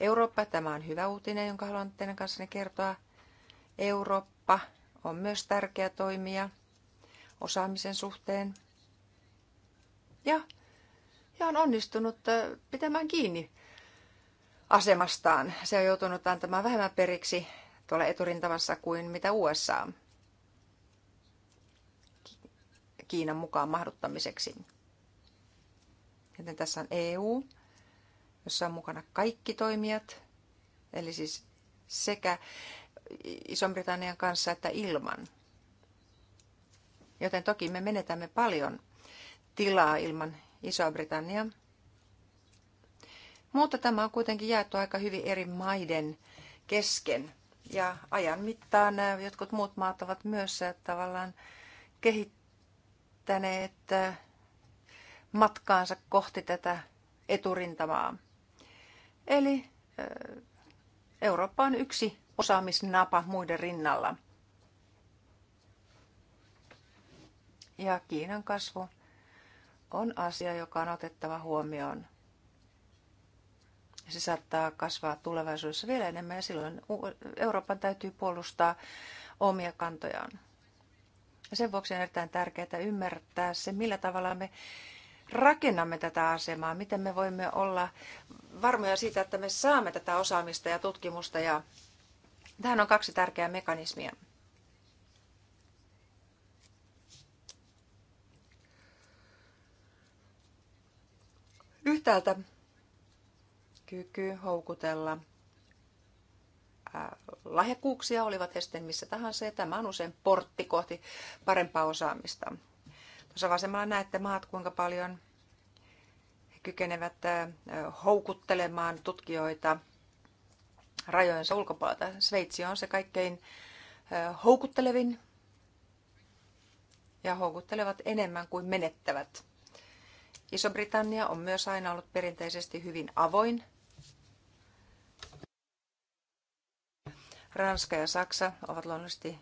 Eurooppa, tämä on hyvä uutinen, jonka haluan teidän kanssanne kertoa. Eurooppa on myös tärkeä toimija osaamisen suhteen. Ja, ja on onnistunut pitämään kiinni asemastaan. Se on joutunut antamaan vähemmän periksi tuolla eturintavassa kuin mitä USA Kiinan mukaan mahduttamiseksi. Joten tässä on EU, jossa on mukana kaikki toimijat, eli siis sekä Iso-Britannian kanssa että ilman. Joten toki me menetämme paljon tilaa ilman Iso-Britannia. Mutta tämä on kuitenkin jaettu aika hyvin eri maiden kesken. Ja ajan mittaan nämä äh, jotkut muut maat ovat myös äh, tavallaan kehittäneet äh, matkaansa kohti tätä eturintamaa. Eli Eurooppa on yksi osaamisnapa muiden rinnalla. Ja Kiinan kasvu on asia, joka on otettava huomioon. Se saattaa kasvaa tulevaisuudessa vielä enemmän ja silloin Euroopan täytyy puolustaa omia kantojaan. Sen vuoksi on erittäin tärkeää ymmärtää se, millä tavalla me rakennamme tätä asemaa, miten me voimme olla varmoja siitä, että me saamme tätä osaamista ja tutkimusta. Ja tähän on kaksi tärkeää mekanismia. Yhtäältä kyky houkutella lahjakkuuksia, olivat he sitten missä tahansa, ja tämä on usein portti kohti parempaa osaamista. Tuossa vasemmalla näette maat, kuinka paljon he kykenevät houkuttelemaan tutkijoita rajojensa ulkopuolelta. Sveitsi on se kaikkein houkuttelevin ja houkuttelevat enemmän kuin menettävät. Iso-Britannia on myös aina ollut perinteisesti hyvin avoin Ranska ja Saksa ovat luonnollisesti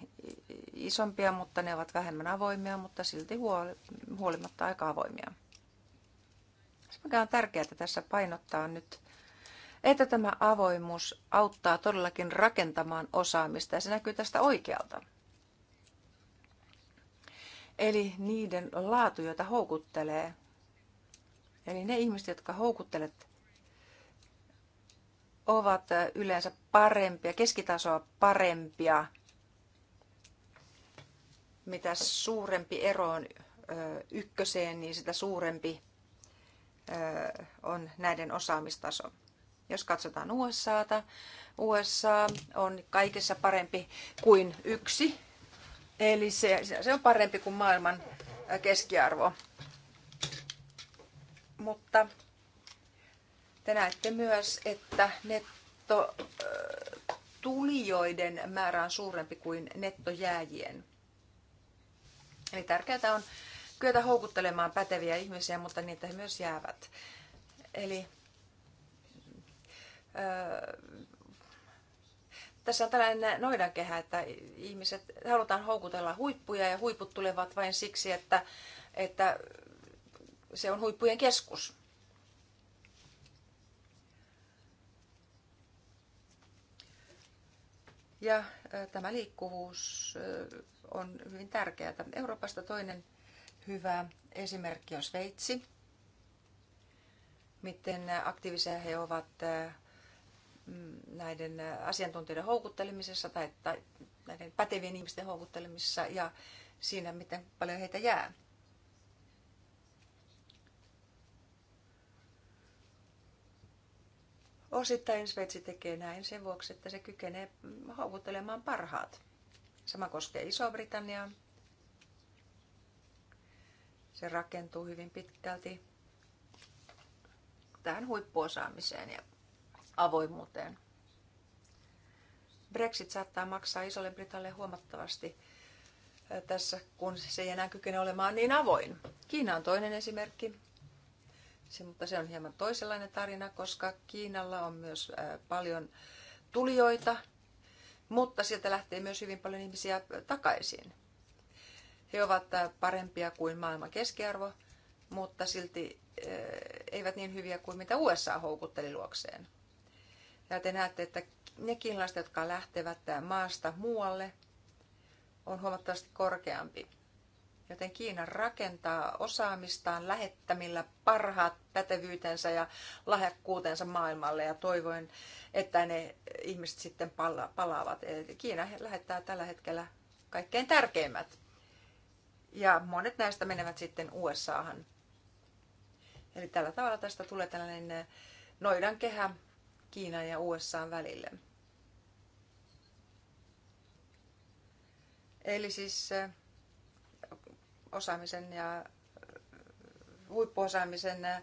isompia, mutta ne ovat vähemmän avoimia, mutta silti huolimatta aika avoimia. Se, mikä on tärkeää tässä painottaa nyt, että tämä avoimuus auttaa todellakin rakentamaan osaamista ja se näkyy tästä oikealta. Eli niiden laatu, joita houkuttelee. Eli ne ihmiset, jotka houkuttelet ovat äh, yleensä parempia, keskitasoa parempia, mitä suurempi ero on äh, ykköseen, niin sitä suurempi äh, on näiden osaamistaso. Jos katsotaan USAta, USA on kaikessa parempi kuin yksi, eli se, se on parempi kuin maailman keskiarvo. Mutta te näette myös, että netto tulijoiden määrä on suurempi kuin nettojääjien. Eli tärkeää on kyetä houkuttelemaan päteviä ihmisiä, mutta niitä he myös jäävät. Eli öö, tässä on tällainen noidankehä, että ihmiset halutaan houkutella huippuja ja huiput tulevat vain siksi, että, että se on huippujen keskus. Ja tämä liikkuvuus on hyvin tärkeää. Euroopasta toinen hyvä esimerkki on Sveitsi. Miten aktiivisia he ovat näiden asiantuntijoiden houkuttelemisessa tai, näiden pätevien ihmisten houkuttelemisessa ja siinä, miten paljon heitä jää. Osittain Sveitsi tekee näin sen vuoksi, että se kykenee houkuttelemaan parhaat. Sama koskee Iso-Britanniaa. Se rakentuu hyvin pitkälti tähän huippuosaamiseen ja avoimuuteen. Brexit saattaa maksaa Isolle Britalle huomattavasti äh, tässä, kun se ei enää kykene olemaan niin avoin. Kiina on toinen esimerkki. Se, mutta se on hieman toisenlainen tarina, koska Kiinalla on myös paljon tulijoita, mutta sieltä lähtee myös hyvin paljon ihmisiä takaisin. He ovat parempia kuin maailman keskiarvo, mutta silti eivät niin hyviä kuin mitä USA houkutteli luokseen. Ja te näette, että ne kiinalaiset, jotka lähtevät maasta muualle, on huomattavasti korkeampi Joten Kiina rakentaa osaamistaan lähettämillä parhaat pätevyytensä ja lahjakkuutensa maailmalle ja toivoin, että ne ihmiset sitten palaavat. palaavat. Kiina lähettää tällä hetkellä kaikkein tärkeimmät. Ja monet näistä menevät sitten USAhan. Eli tällä tavalla tästä tulee tällainen äh, noidankehä Kiinan ja USAan välille. Eli siis äh, osaamisen ja huippuosaamisen äh,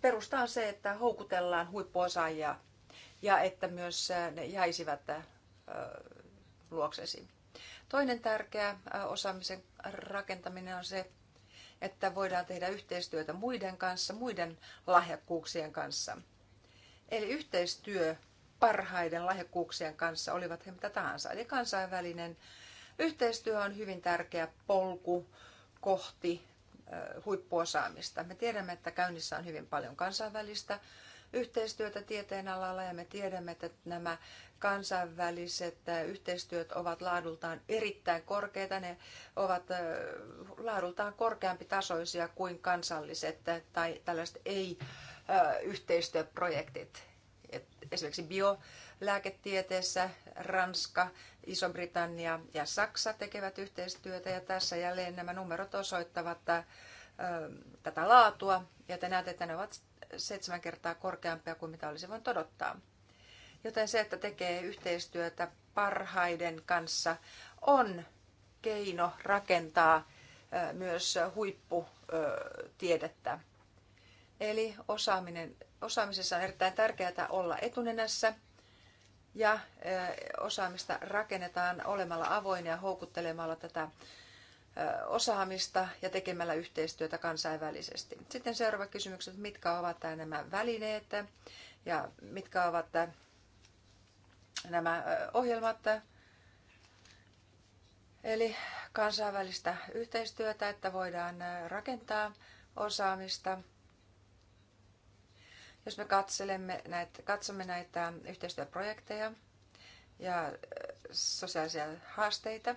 perusta on se, että houkutellaan huippuosaajia ja että myös äh, ne jäisivät äh, luoksesi. Toinen tärkeä osaamisen rakentaminen on se, että voidaan tehdä yhteistyötä muiden kanssa, muiden lahjakkuuksien kanssa. Eli yhteistyö parhaiden lahjakkuuksien kanssa, olivat he mitä tahansa. Eli kansainvälinen Yhteistyö on hyvin tärkeä polku kohti huippuosaamista. Me tiedämme, että käynnissä on hyvin paljon kansainvälistä yhteistyötä tieteen alalla ja me tiedämme, että nämä kansainväliset yhteistyöt ovat laadultaan erittäin korkeita. Ne ovat laadultaan korkeampi tasoisia kuin kansalliset tai tällaiset ei-yhteistyöprojektit. esimerkiksi bio lääketieteessä Ranska, Iso-Britannia ja Saksa tekevät yhteistyötä ja tässä jälleen nämä numerot osoittavat äh, tätä laatua ja te näette, että ne ovat seitsemän kertaa korkeampia kuin mitä olisi voinut odottaa. Joten se, että tekee yhteistyötä parhaiden kanssa, on keino rakentaa äh, myös huipputiedettä. Eli osaaminen, osaamisessa on erittäin tärkeää olla etunenässä – ja eh, osaamista rakennetaan olemalla avoin ja houkuttelemalla tätä eh, osaamista ja tekemällä yhteistyötä kansainvälisesti. Sitten seuraava kysymys, että mitkä ovat nämä välineet ja mitkä ovat eh, nämä ohjelmat. Eli kansainvälistä yhteistyötä, että voidaan rakentaa osaamista – jos me katselemme näitä, katsomme näitä yhteistyöprojekteja ja äh, sosiaalisia haasteita,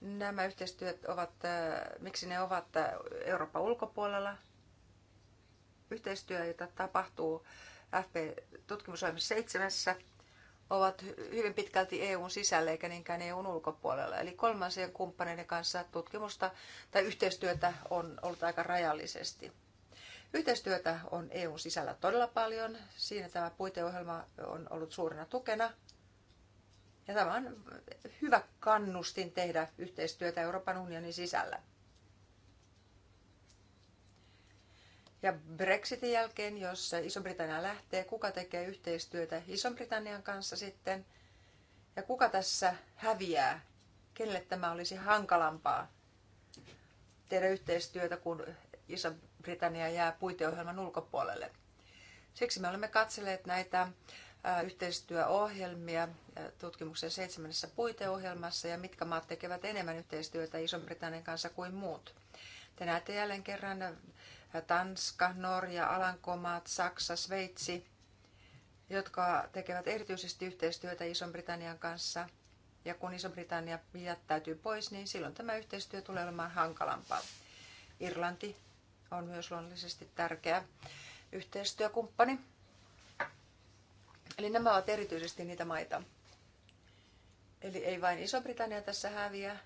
nämä yhteistyöt ovat, äh, miksi ne ovat äh, Euroopan ulkopuolella, yhteistyö, jota tapahtuu FP-tutkimusohjelmassa seitsemässä, ovat hyvin pitkälti EUn sisällä eikä niinkään EUn ulkopuolella. Eli kolmansien kumppaneiden kanssa tutkimusta tai yhteistyötä on ollut aika rajallisesti. Yhteistyötä on EUn sisällä todella paljon. Siinä tämä puiteohjelma on ollut suurena tukena. Ja tämä on hyvä kannustin tehdä yhteistyötä Euroopan unionin sisällä. Ja Brexitin jälkeen, jos Iso-Britannia lähtee, kuka tekee yhteistyötä Iso-Britannian kanssa sitten? Ja kuka tässä häviää? Kenelle tämä olisi hankalampaa tehdä yhteistyötä, kun Iso- Britannia jää puiteohjelman ulkopuolelle. Siksi me olemme katselleet näitä yhteistyöohjelmia tutkimuksen seitsemännessä puiteohjelmassa ja mitkä maat tekevät enemmän yhteistyötä Iso-Britannian kanssa kuin muut. Te näette jälleen kerran Tanska, Norja, Alankomaat, Saksa, Sveitsi, jotka tekevät erityisesti yhteistyötä Iso-Britannian kanssa. Ja kun Iso-Britannia jättäytyy pois, niin silloin tämä yhteistyö tulee olemaan hankalampaa. Irlanti, on myös luonnollisesti tärkeä yhteistyökumppani. Eli nämä ovat erityisesti niitä maita. Eli ei vain Iso-Britannia tässä häviä,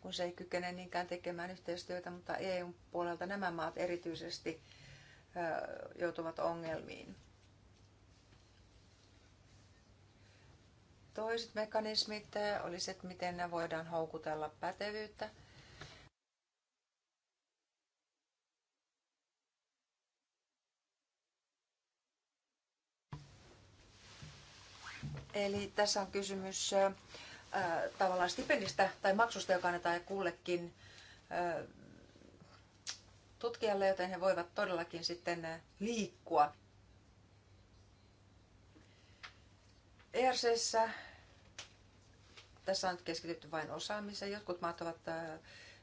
kun se ei kykene niinkään tekemään yhteistyötä, mutta EUn puolelta nämä maat erityisesti joutuvat ongelmiin. Toiset mekanismit olisivat, miten ne voidaan houkutella pätevyyttä Eli tässä on kysymys ää, tavallaan stipendistä tai maksusta, joka annetaan kullekin ää, tutkijalle, joten he voivat todellakin sitten liikkua. ERCssä tässä on nyt keskitytty vain osaamiseen. Jotkut maat ovat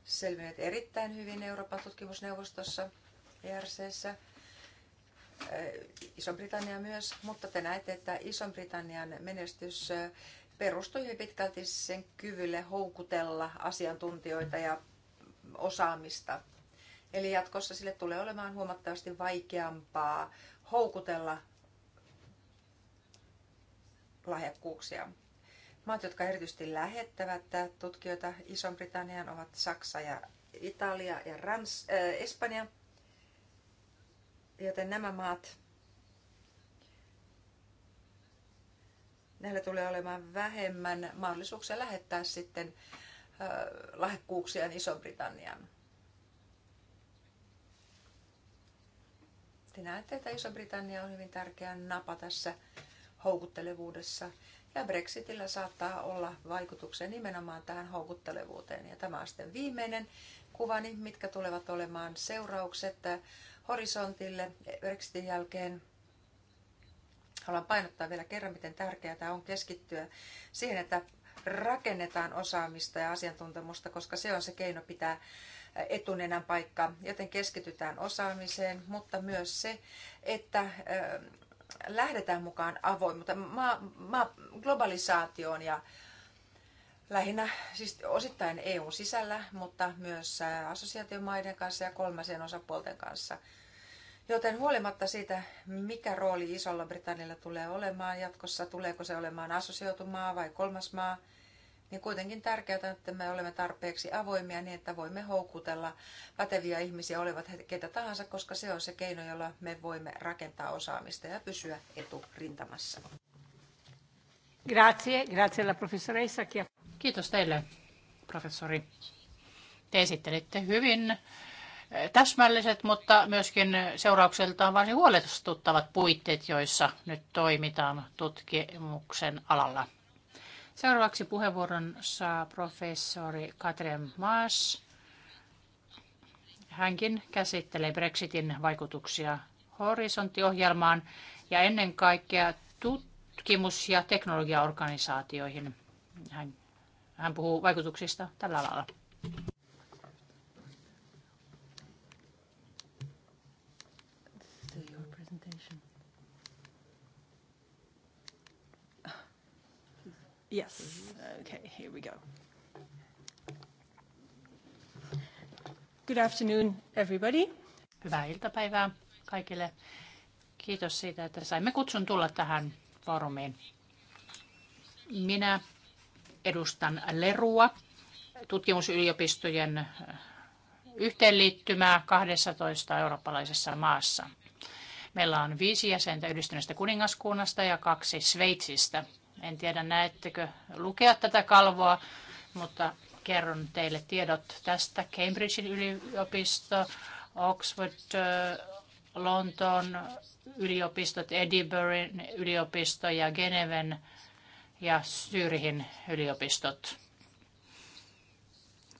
selvinneet erittäin hyvin Euroopan tutkimusneuvostossa ERCssä. Äh, Iso-Britannia myös, mutta te näette, että Iso-Britannian menestys äh, perustui hyvin pitkälti sen kyvylle houkutella asiantuntijoita ja osaamista. Eli jatkossa sille tulee olemaan huomattavasti vaikeampaa houkutella lahjakkuuksia. Maat, jotka erityisesti lähettävät tutkijoita Iso-Britanniaan, ovat Saksa ja Italia ja Rans- äh, Espanja. Joten nämä maat, näillä tulee olemaan vähemmän mahdollisuuksia lähettää sitten lahjakkuuksiaan Iso-Britanniaan. Te näette, että Iso-Britannia on hyvin tärkeä napa tässä houkuttelevuudessa. Ja Brexitillä saattaa olla vaikutuksia nimenomaan tähän houkuttelevuuteen. Ja tämä on sitten viimeinen kuvani, mitkä tulevat olemaan seuraukset horisontille Brexitin jälkeen. Haluan painottaa vielä kerran, miten tärkeää tämä on keskittyä siihen, että rakennetaan osaamista ja asiantuntemusta, koska se on se keino pitää etunenän paikka, joten keskitytään osaamiseen, mutta myös se, että lähdetään mukaan avoimuuteen, maa, maa, globalisaatioon ja lähinnä siis osittain EUn sisällä, mutta myös assosiaatiomaiden kanssa ja kolmasien osapuolten kanssa. Joten huolimatta siitä, mikä rooli Isolla Britannialla tulee olemaan jatkossa, tuleeko se olemaan maa vai kolmas maa, niin kuitenkin tärkeää, että me olemme tarpeeksi avoimia niin, että voimme houkutella päteviä ihmisiä, olevat ketä tahansa, koska se on se keino, jolla me voimme rakentaa osaamista ja pysyä eturintamassa. Grazie, grazie alla professoressa. Kiitos teille, professori. Te esittelitte hyvin eh, täsmälliset, mutta myöskin seuraukseltaan varsin huolestuttavat puitteet, joissa nyt toimitaan tutkimuksen alalla. Seuraavaksi puheenvuoron saa professori Katrin Maas. Hänkin käsittelee Brexitin vaikutuksia horisonttiohjelmaan ja ennen kaikkea tutkimus- ja teknologiaorganisaatioihin. Hän hän puhuu vaikutuksista tällä lailla. Yes. Okay, here we go. Good afternoon, everybody. Hyvää iltapäivää kaikille. Kiitos siitä, että saimme kutsun tulla tähän foorumiin. Minä edustan Lerua, tutkimusyliopistojen yhteenliittymää 12 eurooppalaisessa maassa. Meillä on viisi jäsentä yhdistyneestä kuningaskunnasta ja kaksi Sveitsistä. En tiedä, näettekö lukea tätä kalvoa, mutta kerron teille tiedot tästä. Cambridgein yliopisto, Oxford, Lontoon yliopistot, Edinburghin yliopisto ja Geneven ja Syyrihin yliopistot.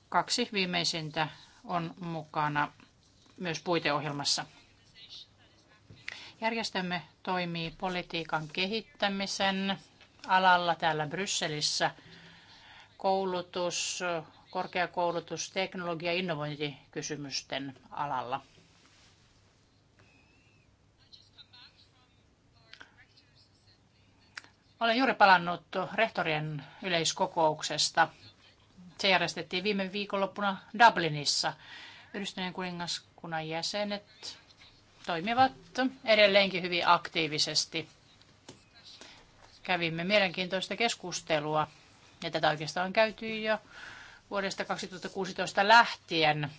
Kaksi viimeisintä on mukana myös puiteohjelmassa. Järjestömme toimii politiikan kehittämisen alalla täällä Brysselissä. Koulutus, korkeakoulutus, teknologia- ja innovointikysymysten alalla. Olen juuri palannut rehtorien yleiskokouksesta. Se järjestettiin viime viikonloppuna Dublinissa. Yhdistyneen kuningaskunnan jäsenet toimivat edelleenkin hyvin aktiivisesti. Kävimme mielenkiintoista keskustelua, ja tätä oikeastaan on käyty jo vuodesta 2016 lähtien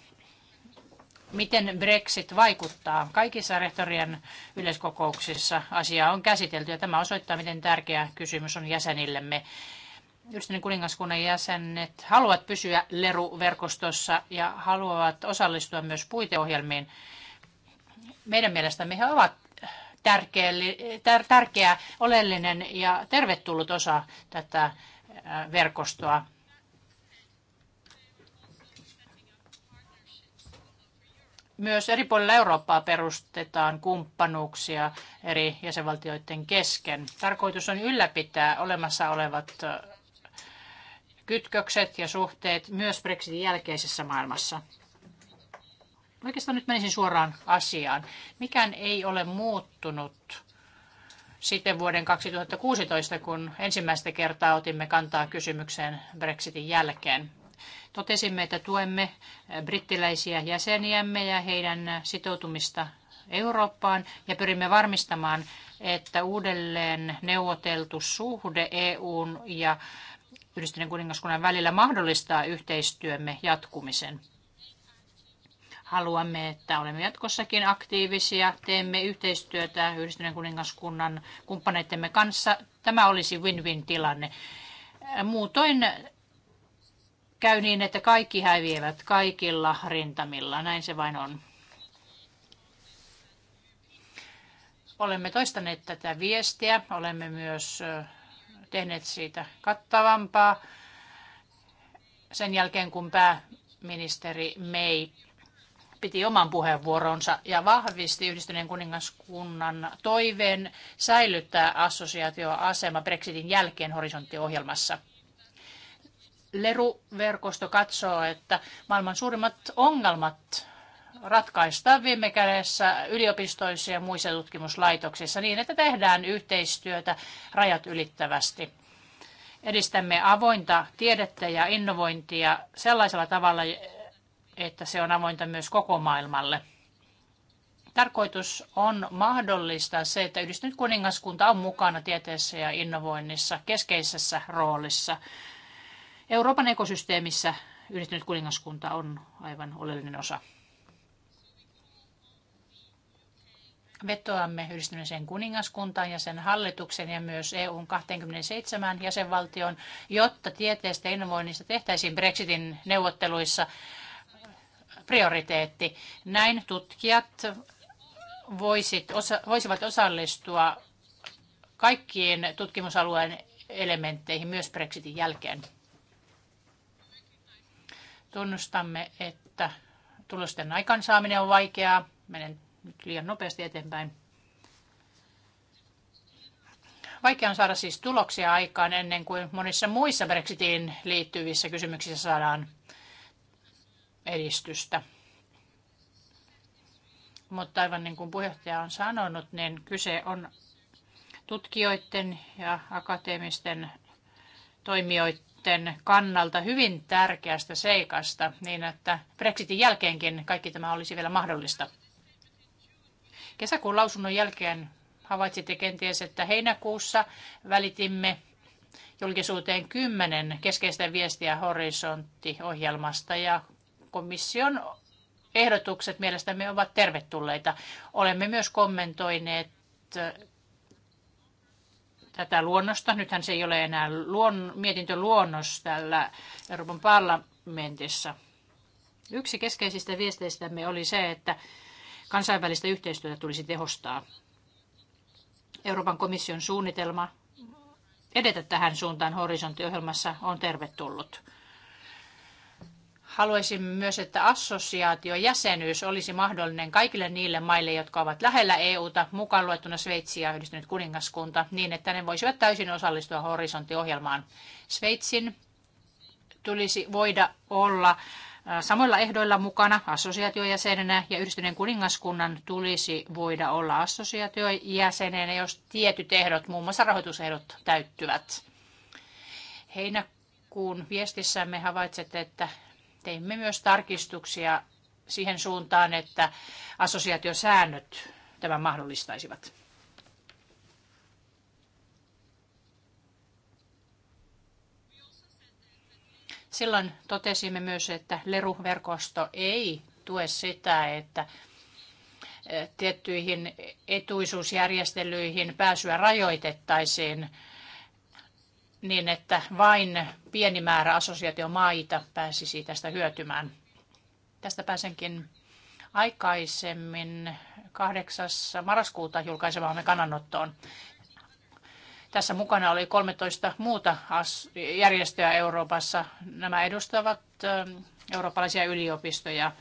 miten Brexit vaikuttaa. Kaikissa rehtorien yleiskokouksissa asiaa on käsitelty ja tämä osoittaa, miten tärkeä kysymys on jäsenillemme. Yhdistyneen niin kuningaskunnan jäsenet haluavat pysyä Leru-verkostossa ja haluavat osallistua myös puiteohjelmiin. Meidän mielestämme he ovat tärkeä, tärkeä oleellinen ja tervetullut osa tätä verkostoa. myös eri puolilla Eurooppaa perustetaan kumppanuuksia eri jäsenvaltioiden kesken. Tarkoitus on ylläpitää olemassa olevat kytkökset ja suhteet myös Brexitin jälkeisessä maailmassa. Oikeastaan nyt menisin suoraan asiaan. Mikään ei ole muuttunut sitten vuoden 2016, kun ensimmäistä kertaa otimme kantaa kysymykseen Brexitin jälkeen. Totesimme, että tuemme eh, brittiläisiä jäseniämme ja heidän sitoutumista Eurooppaan ja pyrimme varmistamaan, että uudelleen neuvoteltu suhde EUn ja Yhdistyneen kuningaskunnan välillä mahdollistaa yhteistyömme jatkumisen. Haluamme, että olemme jatkossakin aktiivisia, teemme yhteistyötä Yhdistyneen kuningaskunnan kumppaneittemme kanssa. Tämä olisi win-win tilanne. Muutoin käy niin, että kaikki häviävät kaikilla rintamilla. Näin se vain on. Olemme toistaneet tätä viestiä. Olemme myös tehneet siitä kattavampaa sen jälkeen, kun pääministeri May piti oman puheenvuoronsa ja vahvisti yhdistyneen kuningaskunnan toiveen säilyttää assosiaatioasema Brexitin jälkeen horisonttiohjelmassa. Leru-verkosto katsoo, että maailman suurimmat ongelmat ratkaistaan viime kädessä yliopistoissa ja muissa tutkimuslaitoksissa niin, että tehdään yhteistyötä rajat ylittävästi. Edistämme avointa tiedettä ja innovointia sellaisella tavalla, että se on avointa myös koko maailmalle. Tarkoitus on mahdollistaa se, että yhdistynyt kuningaskunta on mukana tieteessä ja innovoinnissa keskeisessä roolissa – Euroopan ekosysteemissä yhdistynyt kuningaskunta on aivan oleellinen osa. Vetoamme yhdistyneeseen kuningaskuntaan ja sen hallituksen ja myös EUn 27 jäsenvaltion, jotta tieteestä ja innovoinnista tehtäisiin Brexitin neuvotteluissa prioriteetti. Näin tutkijat voisit, osa, voisivat osallistua kaikkiin tutkimusalueen elementteihin myös Brexitin jälkeen. Tunnustamme, että tulosten aikansaaminen on vaikeaa. Menen nyt liian nopeasti eteenpäin. Vaikea on saada siis tuloksia aikaan ennen kuin monissa muissa Brexitiin liittyvissä kysymyksissä saadaan edistystä. Mutta aivan niin kuin puheenjohtaja on sanonut, niin kyse on tutkijoiden ja akateemisten toimijoiden Britten kannalta hyvin tärkeästä seikasta, niin että Brexitin jälkeenkin kaikki tämä olisi vielä mahdollista. Kesäkuun lausunnon jälkeen havaitsitte kenties, että heinäkuussa välitimme julkisuuteen kymmenen keskeistä viestiä horisonttiohjelmasta ja komission ehdotukset mielestämme ovat tervetulleita. Olemme myös kommentoineet tätä luonnosta. Nythän se ei ole enää luon, mietintöluonnos täällä Euroopan parlamentissa. Yksi keskeisistä viesteistämme oli se, että kansainvälistä yhteistyötä tulisi tehostaa. Euroopan komission suunnitelma edetä tähän suuntaan horisonttiohjelmassa on tervetullut. Haluaisin myös, että assosiaatiojäsenyys olisi mahdollinen kaikille niille maille, jotka ovat lähellä EUta, mukaan luettuna Sveitsi ja yhdistynyt kuningaskunta, niin että ne voisivat täysin osallistua horisonttiohjelmaan. Sveitsin tulisi voida olla samoilla ehdoilla mukana assosiaatiojäsenenä ja yhdistyneen kuningaskunnan tulisi voida olla assosiaatiojäsenenä, jos tietyt ehdot, muun muassa rahoitusehdot, täyttyvät. Heinäkuun viestissämme havaitsette, että Teimme myös tarkistuksia siihen suuntaan, että assosiaatiosäännöt tämän mahdollistaisivat. Silloin totesimme myös, että Leru-verkosto ei tue sitä, että eh, tiettyihin etuisuusjärjestelyihin pääsyä rajoitettaisiin niin, että vain pieni määrä assosiaatiomaita pääsisi tästä hyötymään. Tästä pääsenkin aikaisemmin 8. marraskuuta julkaisemaamme kannanottoon. Tässä mukana oli 13 muuta järjestöä Euroopassa. Nämä edustavat ähm, eurooppalaisia yliopistoja.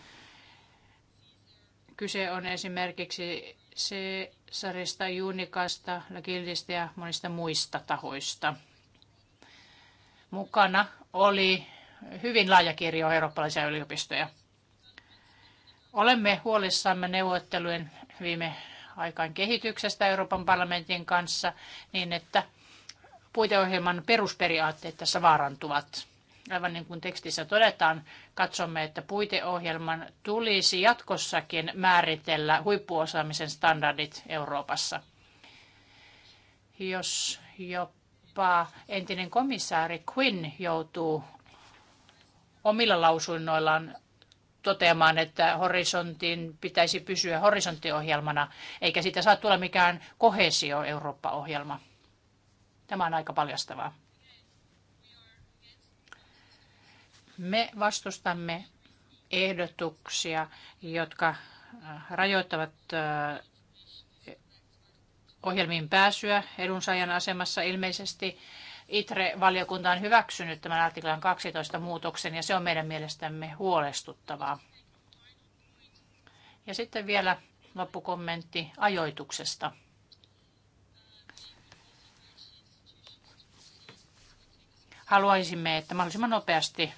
Kyse on esimerkiksi Cesarista, Junikasta, Lagildista ja monista muista tahoista – mukana oli hyvin laaja kirjo eurooppalaisia yliopistoja. Olemme huolissamme neuvottelujen viime aikaan kehityksestä Euroopan parlamentin kanssa niin, että puiteohjelman perusperiaatteet tässä vaarantuvat. Aivan niin kuin tekstissä todetaan, katsomme, että puiteohjelman tulisi jatkossakin määritellä huippuosaamisen standardit Euroopassa. Jos jopa jopa entinen komissaari Quinn joutuu omilla lausunnoillaan toteamaan, että horisontin pitäisi pysyä horisonttiohjelmana, eikä siitä saa tulla mikään kohesio Eurooppa-ohjelma. Tämä on aika paljastavaa. Me vastustamme ehdotuksia, jotka rajoittavat ohjelmiin pääsyä edunsaajan asemassa ilmeisesti ITRE-valiokunta on hyväksynyt tämän artiklan 12 muutoksen ja se on meidän mielestämme huolestuttavaa. Ja sitten vielä loppukommentti ajoituksesta. Haluaisimme, että mahdollisimman nopeasti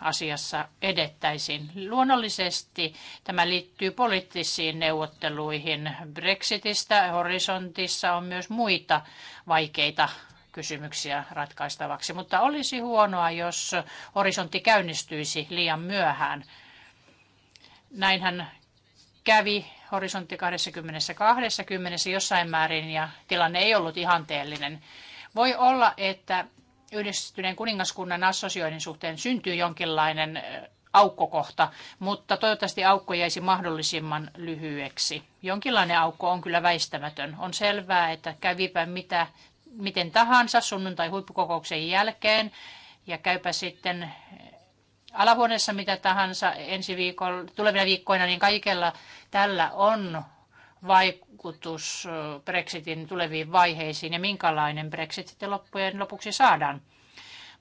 asiassa edettäisiin. Luonnollisesti tämä liittyy poliittisiin neuvotteluihin Brexitistä. Horisontissa on myös muita vaikeita kysymyksiä ratkaistavaksi, mutta olisi huonoa, jos horisontti käynnistyisi liian myöhään. Näinhän kävi horisontti 2020 jossain määrin ja tilanne ei ollut ihanteellinen. Voi olla, että yhdistyneen kuningaskunnan assosioinnin suhteen syntyy jonkinlainen aukkokohta, mutta toivottavasti aukko jäisi mahdollisimman lyhyeksi. Jonkinlainen aukko on kyllä väistämätön. On selvää, että kävipä mitä, miten tahansa sunnuntai huippukokouksen jälkeen ja käypä sitten alahuoneessa mitä tahansa ensi viikolla, tulevina viikkoina, niin kaikella tällä on vaikutus Brexitin tuleviin vaiheisiin ja minkälainen Brexit sitten loppujen lopuksi saadaan.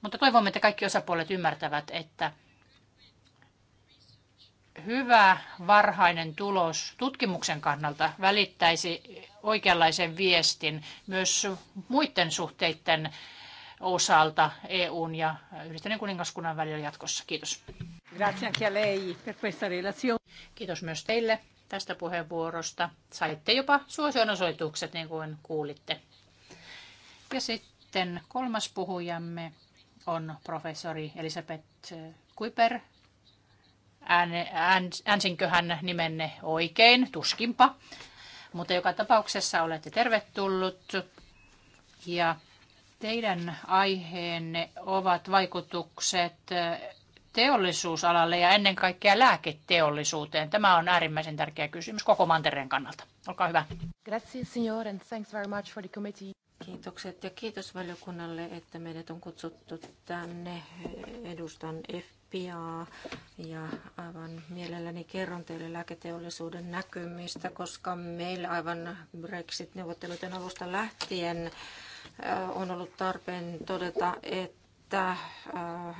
Mutta toivomme, että kaikki osapuolet ymmärtävät, että hyvä varhainen tulos tutkimuksen kannalta välittäisi oikeanlaisen viestin myös muiden suhteiden osalta EUn ja Yhdistyneen kuningaskunnan välillä jatkossa. Kiitos. Kiitos myös teille tästä puheenvuorosta. Saitte jopa suosionosoitukset, niin kuin kuulitte. Ja sitten kolmas puhujamme on professori Elisabeth Kuiper. Äänsinköhän nimenne oikein, tuskinpa. Mutta joka tapauksessa olette tervetullut. Ja teidän aiheenne ovat vaikutukset teollisuusalalle ja ennen kaikkea lääketeollisuuteen? Tämä on äärimmäisen tärkeä kysymys koko mantereen kannalta. Olkaa hyvä. Grazie, signor, and thanks very much for the committee. Kiitokset ja kiitos valiokunnalle, että meidät on kutsuttu tänne. Edustan FPA ja aivan mielelläni kerron teille lääketeollisuuden näkymistä, koska meillä aivan Brexit-neuvotteluiden alusta lähtien on ollut tarpeen todeta, että että äh,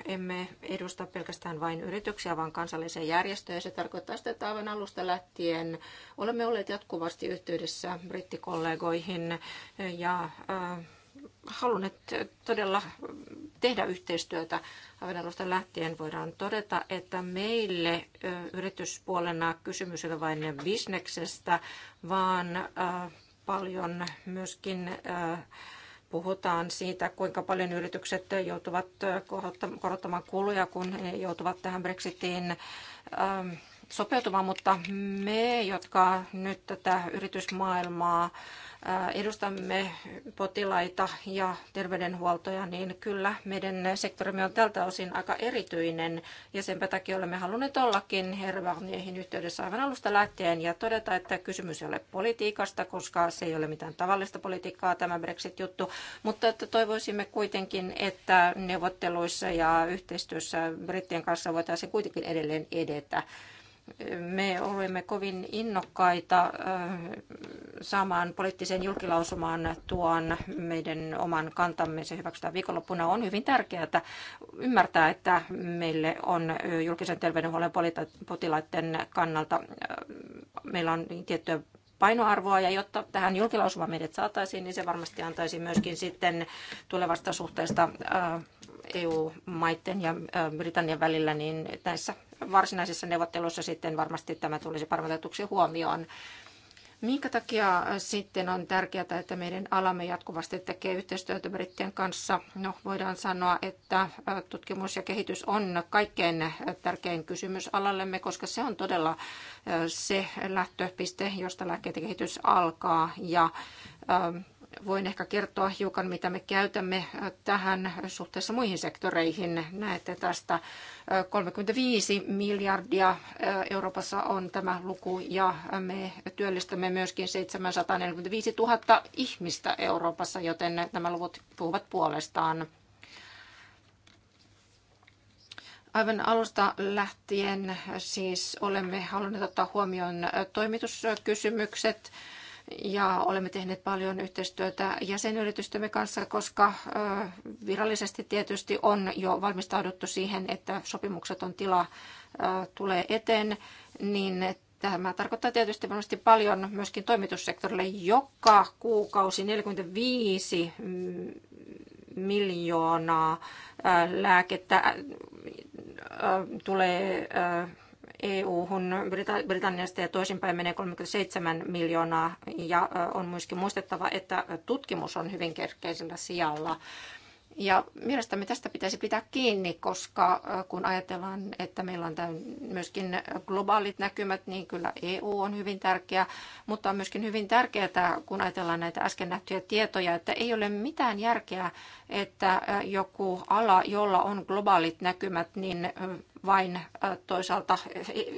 emme edusta pelkästään vain yrityksiä, vaan kansallisia järjestöjä. Se tarkoittaa sitä, että aivan alusta lähtien olemme olleet jatkuvasti yhteydessä brittikollegoihin ja äh, halunneet todella tehdä yhteistyötä aivan alusta lähtien. Voidaan todeta, että meille yrityspuolena kysymys ei ole vain bisneksestä, vaan äh, paljon myöskin puhutaan siitä, kuinka paljon yritykset joutuvat korottamaan kuluja, kun he joutuvat tähän Brexitiin ähm, sopeutumaan, mutta me, jotka nyt tätä yritysmaailmaa äh, edustamme potilaita ja terveydenhuoltoja, niin kyllä meidän sektorimme on tältä osin aika erityinen ja sen takia olemme halunneet ollakin Hervarniehin yhteydessä aivan alusta lähtien ja todeta, että kysymys ei ole politiikasta, koska se ei ole mitään tavallista politiikkaa tämä Brexit-juttu, mutta että toivoisimme kuitenkin, että neuvotteluissa ja yhteistyössä brittien kanssa voitaisiin kuitenkin edelleen edetä me olemme kovin innokkaita saamaan poliittiseen julkilausumaan tuon meidän oman kantamme. Se hyväksytään viikonloppuna. On hyvin tärkeää ymmärtää, että meille on julkisen terveydenhuollon potilaiden kannalta, meillä on niin tiettyä painoarvoa ja jotta tähän julkilausuma meidät saataisiin, niin se varmasti antaisi myöskin sitten tulevasta suhteesta EU-maiden ja Britannian välillä, niin näissä varsinaisissa neuvotteluissa sitten varmasti tämä tulisi parvotetuksi huomioon. Minkä takia sitten on tärkeää, että meidän alamme jatkuvasti tekee yhteistyötä brittien kanssa? No, voidaan sanoa, että tutkimus ja kehitys on kaikkein tärkein kysymys alallemme, koska se on todella se lähtöpiste, josta lääkkeiden kehitys alkaa. Ja Voin ehkä kertoa hiukan, mitä me käytämme äh, tähän suhteessa muihin sektoreihin. Näette tästä 35 äh, miljardia äh, Euroopassa on tämä luku ja me työllistämme myöskin 745 000 ihmistä Euroopassa, joten nämä luvut puhuvat puolestaan. Aivan alusta lähtien siis olemme halunneet ottaa huomioon toimituskysymykset ja olemme tehneet paljon yhteistyötä jäsenyritystemme kanssa, koska virallisesti tietysti on jo valmistauduttu siihen, että sopimukset on tila tulee eteen, niin Tämä tarkoittaa tietysti varmasti paljon myöskin toimitussektorille. Joka kuukausi 45 mm, miljoonaa lääkettä tulee EU-hun Britanniasta ja toisinpäin menee 37 miljoonaa. Ja on myöskin muistettava, että tutkimus on hyvin kerkeisellä sijalla. Ja mielestäni tästä pitäisi pitää kiinni, koska kun ajatellaan, että meillä on myöskin globaalit näkymät, niin kyllä EU on hyvin tärkeä, mutta on myöskin hyvin tärkeää, kun ajatellaan näitä äsken nähtyjä tietoja, että ei ole mitään järkeä että joku ala, jolla on globaalit näkymät, niin vain toisaalta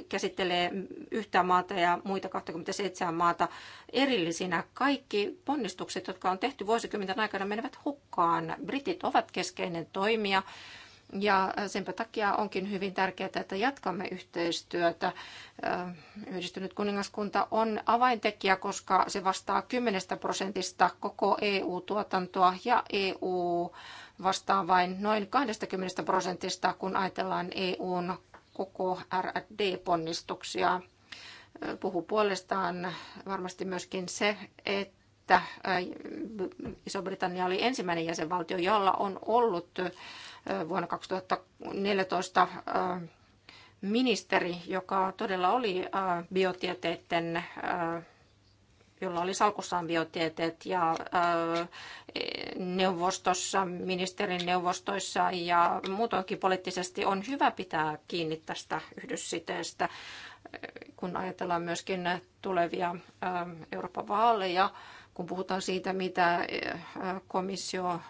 käsittelee yhtä maata ja muita 27 maata erillisinä. Kaikki ponnistukset, jotka on tehty vuosikymmenten aikana, menevät hukkaan. Britit ovat keskeinen toimija ja äh, senpä takia onkin hyvin tärkeää, että jatkamme yhteistyötä. Äh, yhdistynyt kuningaskunta on avaintekijä, koska se vastaa 10 prosentista koko EU-tuotantoa ja EU vastaa vain noin 20 prosentista, kun ajatellaan EUn koko RD-ponnistuksia. Äh, Puhu puolestaan varmasti myöskin se, että että Iso-Britannia oli ensimmäinen jäsenvaltio, jolla on ollut vuonna 2014 ministeri, joka todella oli biotieteiden jolla oli salkussaan biotieteet ja neuvostossa, ministerin neuvostoissa ja muutoinkin poliittisesti on hyvä pitää kiinni tästä yhdyssiteestä, kun ajatellaan myöskin tulevia Euroopan vaaleja, kun puhutaan siitä, mitä komissio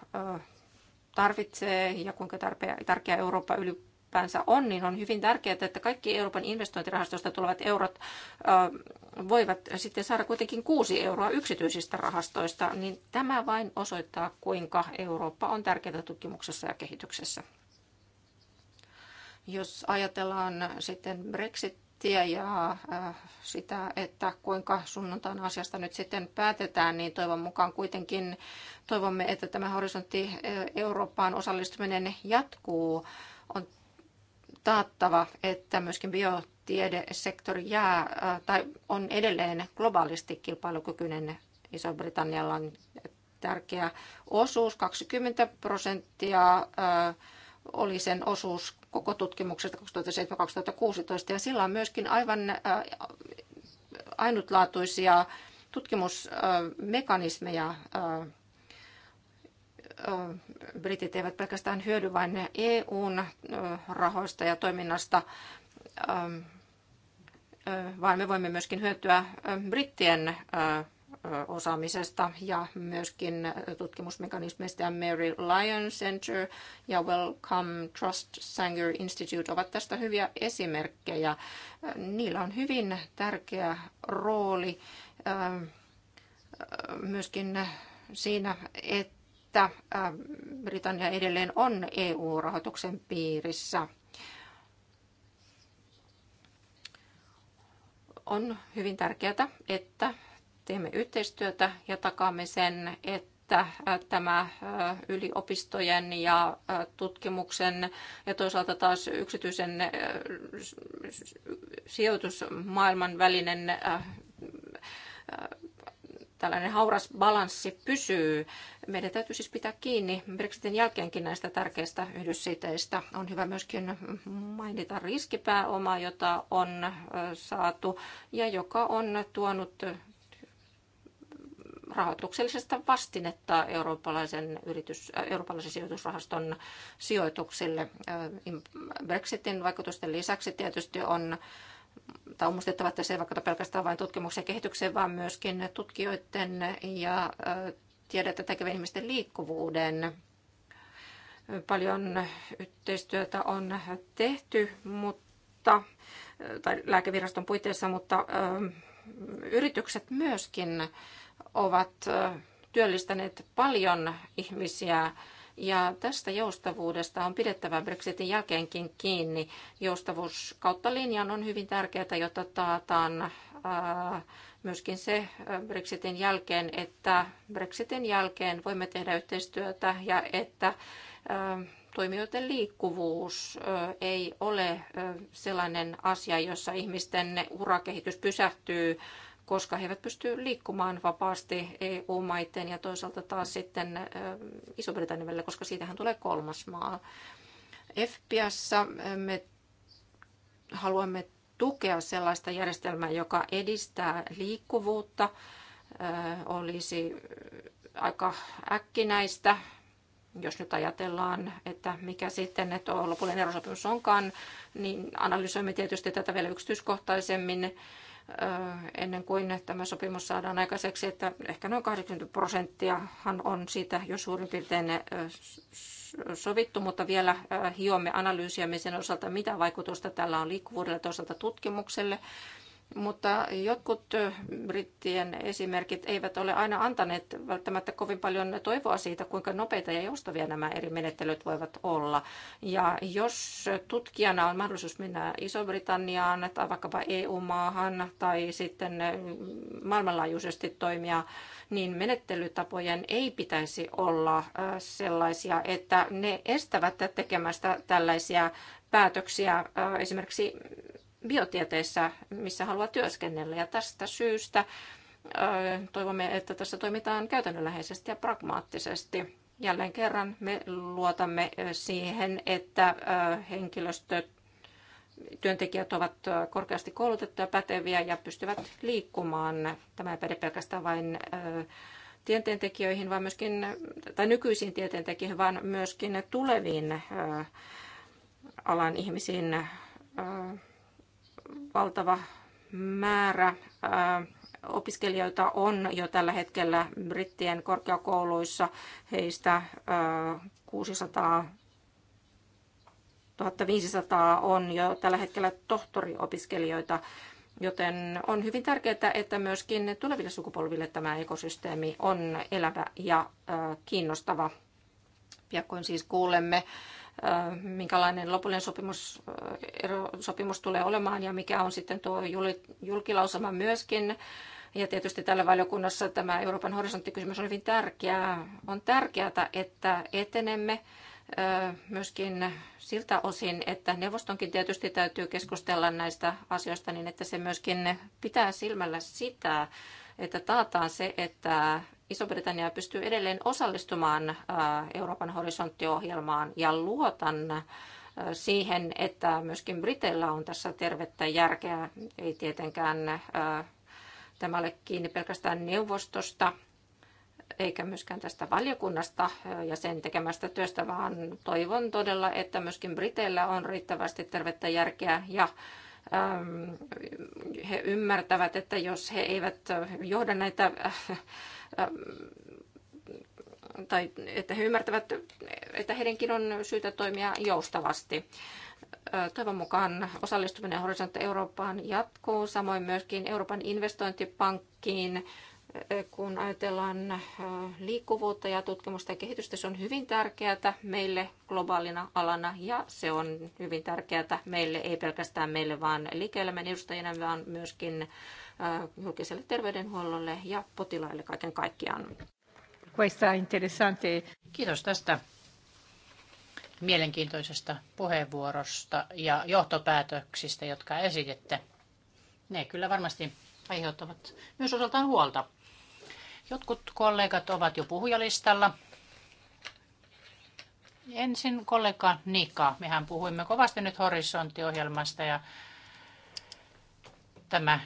tarvitsee ja kuinka tärkeä Eurooppa ylipäänsä on, niin on hyvin tärkeää, että kaikki Euroopan investointirahastosta tulevat eurot voivat sitten saada kuitenkin kuusi euroa yksityisistä rahastoista, niin tämä vain osoittaa, kuinka Eurooppa on tärkeää tutkimuksessa ja kehityksessä. Jos ajatellaan sitten Brexit debattia ja äh, sitä, että kuinka sunnuntain asiasta nyt sitten päätetään, niin toivon mukaan kuitenkin toivomme, että tämä horisontti äh, Eurooppaan osallistuminen jatkuu. On taattava, että myöskin biotiedesektori jää äh, tai on edelleen globaalisti kilpailukykyinen Iso-Britannialla on tärkeä osuus, 20 prosenttia oli sen osuus koko tutkimuksesta 2007-2016 ja sillä on myöskin aivan äh, ainutlaatuisia tutkimusmekanismeja äh, äh, britit eivät pelkästään hyödy vain EUn rahoista ja toiminnasta, vaan me voimme myöskin hyötyä brittien osaamisesta ja myöskin tutkimusmekanismeista ja Mary Lyon Center ja Wellcome Trust Sanger Institute ovat tästä hyviä esimerkkejä. Niillä on hyvin tärkeä rooli myöskin siinä, että Britannia edelleen on EU-rahoituksen piirissä. On hyvin tärkeää, että teemme yhteistyötä ja takaamme sen, että tämä yliopistojen ja tutkimuksen ja toisaalta taas yksityisen sijoitusmaailman välinen tällainen hauras balanssi pysyy. Meidän täytyy siis pitää kiinni Brexitin jälkeenkin näistä tärkeistä yhdyssiteistä. On hyvä myöskin mainita riskipääoma, jota on saatu ja joka on tuonut rahoituksellisesta vastinetta eurooppalaisen, yritys, äh, eurooppalaisen sijoitusrahaston sijoituksille. Äh, Brexitin vaikutusten lisäksi tietysti on tai on muistettava, että se ei vaikuta pelkästään vain tutkimukseen ja kehitykseen, vaan myöskin tutkijoiden ja äh, tiedettä tekevien ihmisten liikkuvuuden. Paljon yhteistyötä on tehty, mutta, tai lääkeviraston puitteissa, mutta yritykset myöskin ovat työllistäneet paljon ihmisiä ja tästä joustavuudesta on pidettävä Brexitin jälkeenkin kiinni. Joustavuus kautta linjan on hyvin tärkeää, jotta taataan myöskin se Brexitin jälkeen, että Brexitin jälkeen voimme tehdä yhteistyötä ja että toimijoiden liikkuvuus ei ole sellainen asia, jossa ihmisten urakehitys pysähtyy koska he eivät pysty liikkumaan vapaasti EU-maiden ja toisaalta taas sitten Iso-Britannian välillä, koska siitähän tulee kolmas maa. FPS me haluamme tukea sellaista järjestelmää, joka edistää liikkuvuutta, olisi aika äkkinäistä, jos nyt ajatellaan, että mikä sitten että lopullinen erosopimus onkaan, niin analysoimme tietysti tätä vielä yksityiskohtaisemmin ennen kuin tämä sopimus saadaan aikaiseksi, että ehkä noin 80 prosenttiahan on siitä jo suurin piirtein sovittu, mutta vielä hiomme analyysiämme sen osalta, mitä vaikutusta tällä on liikkuvuudelle, toisaalta tutkimukselle mutta jotkut brittien esimerkit eivät ole aina antaneet välttämättä kovin paljon toivoa siitä, kuinka nopeita ja joustavia nämä eri menettelyt voivat olla. Ja jos tutkijana on mahdollisuus mennä Iso-Britanniaan tai vaikkapa EU-maahan tai sitten maailmanlaajuisesti toimia, niin menettelytapojen ei pitäisi olla sellaisia, että ne estävät tekemästä tällaisia päätöksiä esimerkiksi biotieteissä, missä haluaa työskennellä. Ja tästä syystä toivomme, että tässä toimitaan käytännönläheisesti ja pragmaattisesti. Jälleen kerran me luotamme siihen, että henkilöstö työntekijät ovat korkeasti koulutettuja, päteviä ja pystyvät liikkumaan. Tämä ei päde pelkästään vain tieteentekijöihin, vaan myöskin, tai nykyisiin tieteentekijöihin, vaan myöskin tuleviin alan ihmisiin valtava määrä opiskelijoita on jo tällä hetkellä brittien korkeakouluissa. Heistä 600 1500 on jo tällä hetkellä tohtoriopiskelijoita, joten on hyvin tärkeää, että myöskin tuleville sukupolville tämä ekosysteemi on elävä ja kiinnostava. Piakkoin siis kuulemme Äh, minkälainen lopullinen sopimus, äh, ero, sopimus tulee olemaan ja mikä on sitten tuo julkilausuma myöskin. Ja tietysti tällä valiokunnassa tämä Euroopan horisonttikysymys on hyvin tärkeää. On tärkeää, että etenemme äh, myöskin siltä osin, että neuvostonkin tietysti täytyy keskustella näistä asioista niin, että se myöskin pitää silmällä sitä, että taataan se, että Iso-Britannia pystyy edelleen osallistumaan äh, Euroopan horisonttiohjelmaan ja luotan äh, siihen, että myöskin Briteillä on tässä tervettä järkeä. Ei tietenkään äh, tämä ole kiinni pelkästään neuvostosta eikä myöskään tästä valiokunnasta ja sen tekemästä työstä, vaan toivon todella, että myöskin Briteillä on riittävästi tervettä järkeä ja ähm, he ymmärtävät, että jos he eivät johda näitä tai että he ymmärtävät, että heidänkin on syytä toimia joustavasti. Toivon mukaan osallistuminen Horisontti Eurooppaan jatkuu, samoin myöskin Euroopan investointipankkiin kun ajatellaan äh, liikkuvuutta ja tutkimusta ja kehitystä, se on hyvin tärkeää meille globaalina alana ja se on hyvin tärkeää meille, ei pelkästään meille, vaan liike-elämän edustajina, vaan myöskin äh, julkiselle terveydenhuollolle ja potilaille kaiken kaikkiaan. Kiitos tästä mielenkiintoisesta puheenvuorosta ja johtopäätöksistä, jotka esititte. Ne kyllä varmasti aiheuttavat myös osaltaan huolta. Jotkut kollegat ovat jo puhujalistalla. Ensin kollega Nika. Mehän puhuimme kovasti nyt horisonttiohjelmasta ja tämä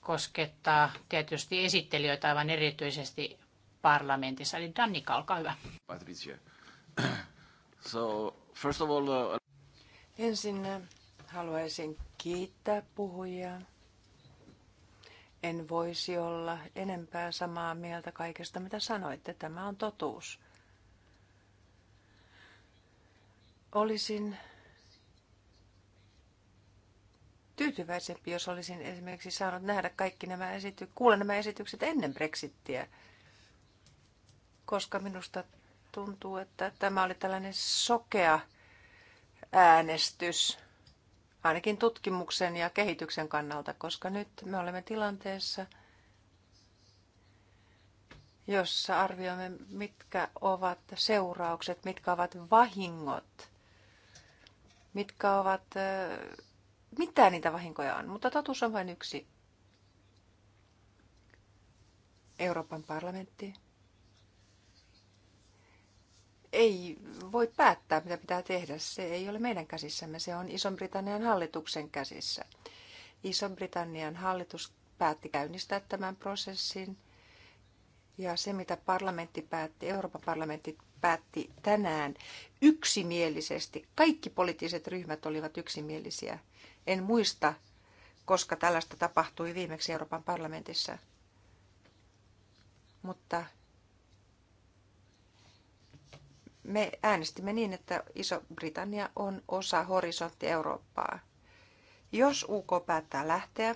koskettaa tietysti esittelijöitä aivan erityisesti parlamentissa. Eli Danika, olkaa hyvä. Patricia. So, first of all, uh... Ensin äh, haluaisin kiittää puhujaa en voisi olla enempää samaa mieltä kaikesta, mitä sanoitte. Tämä on totuus. Olisin tyytyväisempi, jos olisin esimerkiksi saanut nähdä kaikki nämä esitykset, kuulla nämä esitykset ennen Brexittiä, koska minusta tuntuu, että tämä oli tällainen sokea äänestys ainakin tutkimuksen ja kehityksen kannalta, koska nyt me olemme tilanteessa, jossa arvioimme, mitkä ovat seuraukset, mitkä ovat vahingot, mitkä ovat, mitä niitä vahinkoja on. Mutta totuus on vain yksi. Euroopan parlamentti ei voi päättää, mitä pitää tehdä. Se ei ole meidän käsissämme, se on iso britannian hallituksen käsissä. iso britannian hallitus päätti käynnistää tämän prosessin. Ja se, mitä parlamentti päätti, Euroopan parlamentti päätti tänään yksimielisesti, kaikki poliittiset ryhmät olivat yksimielisiä. En muista, koska tällaista tapahtui viimeksi Euroopan parlamentissa. Mutta Me äänestimme niin, että Iso-Britannia on osa horisontti Eurooppaa. Jos UK päättää lähteä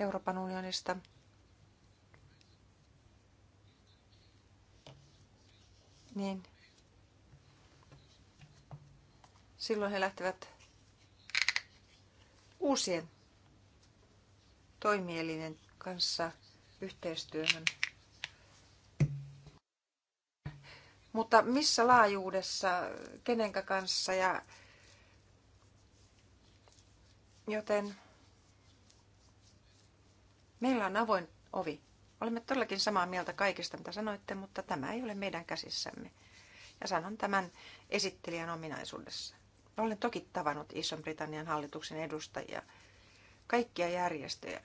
Euroopan unionista, niin silloin he lähtevät uusien toimielinen kanssa yhteistyöhön – Mutta missä laajuudessa, kenenkä kanssa ja joten meillä on avoin ovi. Olemme todellakin samaa mieltä kaikista, mitä sanoitte, mutta tämä ei ole meidän käsissämme. Ja sanon tämän esittelijän ominaisuudessa. Olen toki tavannut Ison-Britannian hallituksen edustajia, kaikkia järjestöjä,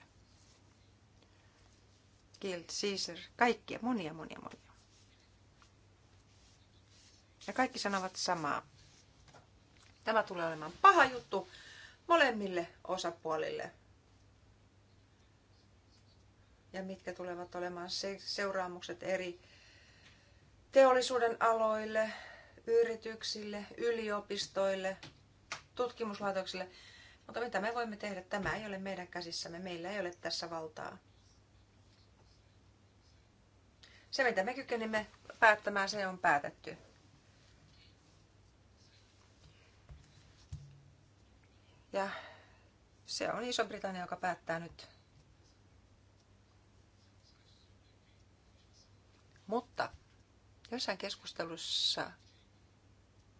Guild, Caesar, kaikkia, monia, monia, monia. Ja kaikki sanovat samaa. Tämä tulee olemaan paha juttu molemmille osapuolille. Ja mitkä tulevat olemaan se, seuraamukset eri teollisuuden aloille, yrityksille, yliopistoille, tutkimuslaitoksille. Mutta mitä me voimme tehdä? Tämä ei ole meidän käsissämme. Meillä ei ole tässä valtaa. Se, mitä me kykenemme päättämään, se on päätetty. Ja se on Iso-Britannia, joka päättää nyt. Mutta jossain keskustelussa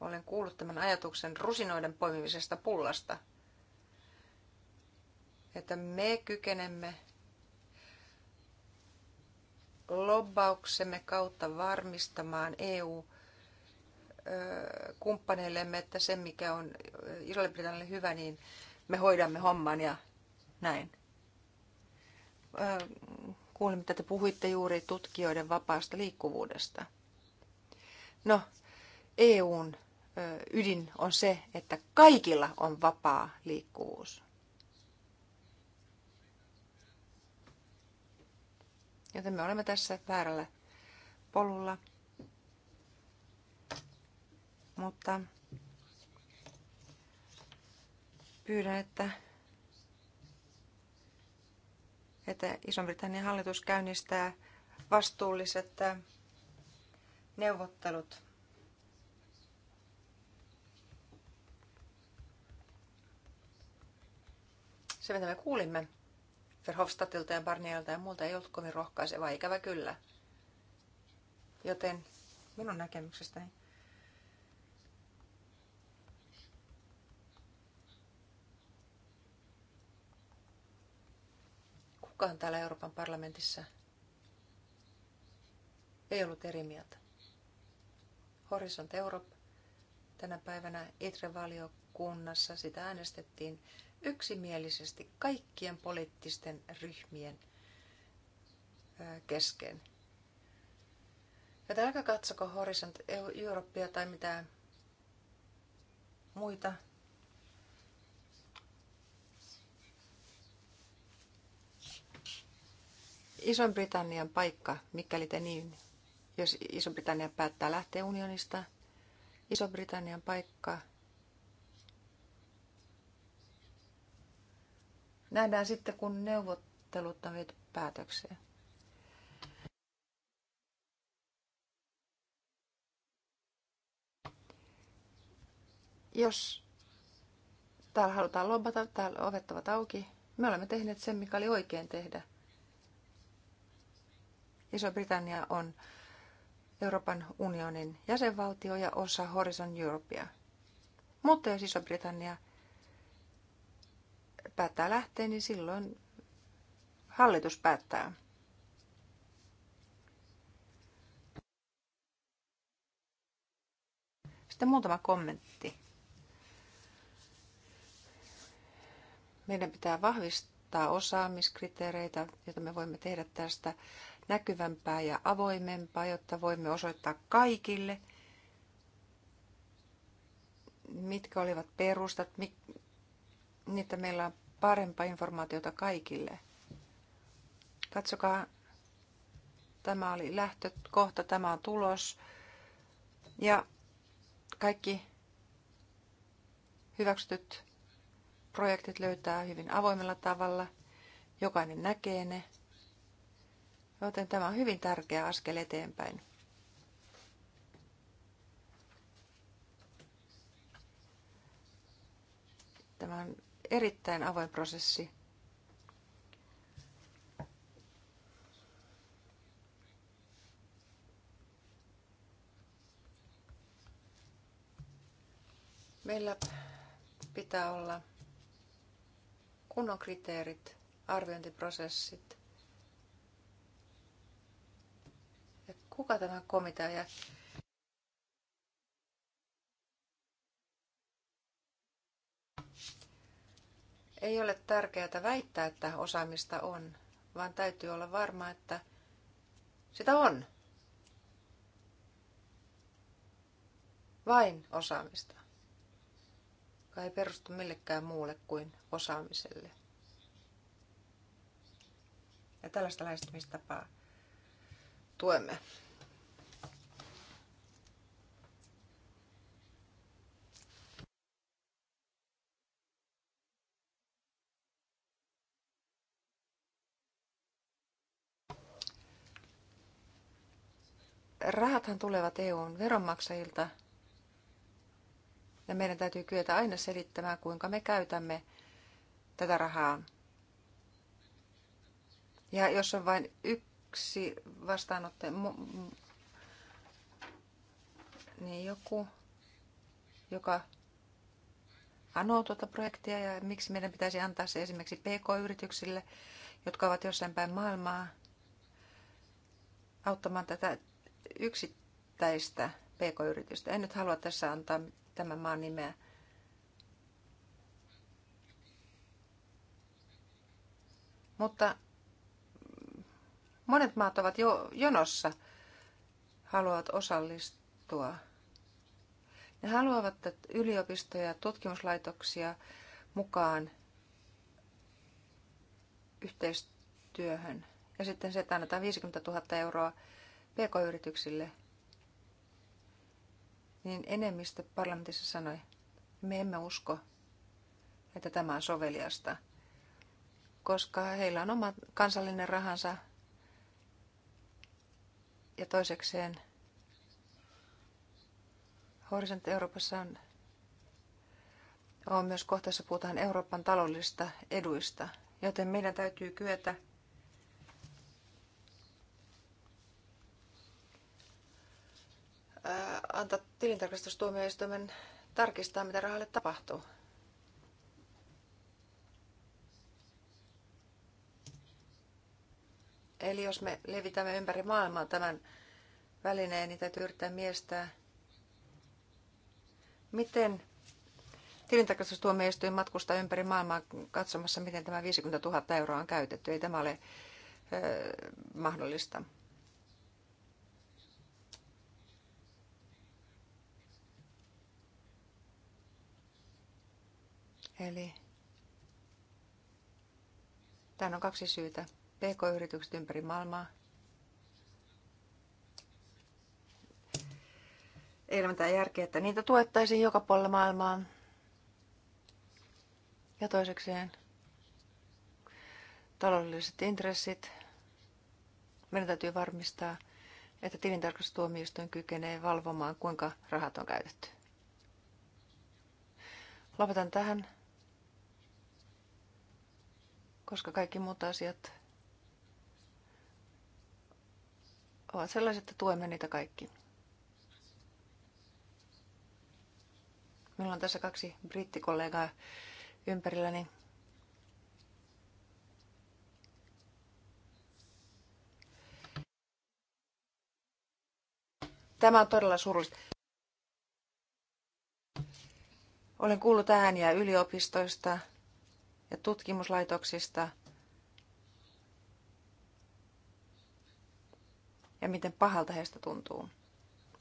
olen kuullut tämän ajatuksen rusinoiden poimimisesta pullasta. Että me kykenemme lobbauksemme kautta varmistamaan EU kumppaneillemme, että se mikä on isolle hyvä, niin me hoidamme homman ja näin. Kuulin, mitä te puhuitte juuri tutkijoiden vapaasta liikkuvuudesta. No, EUn ydin on se, että kaikilla on vapaa liikkuvuus. Joten me olemme tässä väärällä polulla mutta pyydän, että, että Iso-Britannian hallitus käynnistää vastuulliset äh, neuvottelut. Se, mitä me kuulimme Verhofstadtilta ja Barnierilta ja muulta, ei ollut kovin rohkaisevaa, ikävä kyllä. Joten minun näkemyksestäni kukaan täällä Euroopan parlamentissa ei ollut eri mieltä. Horizont Europe tänä päivänä itre sitä äänestettiin yksimielisesti kaikkien poliittisten ryhmien kesken. Joten älkää katsoko Horizont Europea tai mitään muita iso britannian paikka, mikäli te niin, jos Iso-Britannia päättää lähteä unionista, Iso-Britannian paikka nähdään sitten, kun neuvottelut on viety päätökseen. Jos täällä halutaan lobata, täällä ovet ovat auki. Me olemme tehneet sen, mikä oli oikein tehdä – Iso-Britannia on Euroopan unionin jäsenvaltio ja osa Horizon Europea. Mutta jos Iso-Britannia päättää lähteä, niin silloin hallitus päättää. Sitten muutama kommentti. Meidän pitää vahvistaa osaamiskriteereitä, joita me voimme tehdä tästä näkyvämpää ja avoimempaa, jotta voimme osoittaa kaikille, mitkä olivat perustat, niin että meillä on parempaa informaatiota kaikille. Katsokaa, tämä oli lähtökohta, tämä on tulos. Ja kaikki hyväksytyt projektit löytää hyvin avoimella tavalla. Jokainen näkee ne. Joten tämä on hyvin tärkeä askel eteenpäin. Tämä on erittäin avoin prosessi. Meillä pitää olla kunnon kriteerit, arviointiprosessit, kuka tämä komitea ja Ei ole tärkeää väittää, että osaamista on, vaan täytyy olla varma, että sitä on. Vain osaamista, joka ei perustu millekään muulle kuin osaamiselle. Ja tällaista lähestymistapaa tuemme. rahathan tulevat EUn veronmaksajilta, ja meidän täytyy kyetä aina selittämään, kuinka me käytämme tätä rahaa. Ja jos on vain yksi vastaanottaja, niin joku, joka anoo tuota projektia ja miksi meidän pitäisi antaa se esimerkiksi PK-yrityksille, jotka ovat jossain päin maailmaa auttamaan tätä yksittäistä pk-yritystä. En nyt halua tässä antaa tämän maan nimeä. Mutta monet maat ovat jo jonossa, haluavat osallistua. Ne haluavat yliopistoja ja tutkimuslaitoksia mukaan yhteistyöhön. Ja sitten se, että annetaan 50 000 euroa pk-yrityksille, niin enemmistö parlamentissa sanoi, että me emme usko, että tämä on soveliasta, koska heillä on oma kansallinen rahansa ja toisekseen Horisont Euroopassa on, on myös kohtaessa puhutaan Euroopan taloudellisista eduista, joten meidän täytyy kyetä – antaa tilintarkastustuomioistuimen tarkistaa, mitä rahalle tapahtuu. Eli jos me levitämme ympäri maailmaa tämän välineen, niin täytyy yrittää miestää, miten tilintarkastustuomioistuin matkustaa ympäri maailmaa katsomassa, miten tämä 50 000 euroa on käytetty. Ei tämä ole ö, mahdollista. Eli tähän on kaksi syytä. PK-yritykset ympäri maailmaa. Ei ole mitään järkeä, että niitä tuettaisiin joka puolella maailmaa. Ja toisekseen taloudelliset intressit. Meidän täytyy varmistaa, että tilintarkastustuomioistuin kykenee valvomaan, kuinka rahat on käytetty. Lopetan tähän koska kaikki muut asiat ovat sellaiset, että tuemme niitä kaikki. Minulla on tässä kaksi brittikollegaa ympärilläni. Tämä on todella surullista. Olen kuullut ääniä yliopistoista, ja tutkimuslaitoksista ja miten pahalta heistä tuntuu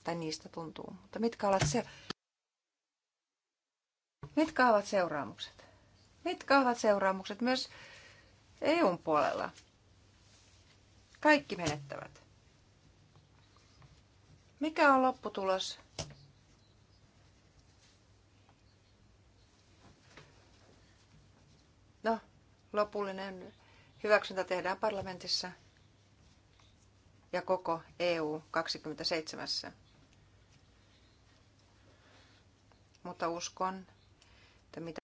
tai niistä tuntuu. Mutta mitkä ovat, se, mitkä ovat seuraamukset? Mitkä ovat seuraamukset myös EUn puolella? Kaikki menettävät. Mikä on lopputulos Lopullinen hyväksyntä tehdään parlamentissa ja koko EU 27. Mutta uskon, että mitä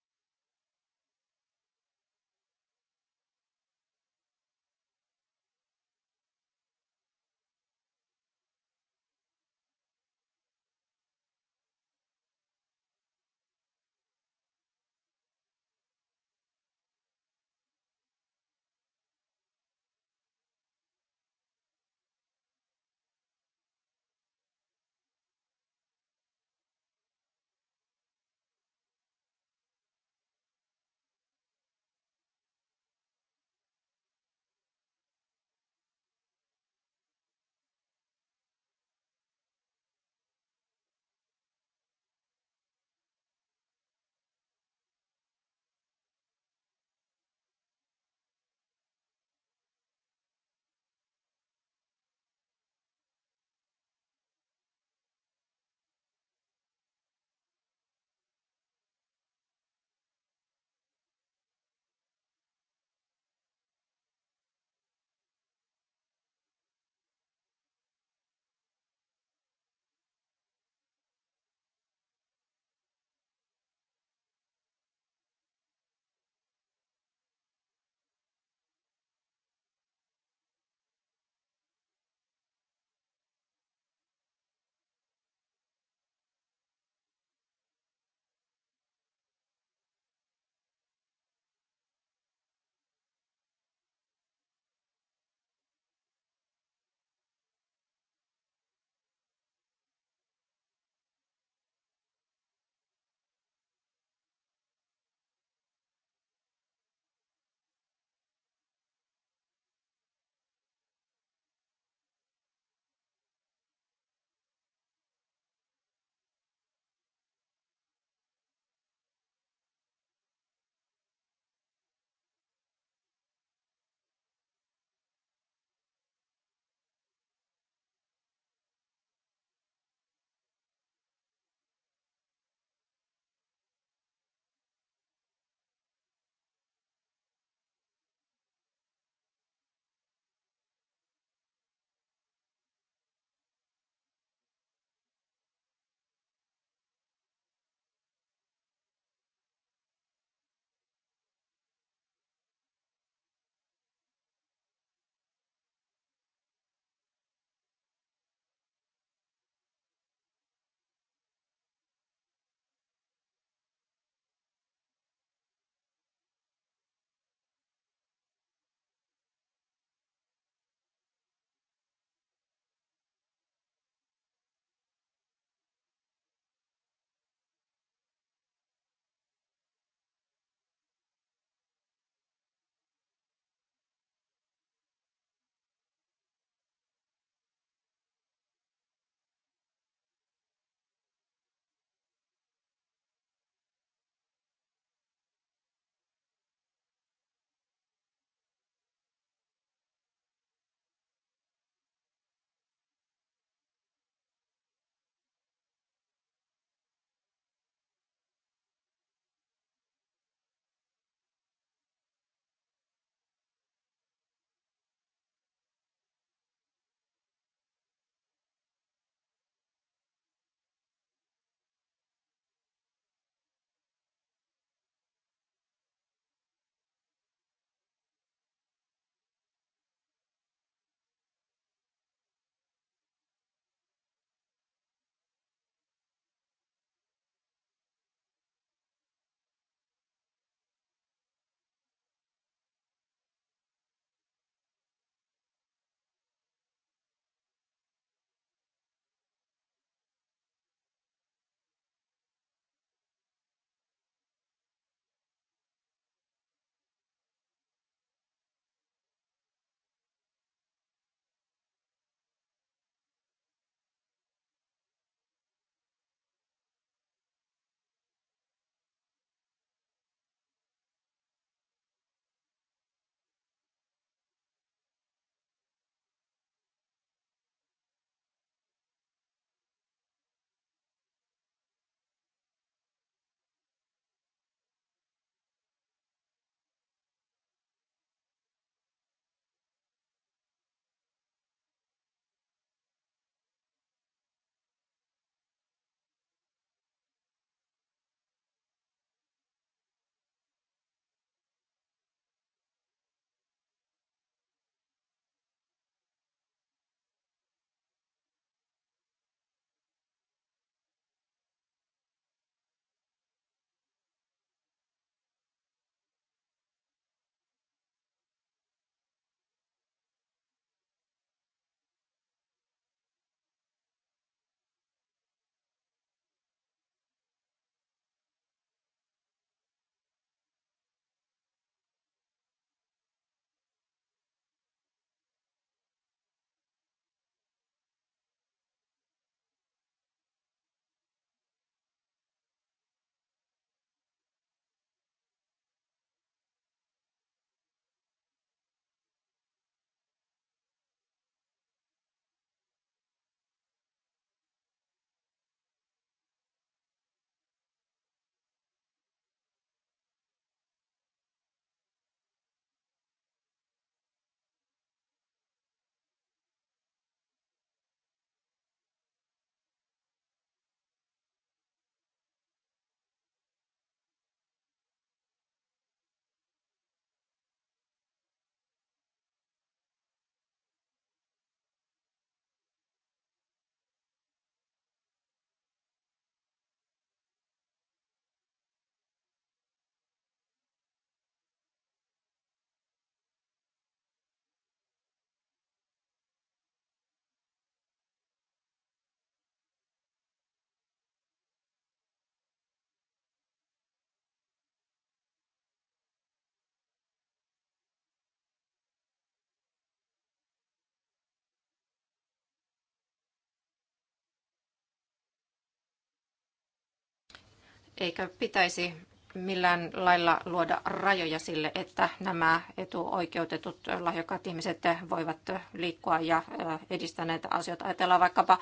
eikä pitäisi millään lailla luoda rajoja sille, että nämä etuoikeutetut lahjakkaat ihmiset voivat liikkua ja äh, edistää näitä asioita. Ajatellaan vaikkapa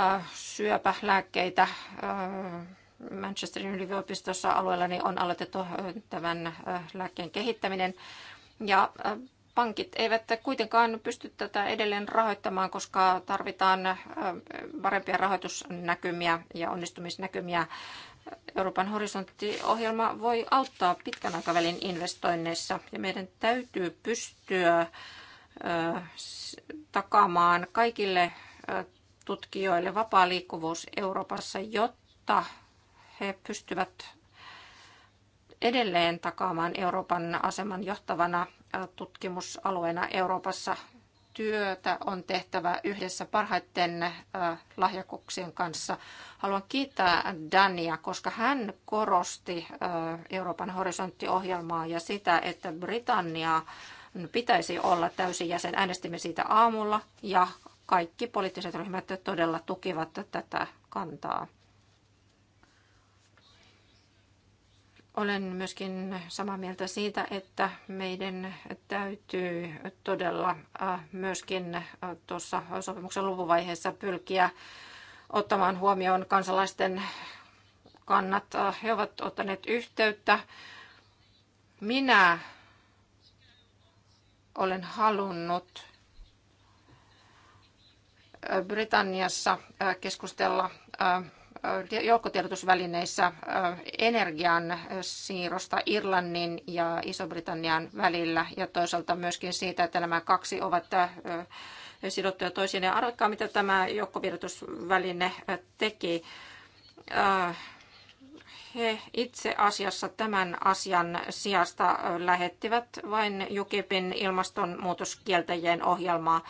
äh, syöpälääkkeitä. Äh, Manchesterin yliopistossa alueella niin on aloitettu tämän lääkkeen kehittäminen. Ja pankit eivät kuitenkaan pysty tätä edelleen rahoittamaan, koska tarvitaan parempia rahoitusnäkymiä ja onnistumisnäkymiä Euroopan horisonttiohjelma voi auttaa pitkän aikavälin investoinneissa ja meidän täytyy pystyä takaamaan kaikille tutkijoille vapaa liikkuvuus Euroopassa, jotta he pystyvät edelleen takaamaan Euroopan aseman johtavana tutkimusalueena Euroopassa työtä on tehtävä yhdessä parhaiten äh, lahjakuksien kanssa. Haluan kiittää Dania, koska hän korosti äh, Euroopan horisonttiohjelmaa ja sitä, että Britannia pitäisi olla täysin jäsen. Äänestimme siitä aamulla ja kaikki poliittiset ryhmät todella tukivat tätä kantaa. Olen myöskin samaa mieltä siitä, että meidän täytyy todella myöskin tuossa sopimuksen luvuvaiheessa pyrkiä ottamaan huomioon kansalaisten kannat. He ovat ottaneet yhteyttä. Minä olen halunnut Britanniassa keskustella joukkotiedotusvälineissä energian siirrosta Irlannin ja Iso-Britannian välillä ja toisaalta myöskin siitä, että nämä kaksi ovat sidottuja toisiin. Ja arvatkaa, mitä tämä joukkotiedotusväline teki he itse asiassa tämän asian sijasta lähettivät vain Jukipin ilmastonmuutoskieltäjien ohjelmaa,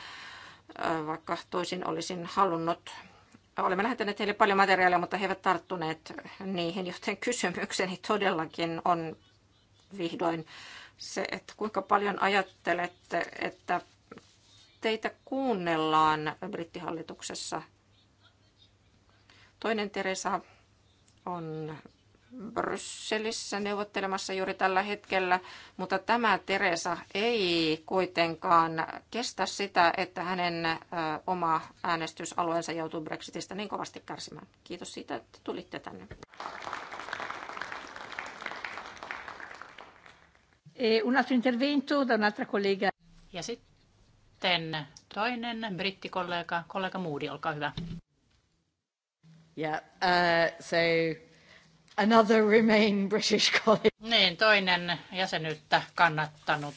vaikka toisin olisin halunnut. Olemme lähettäneet heille paljon materiaalia, mutta he eivät tarttuneet niihin, joten kysymykseni todellakin on vihdoin se, että kuinka paljon ajattelette, että teitä kuunnellaan brittihallituksessa. Toinen Teresa on Brysselissä neuvottelemassa juuri tällä hetkellä, mutta tämä Teresa ei kuitenkaan kestä sitä, että hänen oma äänestysalueensa joutuu Brexitistä niin kovasti kärsimään. Kiitos siitä, että tulitte tänne. E, un altro intervento da un'altra collega. Ja sitten toinen brittikollega, kollega Moody, olkaa hyvä. Yeah, uh, so another Remain British colleague. Niin, toinen jäsenyyttä kannattanut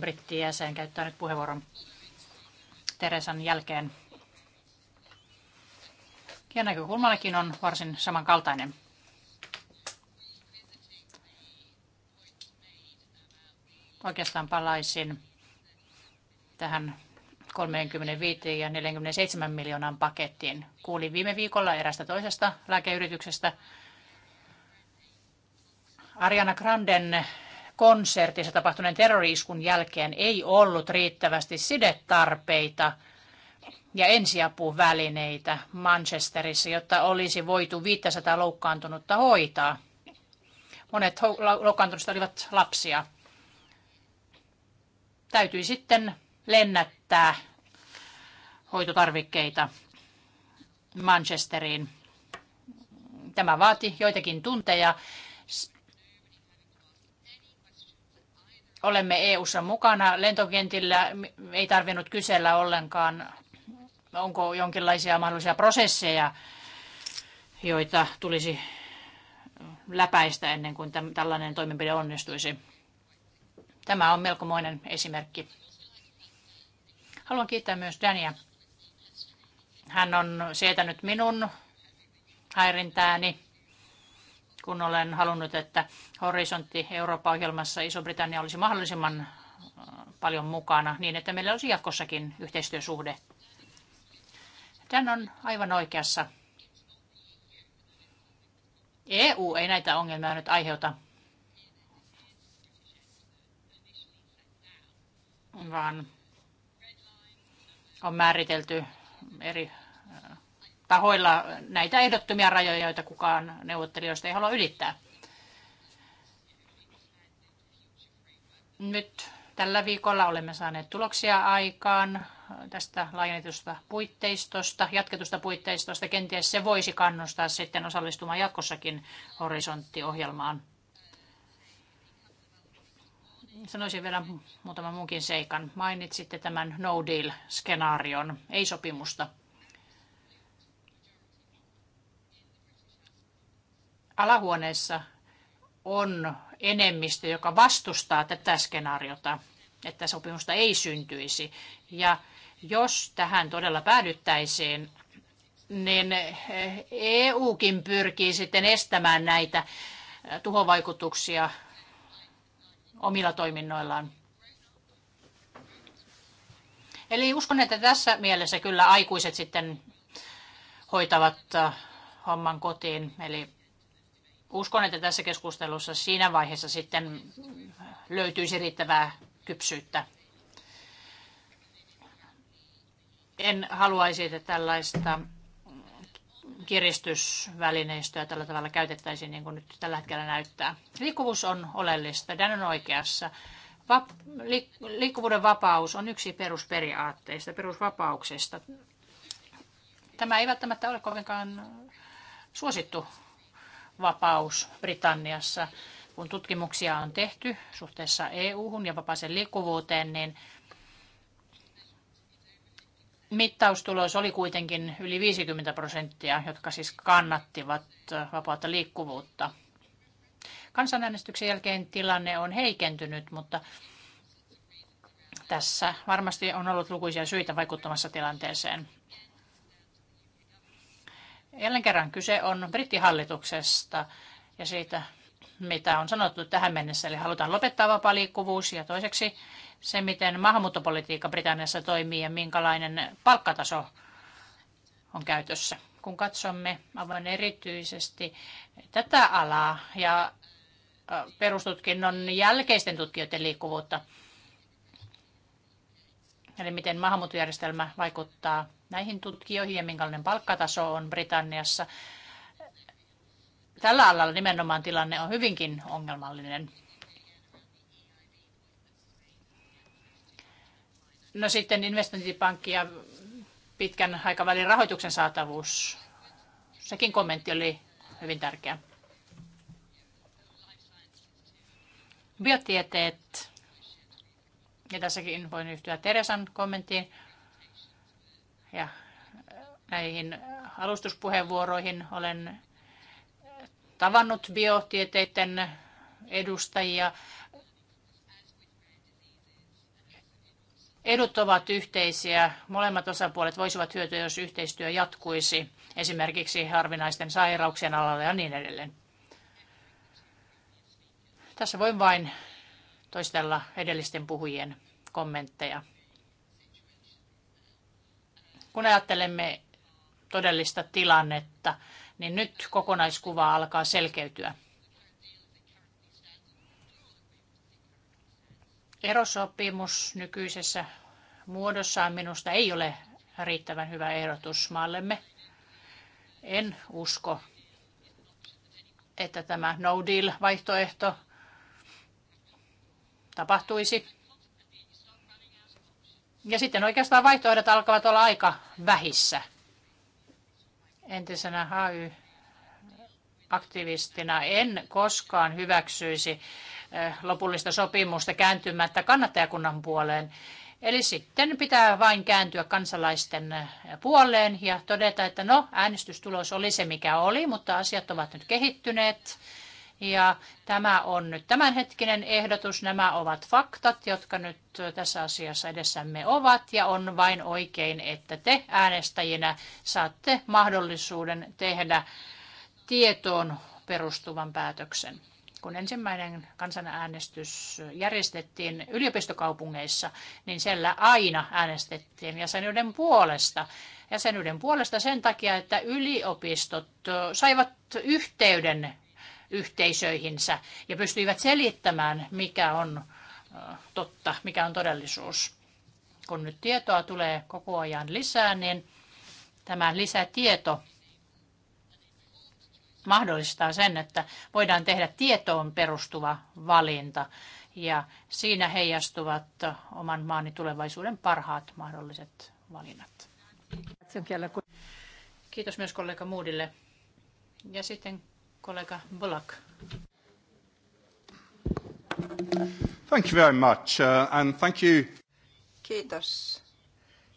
brittijäsen käyttää nyt puheenvuoron Teresan jälkeen. Ja näkökulmallakin on varsin samankaltainen. Oikeastaan palaisin tähän 35 ja 47 miljoonan pakettiin. Kuulin viime viikolla erästä toisesta lääkeyrityksestä, Ariana Granden konsertissa tapahtuneen terroriiskun jälkeen ei ollut riittävästi sidetarpeita ja ensiapuvälineitä Manchesterissa, jotta olisi voitu 500 loukkaantunutta hoitaa. Monet loukkaantuneista olivat lapsia. Täytyi sitten lennättää hoitotarvikkeita Manchesteriin. Tämä vaati joitakin tunteja olemme EU:ssa mukana. Lentokentillä ei tarvinnut kysellä ollenkaan, onko jonkinlaisia mahdollisia prosesseja, joita tulisi läpäistä ennen kuin tällainen toimenpide onnistuisi. Tämä on melkomoinen esimerkki. Haluan kiittää myös Dania. Hän on sietänyt minun häirintääni kun olen halunnut, että Horisontti Eurooppa-ohjelmassa Iso-Britannia olisi mahdollisimman äh, paljon mukana, niin että meillä olisi jatkossakin yhteistyösuhde. Tän on aivan oikeassa. EU ei näitä ongelmia nyt aiheuta, vaan on määritelty eri tahoilla näitä ehdottomia rajoja, joita kukaan neuvottelijoista ei halua ylittää. Nyt tällä viikolla olemme saaneet tuloksia aikaan tästä laajennetusta puitteistosta, jatketusta puitteistosta. Kenties se voisi kannustaa sitten osallistumaan jatkossakin horisonttiohjelmaan. Sanoisin vielä muutaman muunkin seikan. Mainitsitte tämän no deal-skenaarion, ei sopimusta. alahuoneessa on enemmistö, joka vastustaa tätä skenaariota, että sopimusta ei syntyisi. Ja jos tähän todella päädyttäisiin, niin EUkin pyrkii sitten estämään näitä tuhovaikutuksia omilla toiminnoillaan. Eli uskon, että tässä mielessä kyllä aikuiset sitten hoitavat homman kotiin. Eli uskon, että tässä keskustelussa siinä vaiheessa sitten löytyisi riittävää kypsyyttä. En haluaisi, että tällaista kiristysvälineistöä tällä tavalla käytettäisiin, niin kuin nyt tällä hetkellä näyttää. Liikkuvuus on oleellista. Dan on oikeassa. Vap- liik- liikkuvuuden vapaus on yksi perusperiaatteista, perusvapauksista. Tämä ei välttämättä ole kovinkaan suosittu vapaus Britanniassa. Kun tutkimuksia on tehty suhteessa EU-hun ja vapaaseen liikkuvuuteen, niin mittaustulos oli kuitenkin yli 50 prosenttia, jotka siis kannattivat vapaata liikkuvuutta. Kansanäänestyksen jälkeen tilanne on heikentynyt, mutta tässä varmasti on ollut lukuisia syitä vaikuttamassa tilanteeseen. Jälleen kerran kyse on brittihallituksesta ja siitä, mitä on sanottu tähän mennessä. Eli halutaan lopettaa vapaa-liikkuvuus ja toiseksi se, miten maahanmuuttopolitiikka Britanniassa toimii ja minkälainen palkkataso on käytössä. Kun katsomme aivan erityisesti tätä alaa ja perustutkinnon jälkeisten tutkijoiden liikkuvuutta, eli miten maahanmuuttojärjestelmä vaikuttaa näihin tutkijoihin ja minkälainen palkkataso on Britanniassa. Tällä alalla nimenomaan tilanne on hyvinkin ongelmallinen. No sitten investointipankki ja pitkän aikavälin rahoituksen saatavuus. Sekin kommentti oli hyvin tärkeä. Biotieteet. Ja tässäkin voin yhtyä Teresan kommenttiin ja näihin alustuspuheenvuoroihin. Olen tavannut biotieteiden edustajia. Edut ovat yhteisiä. Molemmat osapuolet voisivat hyötyä, jos yhteistyö jatkuisi esimerkiksi harvinaisten sairauksien alalla ja niin edelleen. Tässä voin vain toistella edellisten puhujien kommentteja. Kun ajattelemme todellista tilannetta, niin nyt kokonaiskuva alkaa selkeytyä. Erosopimus nykyisessä muodossaan minusta ei ole riittävän hyvä ehdotus maallemme. En usko, että tämä no deal-vaihtoehto tapahtuisi. Ja sitten oikeastaan vaihtoehdot alkavat olla aika vähissä. Entisenä hy aktivistina en koskaan hyväksyisi lopullista sopimusta kääntymättä kannattajakunnan puoleen. Eli sitten pitää vain kääntyä kansalaisten puoleen ja todeta, että no, äänestystulos oli se mikä oli, mutta asiat ovat nyt kehittyneet. Ja tämä on nyt tämänhetkinen ehdotus. Nämä ovat faktat, jotka nyt tässä asiassa edessämme ovat. Ja on vain oikein, että te äänestäjinä saatte mahdollisuuden tehdä tietoon perustuvan päätöksen. Kun ensimmäinen kansanäänestys järjestettiin yliopistokaupungeissa, niin siellä aina äänestettiin jäsenyyden puolesta. Jäsenyyden puolesta sen takia, että yliopistot saivat yhteyden yhteisöihinsä ja pystyivät selittämään, mikä on totta, mikä on todellisuus. Kun nyt tietoa tulee koko ajan lisää, niin tämä lisätieto mahdollistaa sen, että voidaan tehdä tietoon perustuva valinta ja siinä heijastuvat oman maani tulevaisuuden parhaat mahdolliset valinnat. Kiitos myös kollega Moodille. Ja sitten kollega Bullock. Thank you very much uh, and thank you. Kiitos.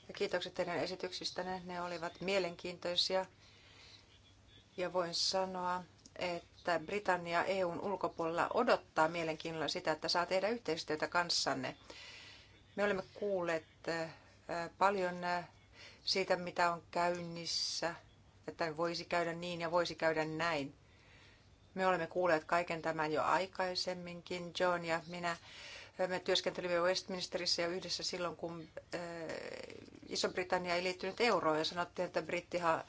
Ja kiitokset teidän esityksistänne. Ne olivat mielenkiintoisia. Ja voin sanoa, että Britannia EUn ulkopuolella odottaa mielenkiinnolla sitä, että saa tehdä yhteistyötä kanssanne. Me olemme kuulleet äh, paljon äh, siitä, mitä on käynnissä, että voisi käydä niin ja voisi käydä näin. Me olemme kuulleet kaiken tämän jo aikaisemminkin, John ja minä. Me työskentelimme Westminsterissä jo yhdessä silloin, kun Iso-Britannia ei liittynyt euroon ja sanottiin, että brittihan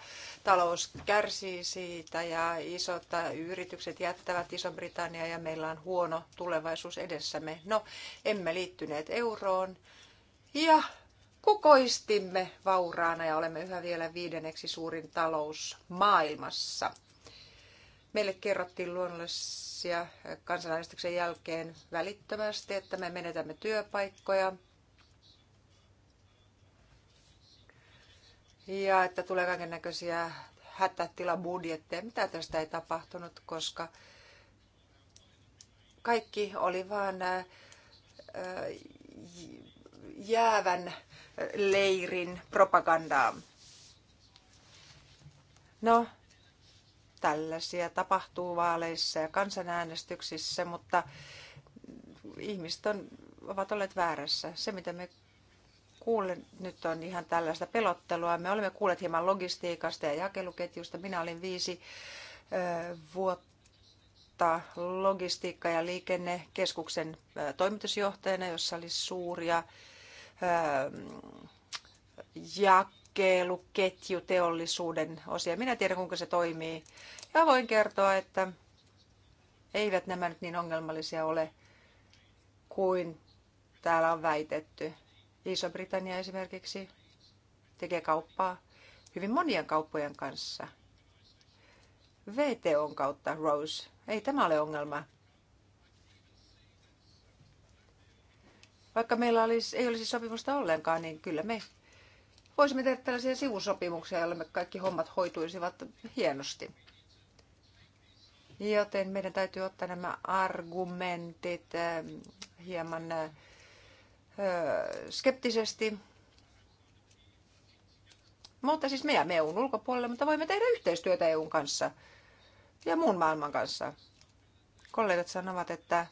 talous kärsii siitä ja isot yritykset jättävät Iso-Britannia ja meillä on huono tulevaisuus edessämme. No, emme liittyneet euroon ja kukoistimme vauraana ja olemme yhä vielä viidenneksi suurin talous maailmassa – Meille kerrottiin luonnollisia kansanäänestyksen jälkeen välittömästi, että me menetämme työpaikkoja ja että tulee kaiken näköisiä hätätilabudjetteja. Mitä tästä ei tapahtunut, koska kaikki oli vain äh, jäävän leirin propagandaa. No, Tällaisia tapahtuu vaaleissa ja kansanäänestyksissä, mutta ihmiset on, ovat olleet väärässä. Se, mitä me kuulen nyt on ihan tällaista pelottelua. Me olemme kuulleet hieman logistiikasta ja jakeluketjusta. Minä olin viisi vuotta logistiikka- ja liikennekeskuksen toimitusjohtajana, jossa oli suuria ja teollisuuden osia. Minä tiedän, kuinka se toimii. Ja voin kertoa, että eivät nämä nyt niin ongelmallisia ole kuin täällä on väitetty. Iso-Britannia esimerkiksi tekee kauppaa hyvin monien kauppojen kanssa. VTOn kautta, Rose. Ei tämä ole ongelma. Vaikka meillä olisi, ei olisi sopimusta ollenkaan, niin kyllä me Voisimme tehdä tällaisia sivusopimuksia, joilla me kaikki hommat hoituisivat hienosti. Joten meidän täytyy ottaa nämä argumentit ähm, hieman äh, skeptisesti. Mutta siis me jäämme EUn ulkopuolelle, mutta voimme tehdä yhteistyötä EUn kanssa ja muun maailman kanssa. Kollegat sanovat, että,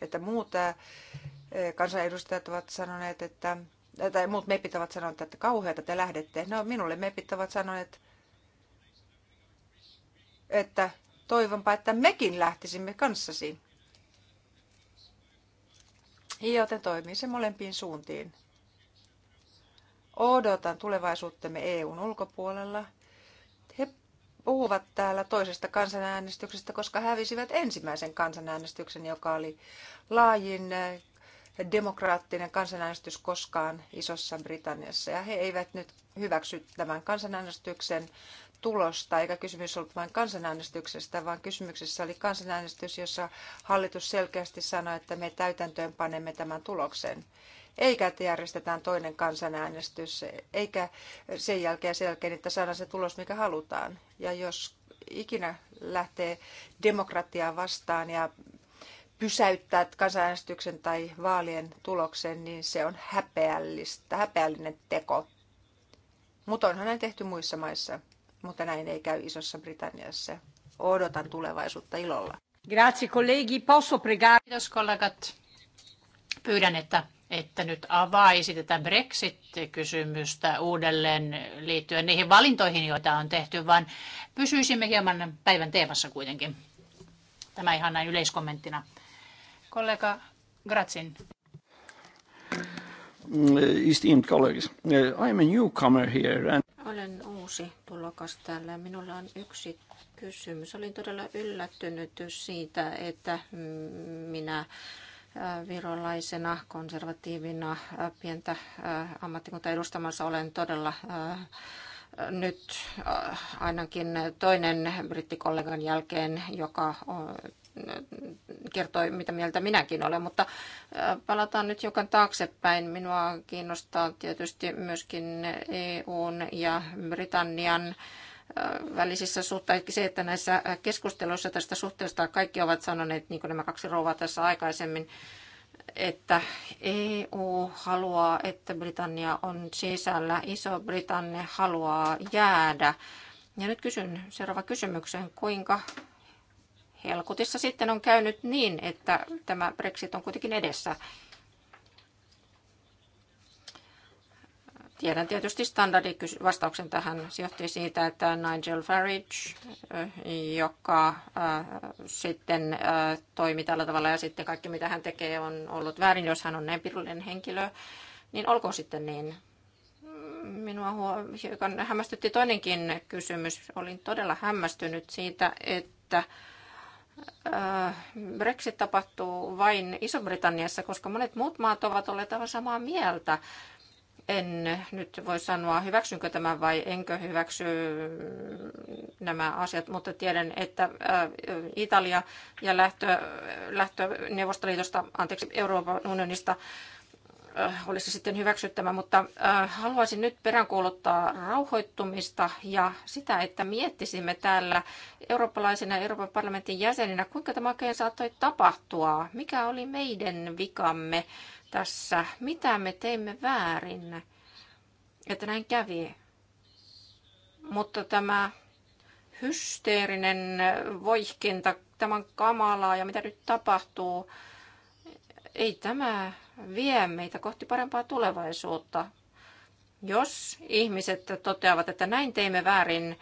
että muut äh, kansanedustajat ovat sanoneet, että, tai muut mepit ovat sanoneet, että kauheita te lähdette. No minulle mepit ovat sanoneet, että toivonpa, että mekin lähtisimme kanssasi. Joten toimii se molempiin suuntiin. Odotan tulevaisuuttemme EUn ulkopuolella. He puhuvat täällä toisesta kansanäänestyksestä, koska hävisivät ensimmäisen kansanäänestyksen, joka oli laajin demokraattinen kansanäänestys koskaan Isossa Britanniassa. Ja he eivät nyt hyväksy tämän kansanäänestyksen tulosta, eikä kysymys ollut vain kansanäänestyksestä, vaan kysymyksessä oli kansanäänestys, jossa hallitus selkeästi sanoi, että me täytäntöön panemme tämän tuloksen. Eikä, että järjestetään toinen kansanäänestys, eikä sen jälkeen sen jälkeen, että saadaan se tulos, mikä halutaan. Ja jos ikinä lähtee demokratiaa vastaan ja pysäyttää kansanäänestyksen tai vaalien tuloksen, niin se on häpeällistä, häpeällinen teko. Mutta onhan näin tehty muissa maissa, mutta näin ei käy Isossa Britanniassa. Odotan tulevaisuutta ilolla. Grazie colleghi, posso pregare. Kiitos kollegat. Pyydän, että, että nyt avaisi tätä Brexit-kysymystä uudelleen liittyen niihin valintoihin, joita on tehty, vaan pysyisimme hieman päivän teemassa kuitenkin. Tämä ihan näin yleiskommenttina. Kollega Gratzin. Mm, East uh, I'm a newcomer here. And... Olen uusi tulokas täällä. Minulla on yksi kysymys. Olin todella yllättynyt siitä, että mm, minä äh, virolaisena, konservatiivina, äh, pientä äh, ammattikunta edustamassa olen todella nyt ainakin toinen brittikollegan jälkeen, joka kertoi, mitä mieltä minäkin olen, mutta äh, palataan nyt hiukan taaksepäin. Minua kiinnostaa tietysti myöskin EUn ja Britannian äh, välisissä suhteissa se, että näissä keskusteluissa tästä suhteesta kaikki ovat sanoneet, niin kuin nämä kaksi rouvaa tässä aikaisemmin, että EU haluaa, että Britannia on sisällä, Iso-Britannia haluaa jäädä. Ja nyt kysyn seuraava kysymyksen, kuinka Helkutissa sitten on käynyt niin, että tämä Brexit on kuitenkin edessä. Tiedän tietysti standardivastauksen tähän. Se johti siitä, että Nigel Farage, eh, joka eh, sitten eh, toimi tällä tavalla ja sitten kaikki mitä hän tekee on ollut väärin, jos hän on näin pirullinen henkilö, niin olkoon sitten niin. Minua hiukan hämmästytti toinenkin kysymys. Olin todella hämmästynyt siitä, että Äh, Brexit tapahtuu vain Iso-Britanniassa, koska monet muut maat ovat olleet aivan samaa mieltä. En nyt voi sanoa, hyväksynkö tämän vai enkö hyväksy nämä asiat, mutta tiedän, että äh, Italia ja lähtö, lähtö Neuvostoliitosta, anteeksi, Euroopan unionista Äh, olisi sitten hyväksyttävä, mutta äh, haluaisin nyt peräänkuuluttaa rauhoittumista ja sitä, että miettisimme täällä eurooppalaisena Euroopan parlamentin jäseninä, kuinka tämä oikein saattoi tapahtua, mikä oli meidän vikamme tässä, mitä me teimme väärin, että näin kävi. Mutta tämä hysteerinen voihkinta, tämän kamalaa ja mitä nyt tapahtuu, ei tämä vie meitä kohti parempaa tulevaisuutta. Jos ihmiset toteavat, että näin teimme väärin,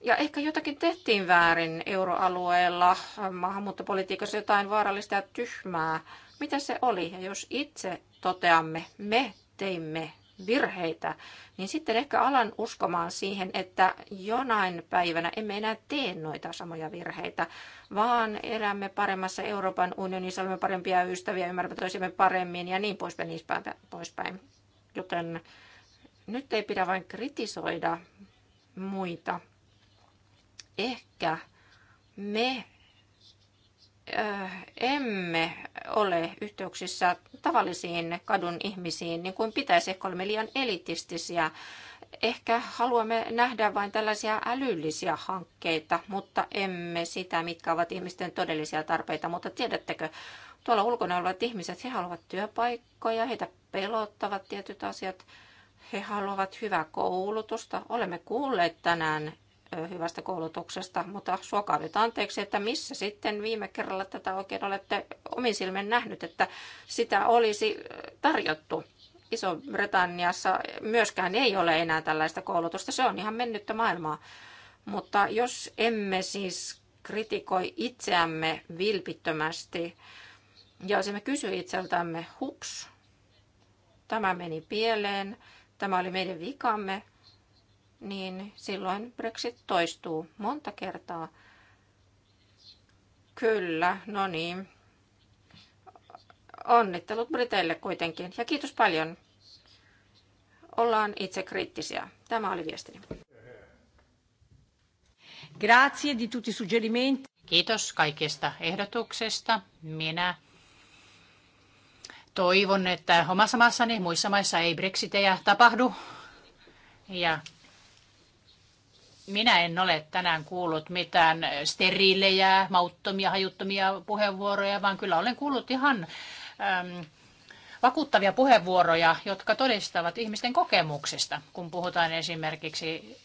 ja ehkä jotakin tehtiin väärin euroalueella, maahanmuuttopolitiikassa jotain vaarallista ja tyhmää, mitä se oli? Ja jos itse toteamme, me teimme virheitä, niin sitten ehkä alan uskomaan siihen, että jonain päivänä emme enää tee noita samoja virheitä, vaan elämme paremmassa Euroopan unionissa, olemme parempia ystäviä, ymmärrämme toisiamme paremmin ja niin poispäin, niin poispäin. Joten nyt ei pidä vain kritisoida muita. Ehkä me emme ole yhteyksissä tavallisiin kadun ihmisiin, niin kuin pitäisi. Ehkä olla liian elitistisiä. Ehkä haluamme nähdä vain tällaisia älyllisiä hankkeita, mutta emme sitä, mitkä ovat ihmisten todellisia tarpeita. Mutta tiedättekö, tuolla ulkona olevat ihmiset, he haluavat työpaikkoja, heitä pelottavat tietyt asiat, he haluavat hyvää koulutusta. Olemme kuulleet tänään hyvästä koulutuksesta, mutta suokaa nyt anteeksi, että missä sitten viime kerralla tätä oikein olette omin silmin nähnyt, että sitä olisi tarjottu. Iso-Britanniassa myöskään ei ole enää tällaista koulutusta, se on ihan mennyttä maailmaa. Mutta jos emme siis kritikoi itseämme vilpittömästi, ja jos emme kysy itseltämme, hups, tämä meni pieleen, tämä oli meidän vikamme, niin silloin Brexit toistuu monta kertaa. Kyllä, no niin. Onnittelut Briteille kuitenkin ja kiitos paljon. Ollaan itse kriittisiä. Tämä oli viestini. Grazie di tutti suggerimenti. Kiitos kaikista ehdotuksista. Minä toivon, että omassa maassani, muissa maissa ei brexitejä tapahdu. Ja minä en ole tänään kuullut mitään steriilejä, mauttomia, hajuttomia puheenvuoroja, vaan kyllä olen kuullut ihan äm, vakuuttavia puheenvuoroja, jotka todistavat ihmisten kokemuksista, kun puhutaan esimerkiksi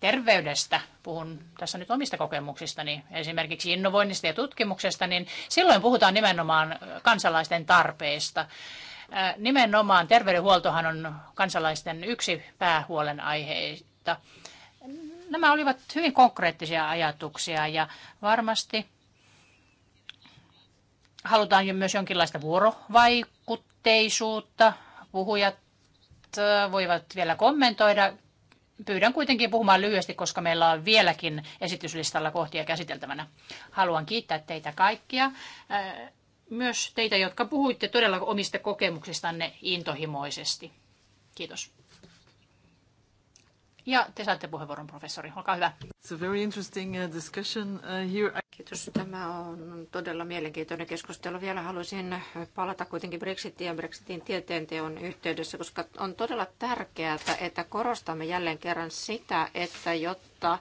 terveydestä, puhun tässä nyt omista kokemuksistani, niin esimerkiksi innovoinnista ja tutkimuksesta, niin silloin puhutaan nimenomaan kansalaisten tarpeista. Nimenomaan terveydenhuoltohan on kansalaisten yksi päähuolenaiheita nämä olivat hyvin konkreettisia ajatuksia ja varmasti halutaan jo myös jonkinlaista vuorovaikutteisuutta. Puhujat voivat vielä kommentoida. Pyydän kuitenkin puhumaan lyhyesti, koska meillä on vieläkin esityslistalla kohtia käsiteltävänä. Haluan kiittää teitä kaikkia. Myös teitä, jotka puhuitte todella omista kokemuksistanne intohimoisesti. Kiitos. Ja te saatte puheenvuoron, professori. Olkaa hyvä. It's a very interesting uh, discussion uh, here. Kiitos. Tämä on todella mielenkiintoinen keskustelu. Vielä haluaisin palata kuitenkin Brexitin ja Brexitin tieteenteon yhteydessä, koska on todella tärkeää, että korostamme jälleen kerran sitä, että jotta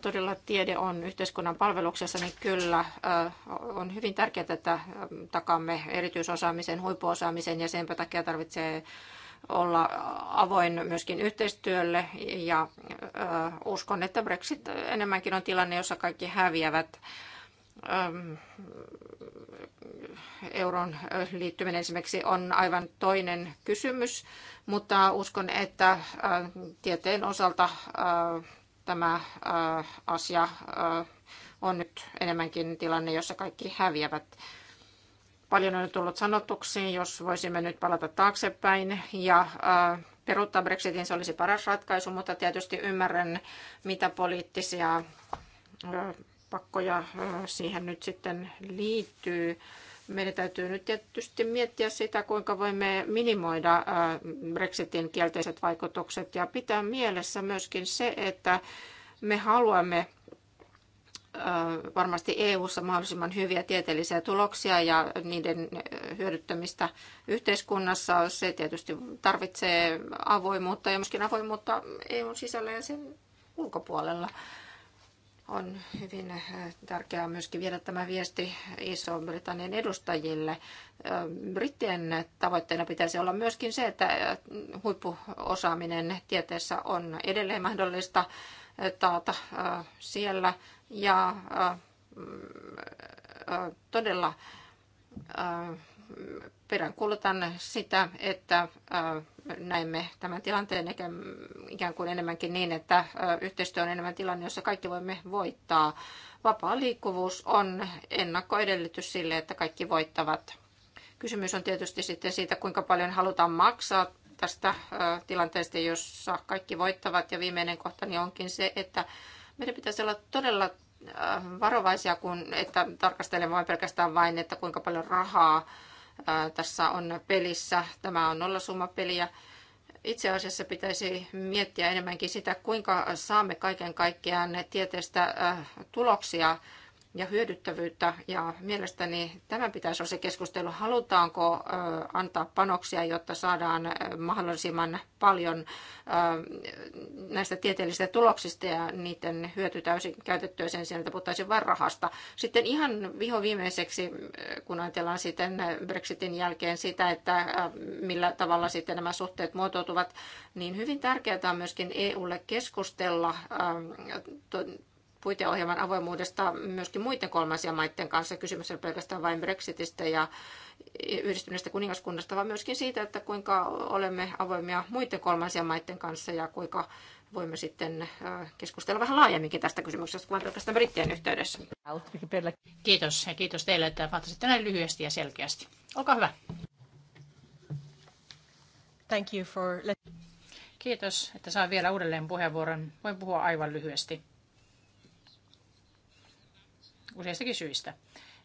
todella tiede on yhteiskunnan palveluksessa, niin kyllä uh, on hyvin tärkeää, että um, takamme erityisosaamisen, huippuosaamisen ja senpä takia tarvitsee olla avoin myöskin yhteistyölle ja uskon, että Brexit enemmänkin on tilanne, jossa kaikki häviävät euron liittyminen esimerkiksi on aivan toinen kysymys, mutta uskon, että tieteen osalta tämä asia on nyt enemmänkin tilanne, jossa kaikki häviävät. Paljon on tullut sanotuksi, jos voisimme nyt palata taaksepäin ja äh, peruuttaa Brexitin, se olisi paras ratkaisu, mutta tietysti ymmärrän, mitä poliittisia äh, pakkoja äh, siihen nyt sitten liittyy. Meidän täytyy nyt tietysti miettiä sitä, kuinka voimme minimoida Brexitin kielteiset vaikutukset ja pitää mielessä myöskin se, että me haluamme varmasti EU-ssa mahdollisimman hyviä tieteellisiä tuloksia ja niiden hyödyttämistä yhteiskunnassa. Se tietysti tarvitsee avoimuutta ja myöskin avoimuutta EUn sisällä ja sen ulkopuolella. On hyvin tärkeää myöskin viedä tämä viesti Iso-Britannian edustajille. Brittien tavoitteena pitäisi olla myöskin se, että huippuosaaminen tieteessä on edelleen mahdollista taata siellä ja todella peräänkuulutan sitä, että näemme tämän tilanteen ikään kuin enemmänkin niin, että yhteistyö on enemmän tilanne, jossa kaikki voimme voittaa. Vapaa liikkuvuus on ennakkoedellytys sille, että kaikki voittavat. Kysymys on tietysti sitten siitä, kuinka paljon halutaan maksaa tästä tilanteesta, jossa kaikki voittavat. Ja viimeinen kohtani onkin se, että meidän pitäisi olla todella varovaisia, kun, että tarkastelemme vain pelkästään vain, että kuinka paljon rahaa tässä on pelissä. Tämä on ja Itse asiassa pitäisi miettiä enemmänkin sitä, kuinka saamme kaiken kaikkiaan tieteestä tuloksia ja hyödyttävyyttä. Ja mielestäni tämä pitäisi olla se keskustelu, halutaanko antaa panoksia, jotta saadaan mahdollisimman paljon näistä tieteellisistä tuloksista ja niiden hyöty täysin käytettyä sen sijaan, että puhuttaisiin vain rahasta. Sitten ihan viho viimeiseksi, kun ajatellaan sitten Brexitin jälkeen sitä, että millä tavalla sitten nämä suhteet muotoutuvat, niin hyvin tärkeää on myöskin EUlle keskustella puiteohjelman avoimuudesta myöskin muiden kolmansien maiden kanssa. Kysymys on pelkästään vain Brexitistä ja yhdistyneestä kuningaskunnasta, vaan myöskin siitä, että kuinka olemme avoimia muiden kolmansien maiden kanssa ja kuinka voimme sitten äh, keskustella vähän laajemminkin tästä kysymyksestä kuin pelkästään brittien yhteydessä. Kiitos ja kiitos teille, että vastasitte näin lyhyesti ja selkeästi. Olkaa hyvä. Thank you for... Kiitos, että saan vielä uudelleen puheenvuoron. Voin puhua aivan lyhyesti useistakin syistä.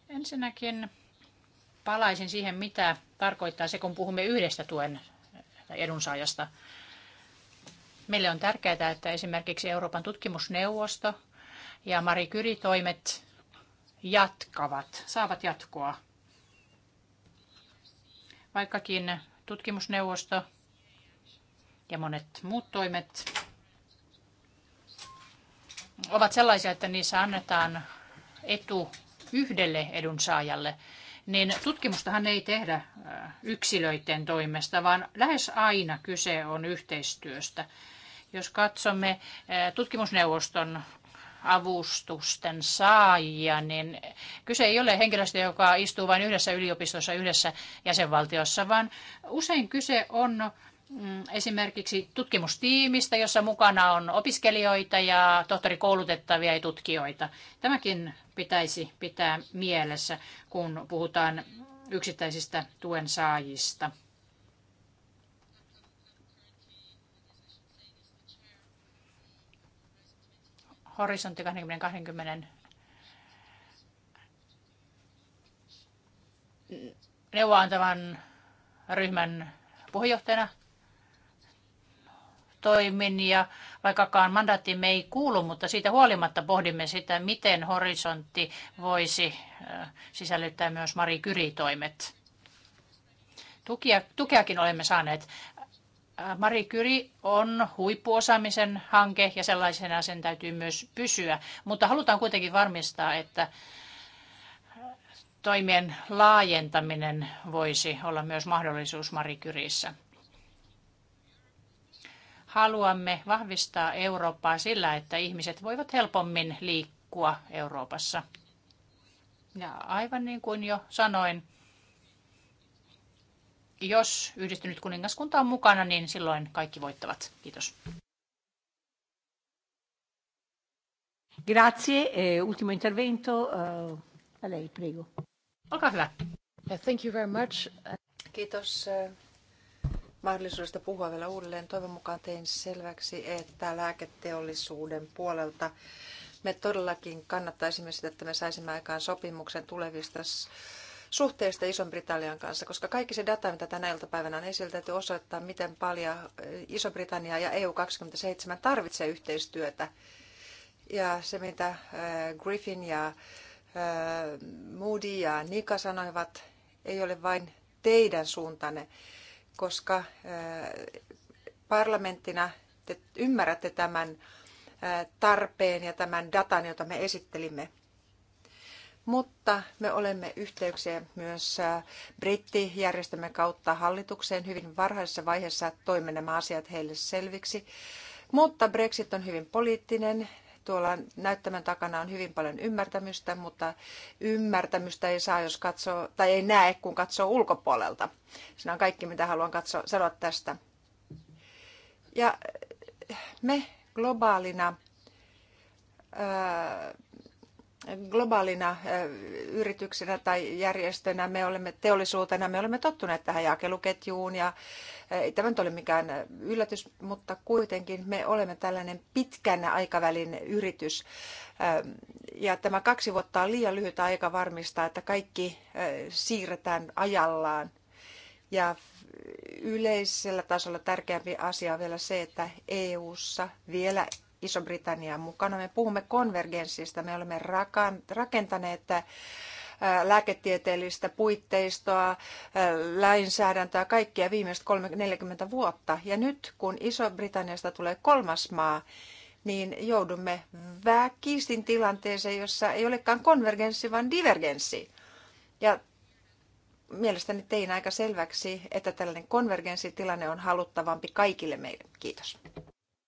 Ensinnäkin palaisin siihen, mitä tarkoittaa se, kun puhumme yhdestä tuen edunsaajasta. Meille on tärkeää, että esimerkiksi Euroopan tutkimusneuvosto ja Mari Kyri-toimet jatkavat, saavat jatkoa. Vaikkakin tutkimusneuvosto ja monet muut toimet ovat sellaisia, että niissä annetaan etu yhdelle edunsaajalle, niin tutkimustahan ei tehdä äh, yksilöiden toimesta, vaan lähes aina kyse on yhteistyöstä. Jos katsomme äh, tutkimusneuvoston avustusten saajia, niin kyse ei ole henkilöstä, joka istuu vain yhdessä yliopistossa, yhdessä jäsenvaltiossa, vaan usein kyse on Mm, esimerkiksi tutkimustiimistä, jossa mukana on opiskelijoita ja tohtorikoulutettavia ja tutkijoita. Tämäkin pitäisi pitää mielessä, kun puhutaan yksittäisistä tuen saajista. Horisontti 2020 neuvoantavan ryhmän puheenjohtajana toimin ja vaikkakaan mandaattimme ei kuulu, mutta siitä huolimatta pohdimme sitä, miten horisontti voisi äh, sisällyttää myös Mari Kyri-toimet. Tukia, tukeakin olemme saaneet. Äh, Mari Kyri on huippuosaamisen hanke ja sellaisena sen täytyy myös pysyä, mutta halutaan kuitenkin varmistaa, että äh, toimien laajentaminen voisi olla myös mahdollisuus Mari Kyrissä haluamme vahvistaa Eurooppaa sillä, että ihmiset voivat helpommin liikkua Euroopassa. Ja aivan niin kuin jo sanoin, jos yhdistynyt kuningaskunta on mukana, niin silloin kaikki voittavat. Kiitos. Grazie. E ultimo intervento uh, a lei, prego. Olkaa hyvä. Yeah, thank you very much. Kiitos eh, mahdollisuudesta puhua vielä uudelleen. Toivon mukaan tein selväksi, että lääketeollisuuden puolelta me todellakin kannattaisimme sitä, että me saisimme aikaan sopimuksen tulevista suhteista iso britannian kanssa, koska kaikki se data, mitä tänä iltapäivänä on esitelty, osoittaa, miten paljon eh, Iso-Britannia ja EU27 tarvitsee yhteistyötä. Ja se, mitä eh, Griffin ja eh, Moody ja Nika sanoivat, ei ole vain teidän suuntanne, koska parlamenttina te ymmärrätte tämän tarpeen ja tämän datan, jota me esittelimme. Mutta me olemme yhteyksiä myös brittijärjestelmän kautta hallitukseen. Hyvin varhaisessa vaiheessa toimme nämä asiat heille selviksi. Mutta Brexit on hyvin poliittinen tuolla näyttämän takana on hyvin paljon ymmärtämystä, mutta ymmärtämystä ei saa, jos katsoo, tai ei näe, kun katsoo ulkopuolelta. Siinä on kaikki, mitä haluan katsoa, sanoa tästä. Ja eh, me globaalina, ää, eh, globaalina ää, eh, yrityksenä tai järjestönä, me olemme teollisuutena, me olemme tottuneet tähän jakeluketjuun ja ei tämä nyt ole mikään yllätys, mutta kuitenkin me olemme tällainen pitkän aikavälin yritys. Ja tämä kaksi vuotta on liian lyhyt aika varmistaa, että kaikki siirretään ajallaan. Ja yleisellä tasolla tärkeämpi asia on vielä se, että EU:ssa vielä Iso-Britannia mukana. Me puhumme konvergenssista, me olemme rakentaneet lääketieteellistä puitteistoa, lainsäädäntöä, kaikkia viimeiset 30-40 vuotta. Ja nyt kun Iso-Britanniasta tulee kolmas maa, niin joudumme väkisin tilanteeseen, jossa ei olekaan konvergenssi, vaan divergenssi. Ja mielestäni tein aika selväksi, että tällainen konvergenssitilanne on haluttavampi kaikille meille. Kiitos.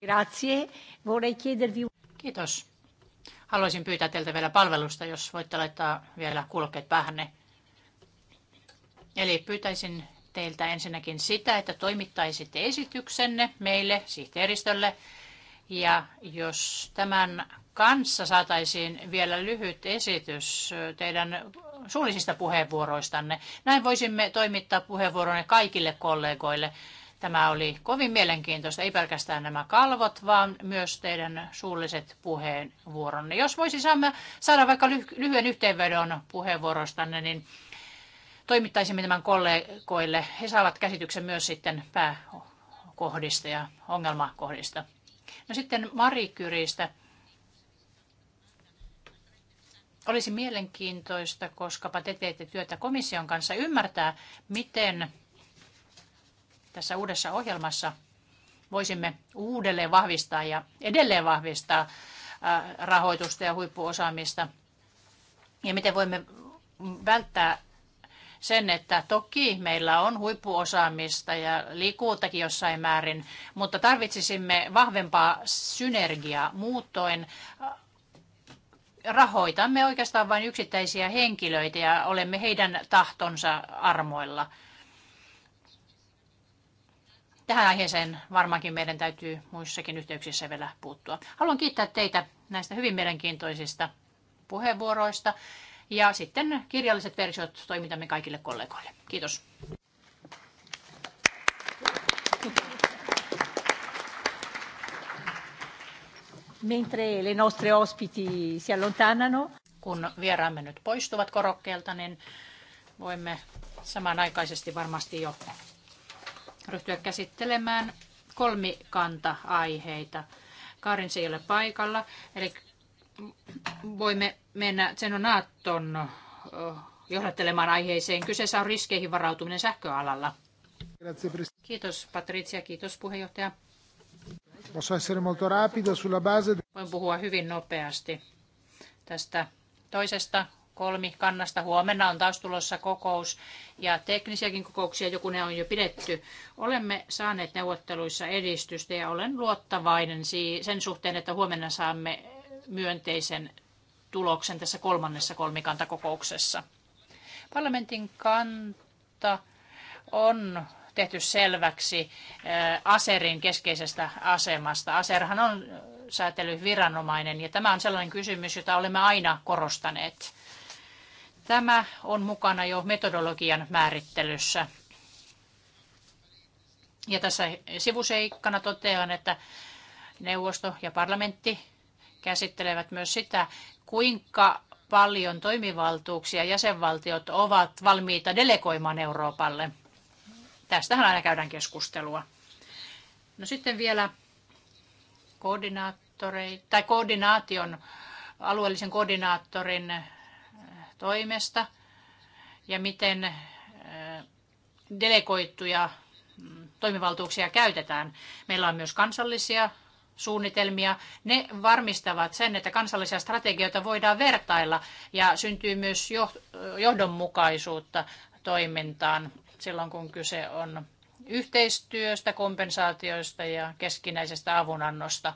Grazie. Vorrei chiedervi... Kiitos. Haluaisin pyytää teiltä vielä palvelusta, jos voitte laittaa vielä kulkeet päähänne. Eli pyytäisin teiltä ensinnäkin sitä, että toimittaisitte esityksenne meille, sihteeristölle, ja jos tämän kanssa saataisiin vielä lyhyt esitys teidän suullisista puheenvuoroistanne, näin voisimme toimittaa puheenvuoronne kaikille kollegoille. Tämä oli kovin mielenkiintoista, ei pelkästään nämä kalvot, vaan myös teidän suulliset puheenvuoronne. Jos voisi saada vaikka lyhyen yhteenvedon puheenvuorostanne, niin toimittaisimme tämän kollegoille. He saavat käsityksen myös sitten pääkohdista ja ongelmakohdista. No sitten Mari Kyristä. Olisi mielenkiintoista, koska te teette työtä komission kanssa, ymmärtää, miten tässä uudessa ohjelmassa voisimme uudelleen vahvistaa ja edelleen vahvistaa rahoitusta ja huippuosaamista. Ja miten voimme välttää sen, että toki meillä on huippuosaamista ja liikkuvuuttakin jossain määrin, mutta tarvitsisimme vahvempaa synergiaa. Muutoin rahoitamme oikeastaan vain yksittäisiä henkilöitä ja olemme heidän tahtonsa armoilla – Tähän aiheeseen varmaankin meidän täytyy muissakin yhteyksissä vielä puuttua. Haluan kiittää teitä näistä hyvin mielenkiintoisista puheenvuoroista ja sitten kirjalliset versiot toimitamme kaikille kollegoille. Kiitos. Mentre le nostre ospiti si allontanano. Kun vieraamme nyt poistuvat korokkeelta, niin voimme samanaikaisesti varmasti jo ryhtyä käsittelemään kolmikanta-aiheita. Karin se ei ole paikalla, eli voimme mennä Zenonaatton johdattelemaan aiheeseen. Kyseessä on riskeihin varautuminen sähköalalla. Kiitos Patricia, kiitos puheenjohtaja. Voin puhua hyvin nopeasti tästä toisesta kolmikannasta. Huomenna on taas tulossa kokous ja teknisiäkin kokouksia, joku ne on jo pidetty. Olemme saaneet neuvotteluissa edistystä ja olen luottavainen sen suhteen, että huomenna saamme myönteisen tuloksen tässä kolmannessa kolmikantakokouksessa. Parlamentin kanta on tehty selväksi äh, Aserin keskeisestä asemasta. Aserhan on säätelyviranomainen ja tämä on sellainen kysymys, jota olemme aina korostaneet. Tämä on mukana jo metodologian määrittelyssä. Ja tässä sivuseikkana totean, että neuvosto ja parlamentti käsittelevät myös sitä, kuinka paljon toimivaltuuksia jäsenvaltiot ovat valmiita delegoimaan Euroopalle. Tästähän aina käydään keskustelua. No sitten vielä koordinaattorei, tai koordinaation, alueellisen koordinaattorin toimesta ja miten delegoittuja mm, toimivaltuuksia käytetään. Meillä on myös kansallisia suunnitelmia. Ne varmistavat sen, että kansallisia strategioita voidaan vertailla ja syntyy myös johdonmukaisuutta toimintaan silloin, kun kyse on yhteistyöstä, kompensaatioista ja keskinäisestä avunannosta.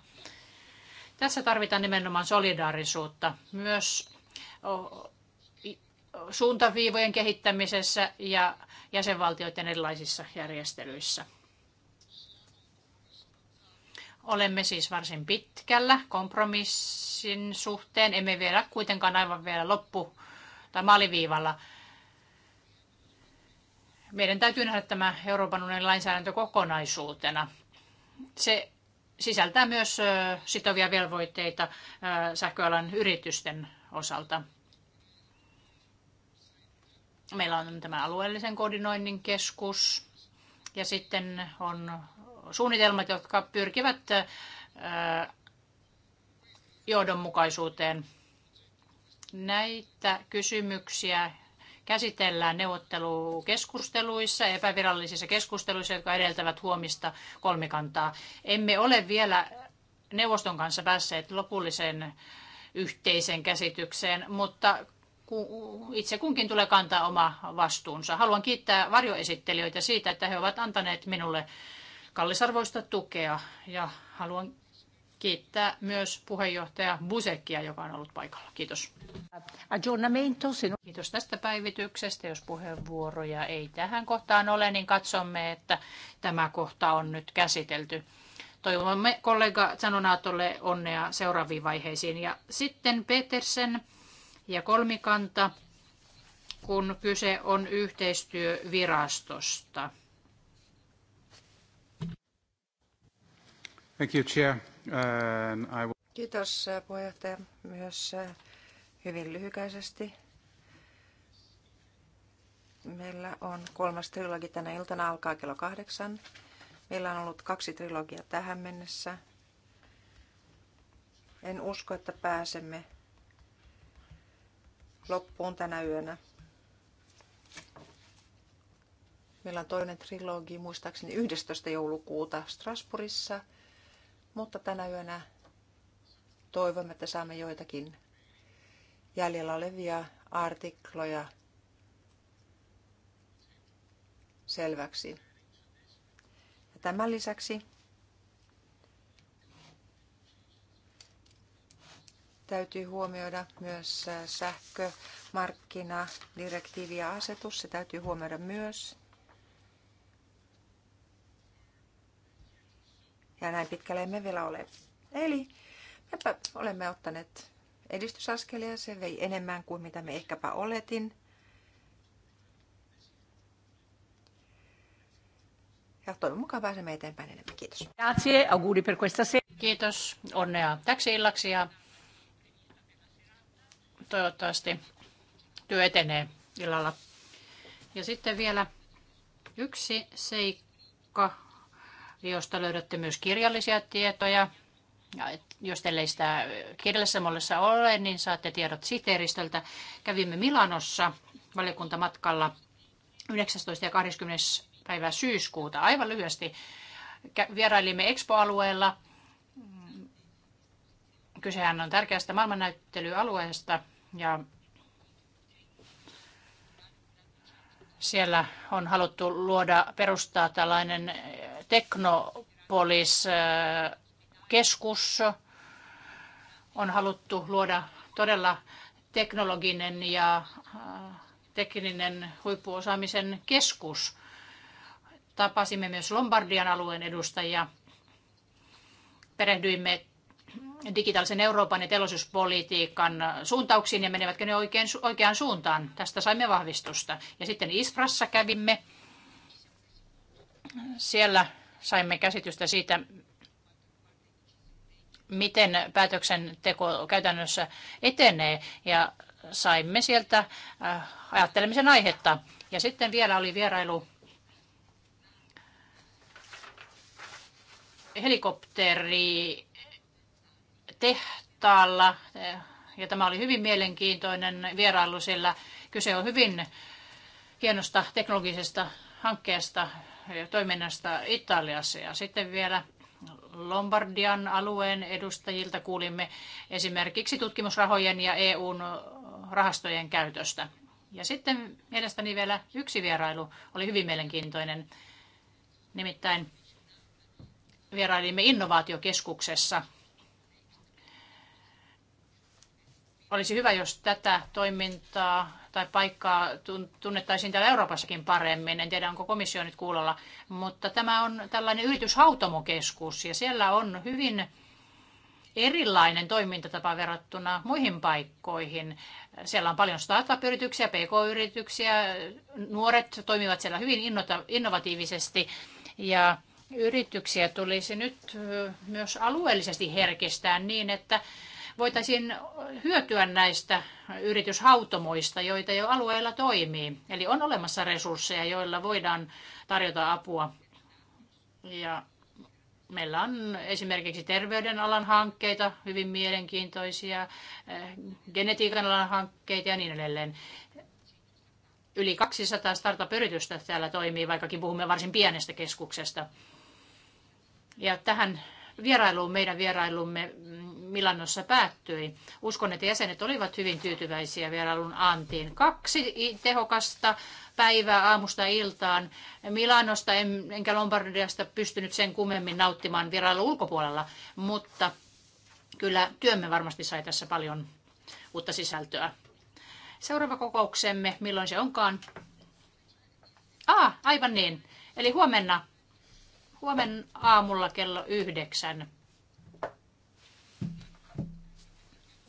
Tässä tarvitaan nimenomaan solidaarisuutta. Myös suuntaviivojen kehittämisessä ja jäsenvaltioiden erilaisissa järjestelyissä. Olemme siis varsin pitkällä kompromissin suhteen. Emme vielä kuitenkaan aivan vielä loppu- tai maaliviivalla. Meidän täytyy nähdä tämä Euroopan unionin lainsäädäntö kokonaisuutena. Se sisältää myös sitovia velvoitteita sähköalan yritysten osalta. Meillä on tämä alueellisen koordinoinnin keskus ja sitten on suunnitelmat, jotka pyrkivät johdonmukaisuuteen. Näitä kysymyksiä käsitellään neuvottelukeskusteluissa, epävirallisissa keskusteluissa, jotka edeltävät huomista kolmikantaa. Emme ole vielä neuvoston kanssa päässeet lopulliseen yhteiseen käsitykseen, mutta itse kunkin tulee kantaa oma vastuunsa. Haluan kiittää varjoesittelijöitä siitä, että he ovat antaneet minulle kallisarvoista tukea ja haluan kiittää myös puheenjohtaja Busekia, joka on ollut paikalla. Kiitos. Kiitos tästä päivityksestä. Jos puheenvuoroja ei tähän kohtaan ole, niin katsomme, että tämä kohta on nyt käsitelty. Toivomme kollega Zanonatolle onnea seuraaviin vaiheisiin. Ja sitten Petersen ja kolmikanta, kun kyse on yhteistyövirastosta. Thank you, Chair. Uh, I will... Kiitos uh, puheenjohtaja myös uh, hyvin lyhykäisesti. Meillä on kolmas trilogi tänä iltana, alkaa kello kahdeksan. Meillä on ollut kaksi trilogia tähän mennessä. En usko, että pääsemme loppuun tänä yönä. Meillä on toinen trilogi muistaakseni 11. joulukuuta Strasbourgissa, mutta tänä yönä toivomme, että saamme joitakin jäljellä olevia artikloja selväksi. Ja tämän lisäksi täytyy huomioida myös sähkömarkkinadirektiivi ja asetus. Se täytyy huomioida myös. Ja näin pitkälle emme vielä ole. Eli mepä olemme ottaneet edistysaskelia. Se vei enemmän kuin mitä me ehkäpä oletin. Ja toivon mukaan pääsemme eteenpäin enemmän. Kiitos. Grazie, auguri per questa sera. Kiitos, onnea täksi illaksi ja Toivottavasti työ etenee illalla. Ja sitten vielä yksi seikka, josta löydätte myös kirjallisia tietoja. Ja jos teillä ei sitä kirjallisessa ole, niin saatte tiedot siteeristöltä. Kävimme Milanossa valiokuntamatkalla 19. ja 20. päivä syyskuuta. Aivan lyhyesti vierailimme Expo-alueella. Kysehän on tärkeästä maailmannäyttelyalueesta – ja siellä on haluttu luoda, perustaa tällainen teknopolis-keskus. On haluttu luoda todella teknologinen ja äh, tekninen huippuosaamisen keskus. Tapasimme myös Lombardian alueen edustajia. Perehdyimme digitaalisen Euroopan ja teollisuuspolitiikan suuntauksiin ja menevätkö ne oikein, oikeaan suuntaan. Tästä saimme vahvistusta. Ja sitten Isprassa kävimme. Siellä saimme käsitystä siitä, miten päätöksenteko käytännössä etenee ja saimme sieltä äh, ajattelemisen aihetta. Ja sitten vielä oli vierailu helikopteri tehtaalla ja tämä oli hyvin mielenkiintoinen vierailu, sillä kyse on hyvin hienosta teknologisesta hankkeesta ja toiminnasta Italiassa. Ja sitten vielä Lombardian alueen edustajilta kuulimme esimerkiksi tutkimusrahojen ja EUn rahastojen käytöstä. Ja sitten mielestäni vielä yksi vierailu oli hyvin mielenkiintoinen. Nimittäin vierailimme innovaatiokeskuksessa Olisi hyvä, jos tätä toimintaa tai paikkaa tunnettaisiin täällä Euroopassakin paremmin. En tiedä, onko komissio nyt kuulolla, mutta tämä on tällainen yrityshautomokeskus ja siellä on hyvin erilainen toimintatapa verrattuna muihin paikkoihin. Siellä on paljon startup-yrityksiä, pk-yrityksiä, nuoret toimivat siellä hyvin innovatiivisesti ja yrityksiä tulisi nyt myös alueellisesti herkistää niin, että voitaisiin hyötyä näistä yrityshautomoista, joita jo alueella toimii. Eli on olemassa resursseja, joilla voidaan tarjota apua. Ja meillä on esimerkiksi terveydenalan hankkeita, hyvin mielenkiintoisia, eh, genetiikan alan hankkeita ja niin edelleen. Yli 200 startup-yritystä täällä toimii, vaikkakin puhumme varsin pienestä keskuksesta. Ja tähän vierailuun, meidän vierailumme mm, Milanossa päättyi. Uskon, että jäsenet olivat hyvin tyytyväisiä vierailun antiin. Kaksi tehokasta päivää aamusta iltaan. Milanosta en, enkä Lombardiasta pystynyt sen kummemmin nauttimaan vierailun ulkopuolella, mutta kyllä työmme varmasti sai tässä paljon uutta sisältöä. Seuraava kokouksemme, milloin se onkaan? Ah, aivan niin. Eli huomenna, huomenna aamulla kello yhdeksän.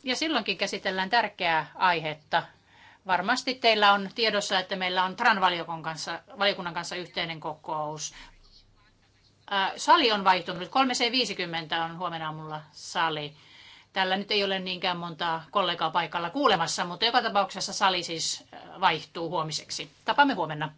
Ja silloinkin käsitellään tärkeää aihetta. Varmasti teillä on tiedossa, että meillä on Tran kanssa, valiokunnan kanssa yhteinen kokous. sali on vaihtunut. 3.50 on huomenna aamulla sali. Täällä nyt ei ole niinkään montaa kollegaa paikalla kuulemassa, mutta joka tapauksessa sali siis vaihtuu huomiseksi. Tapaamme huomenna.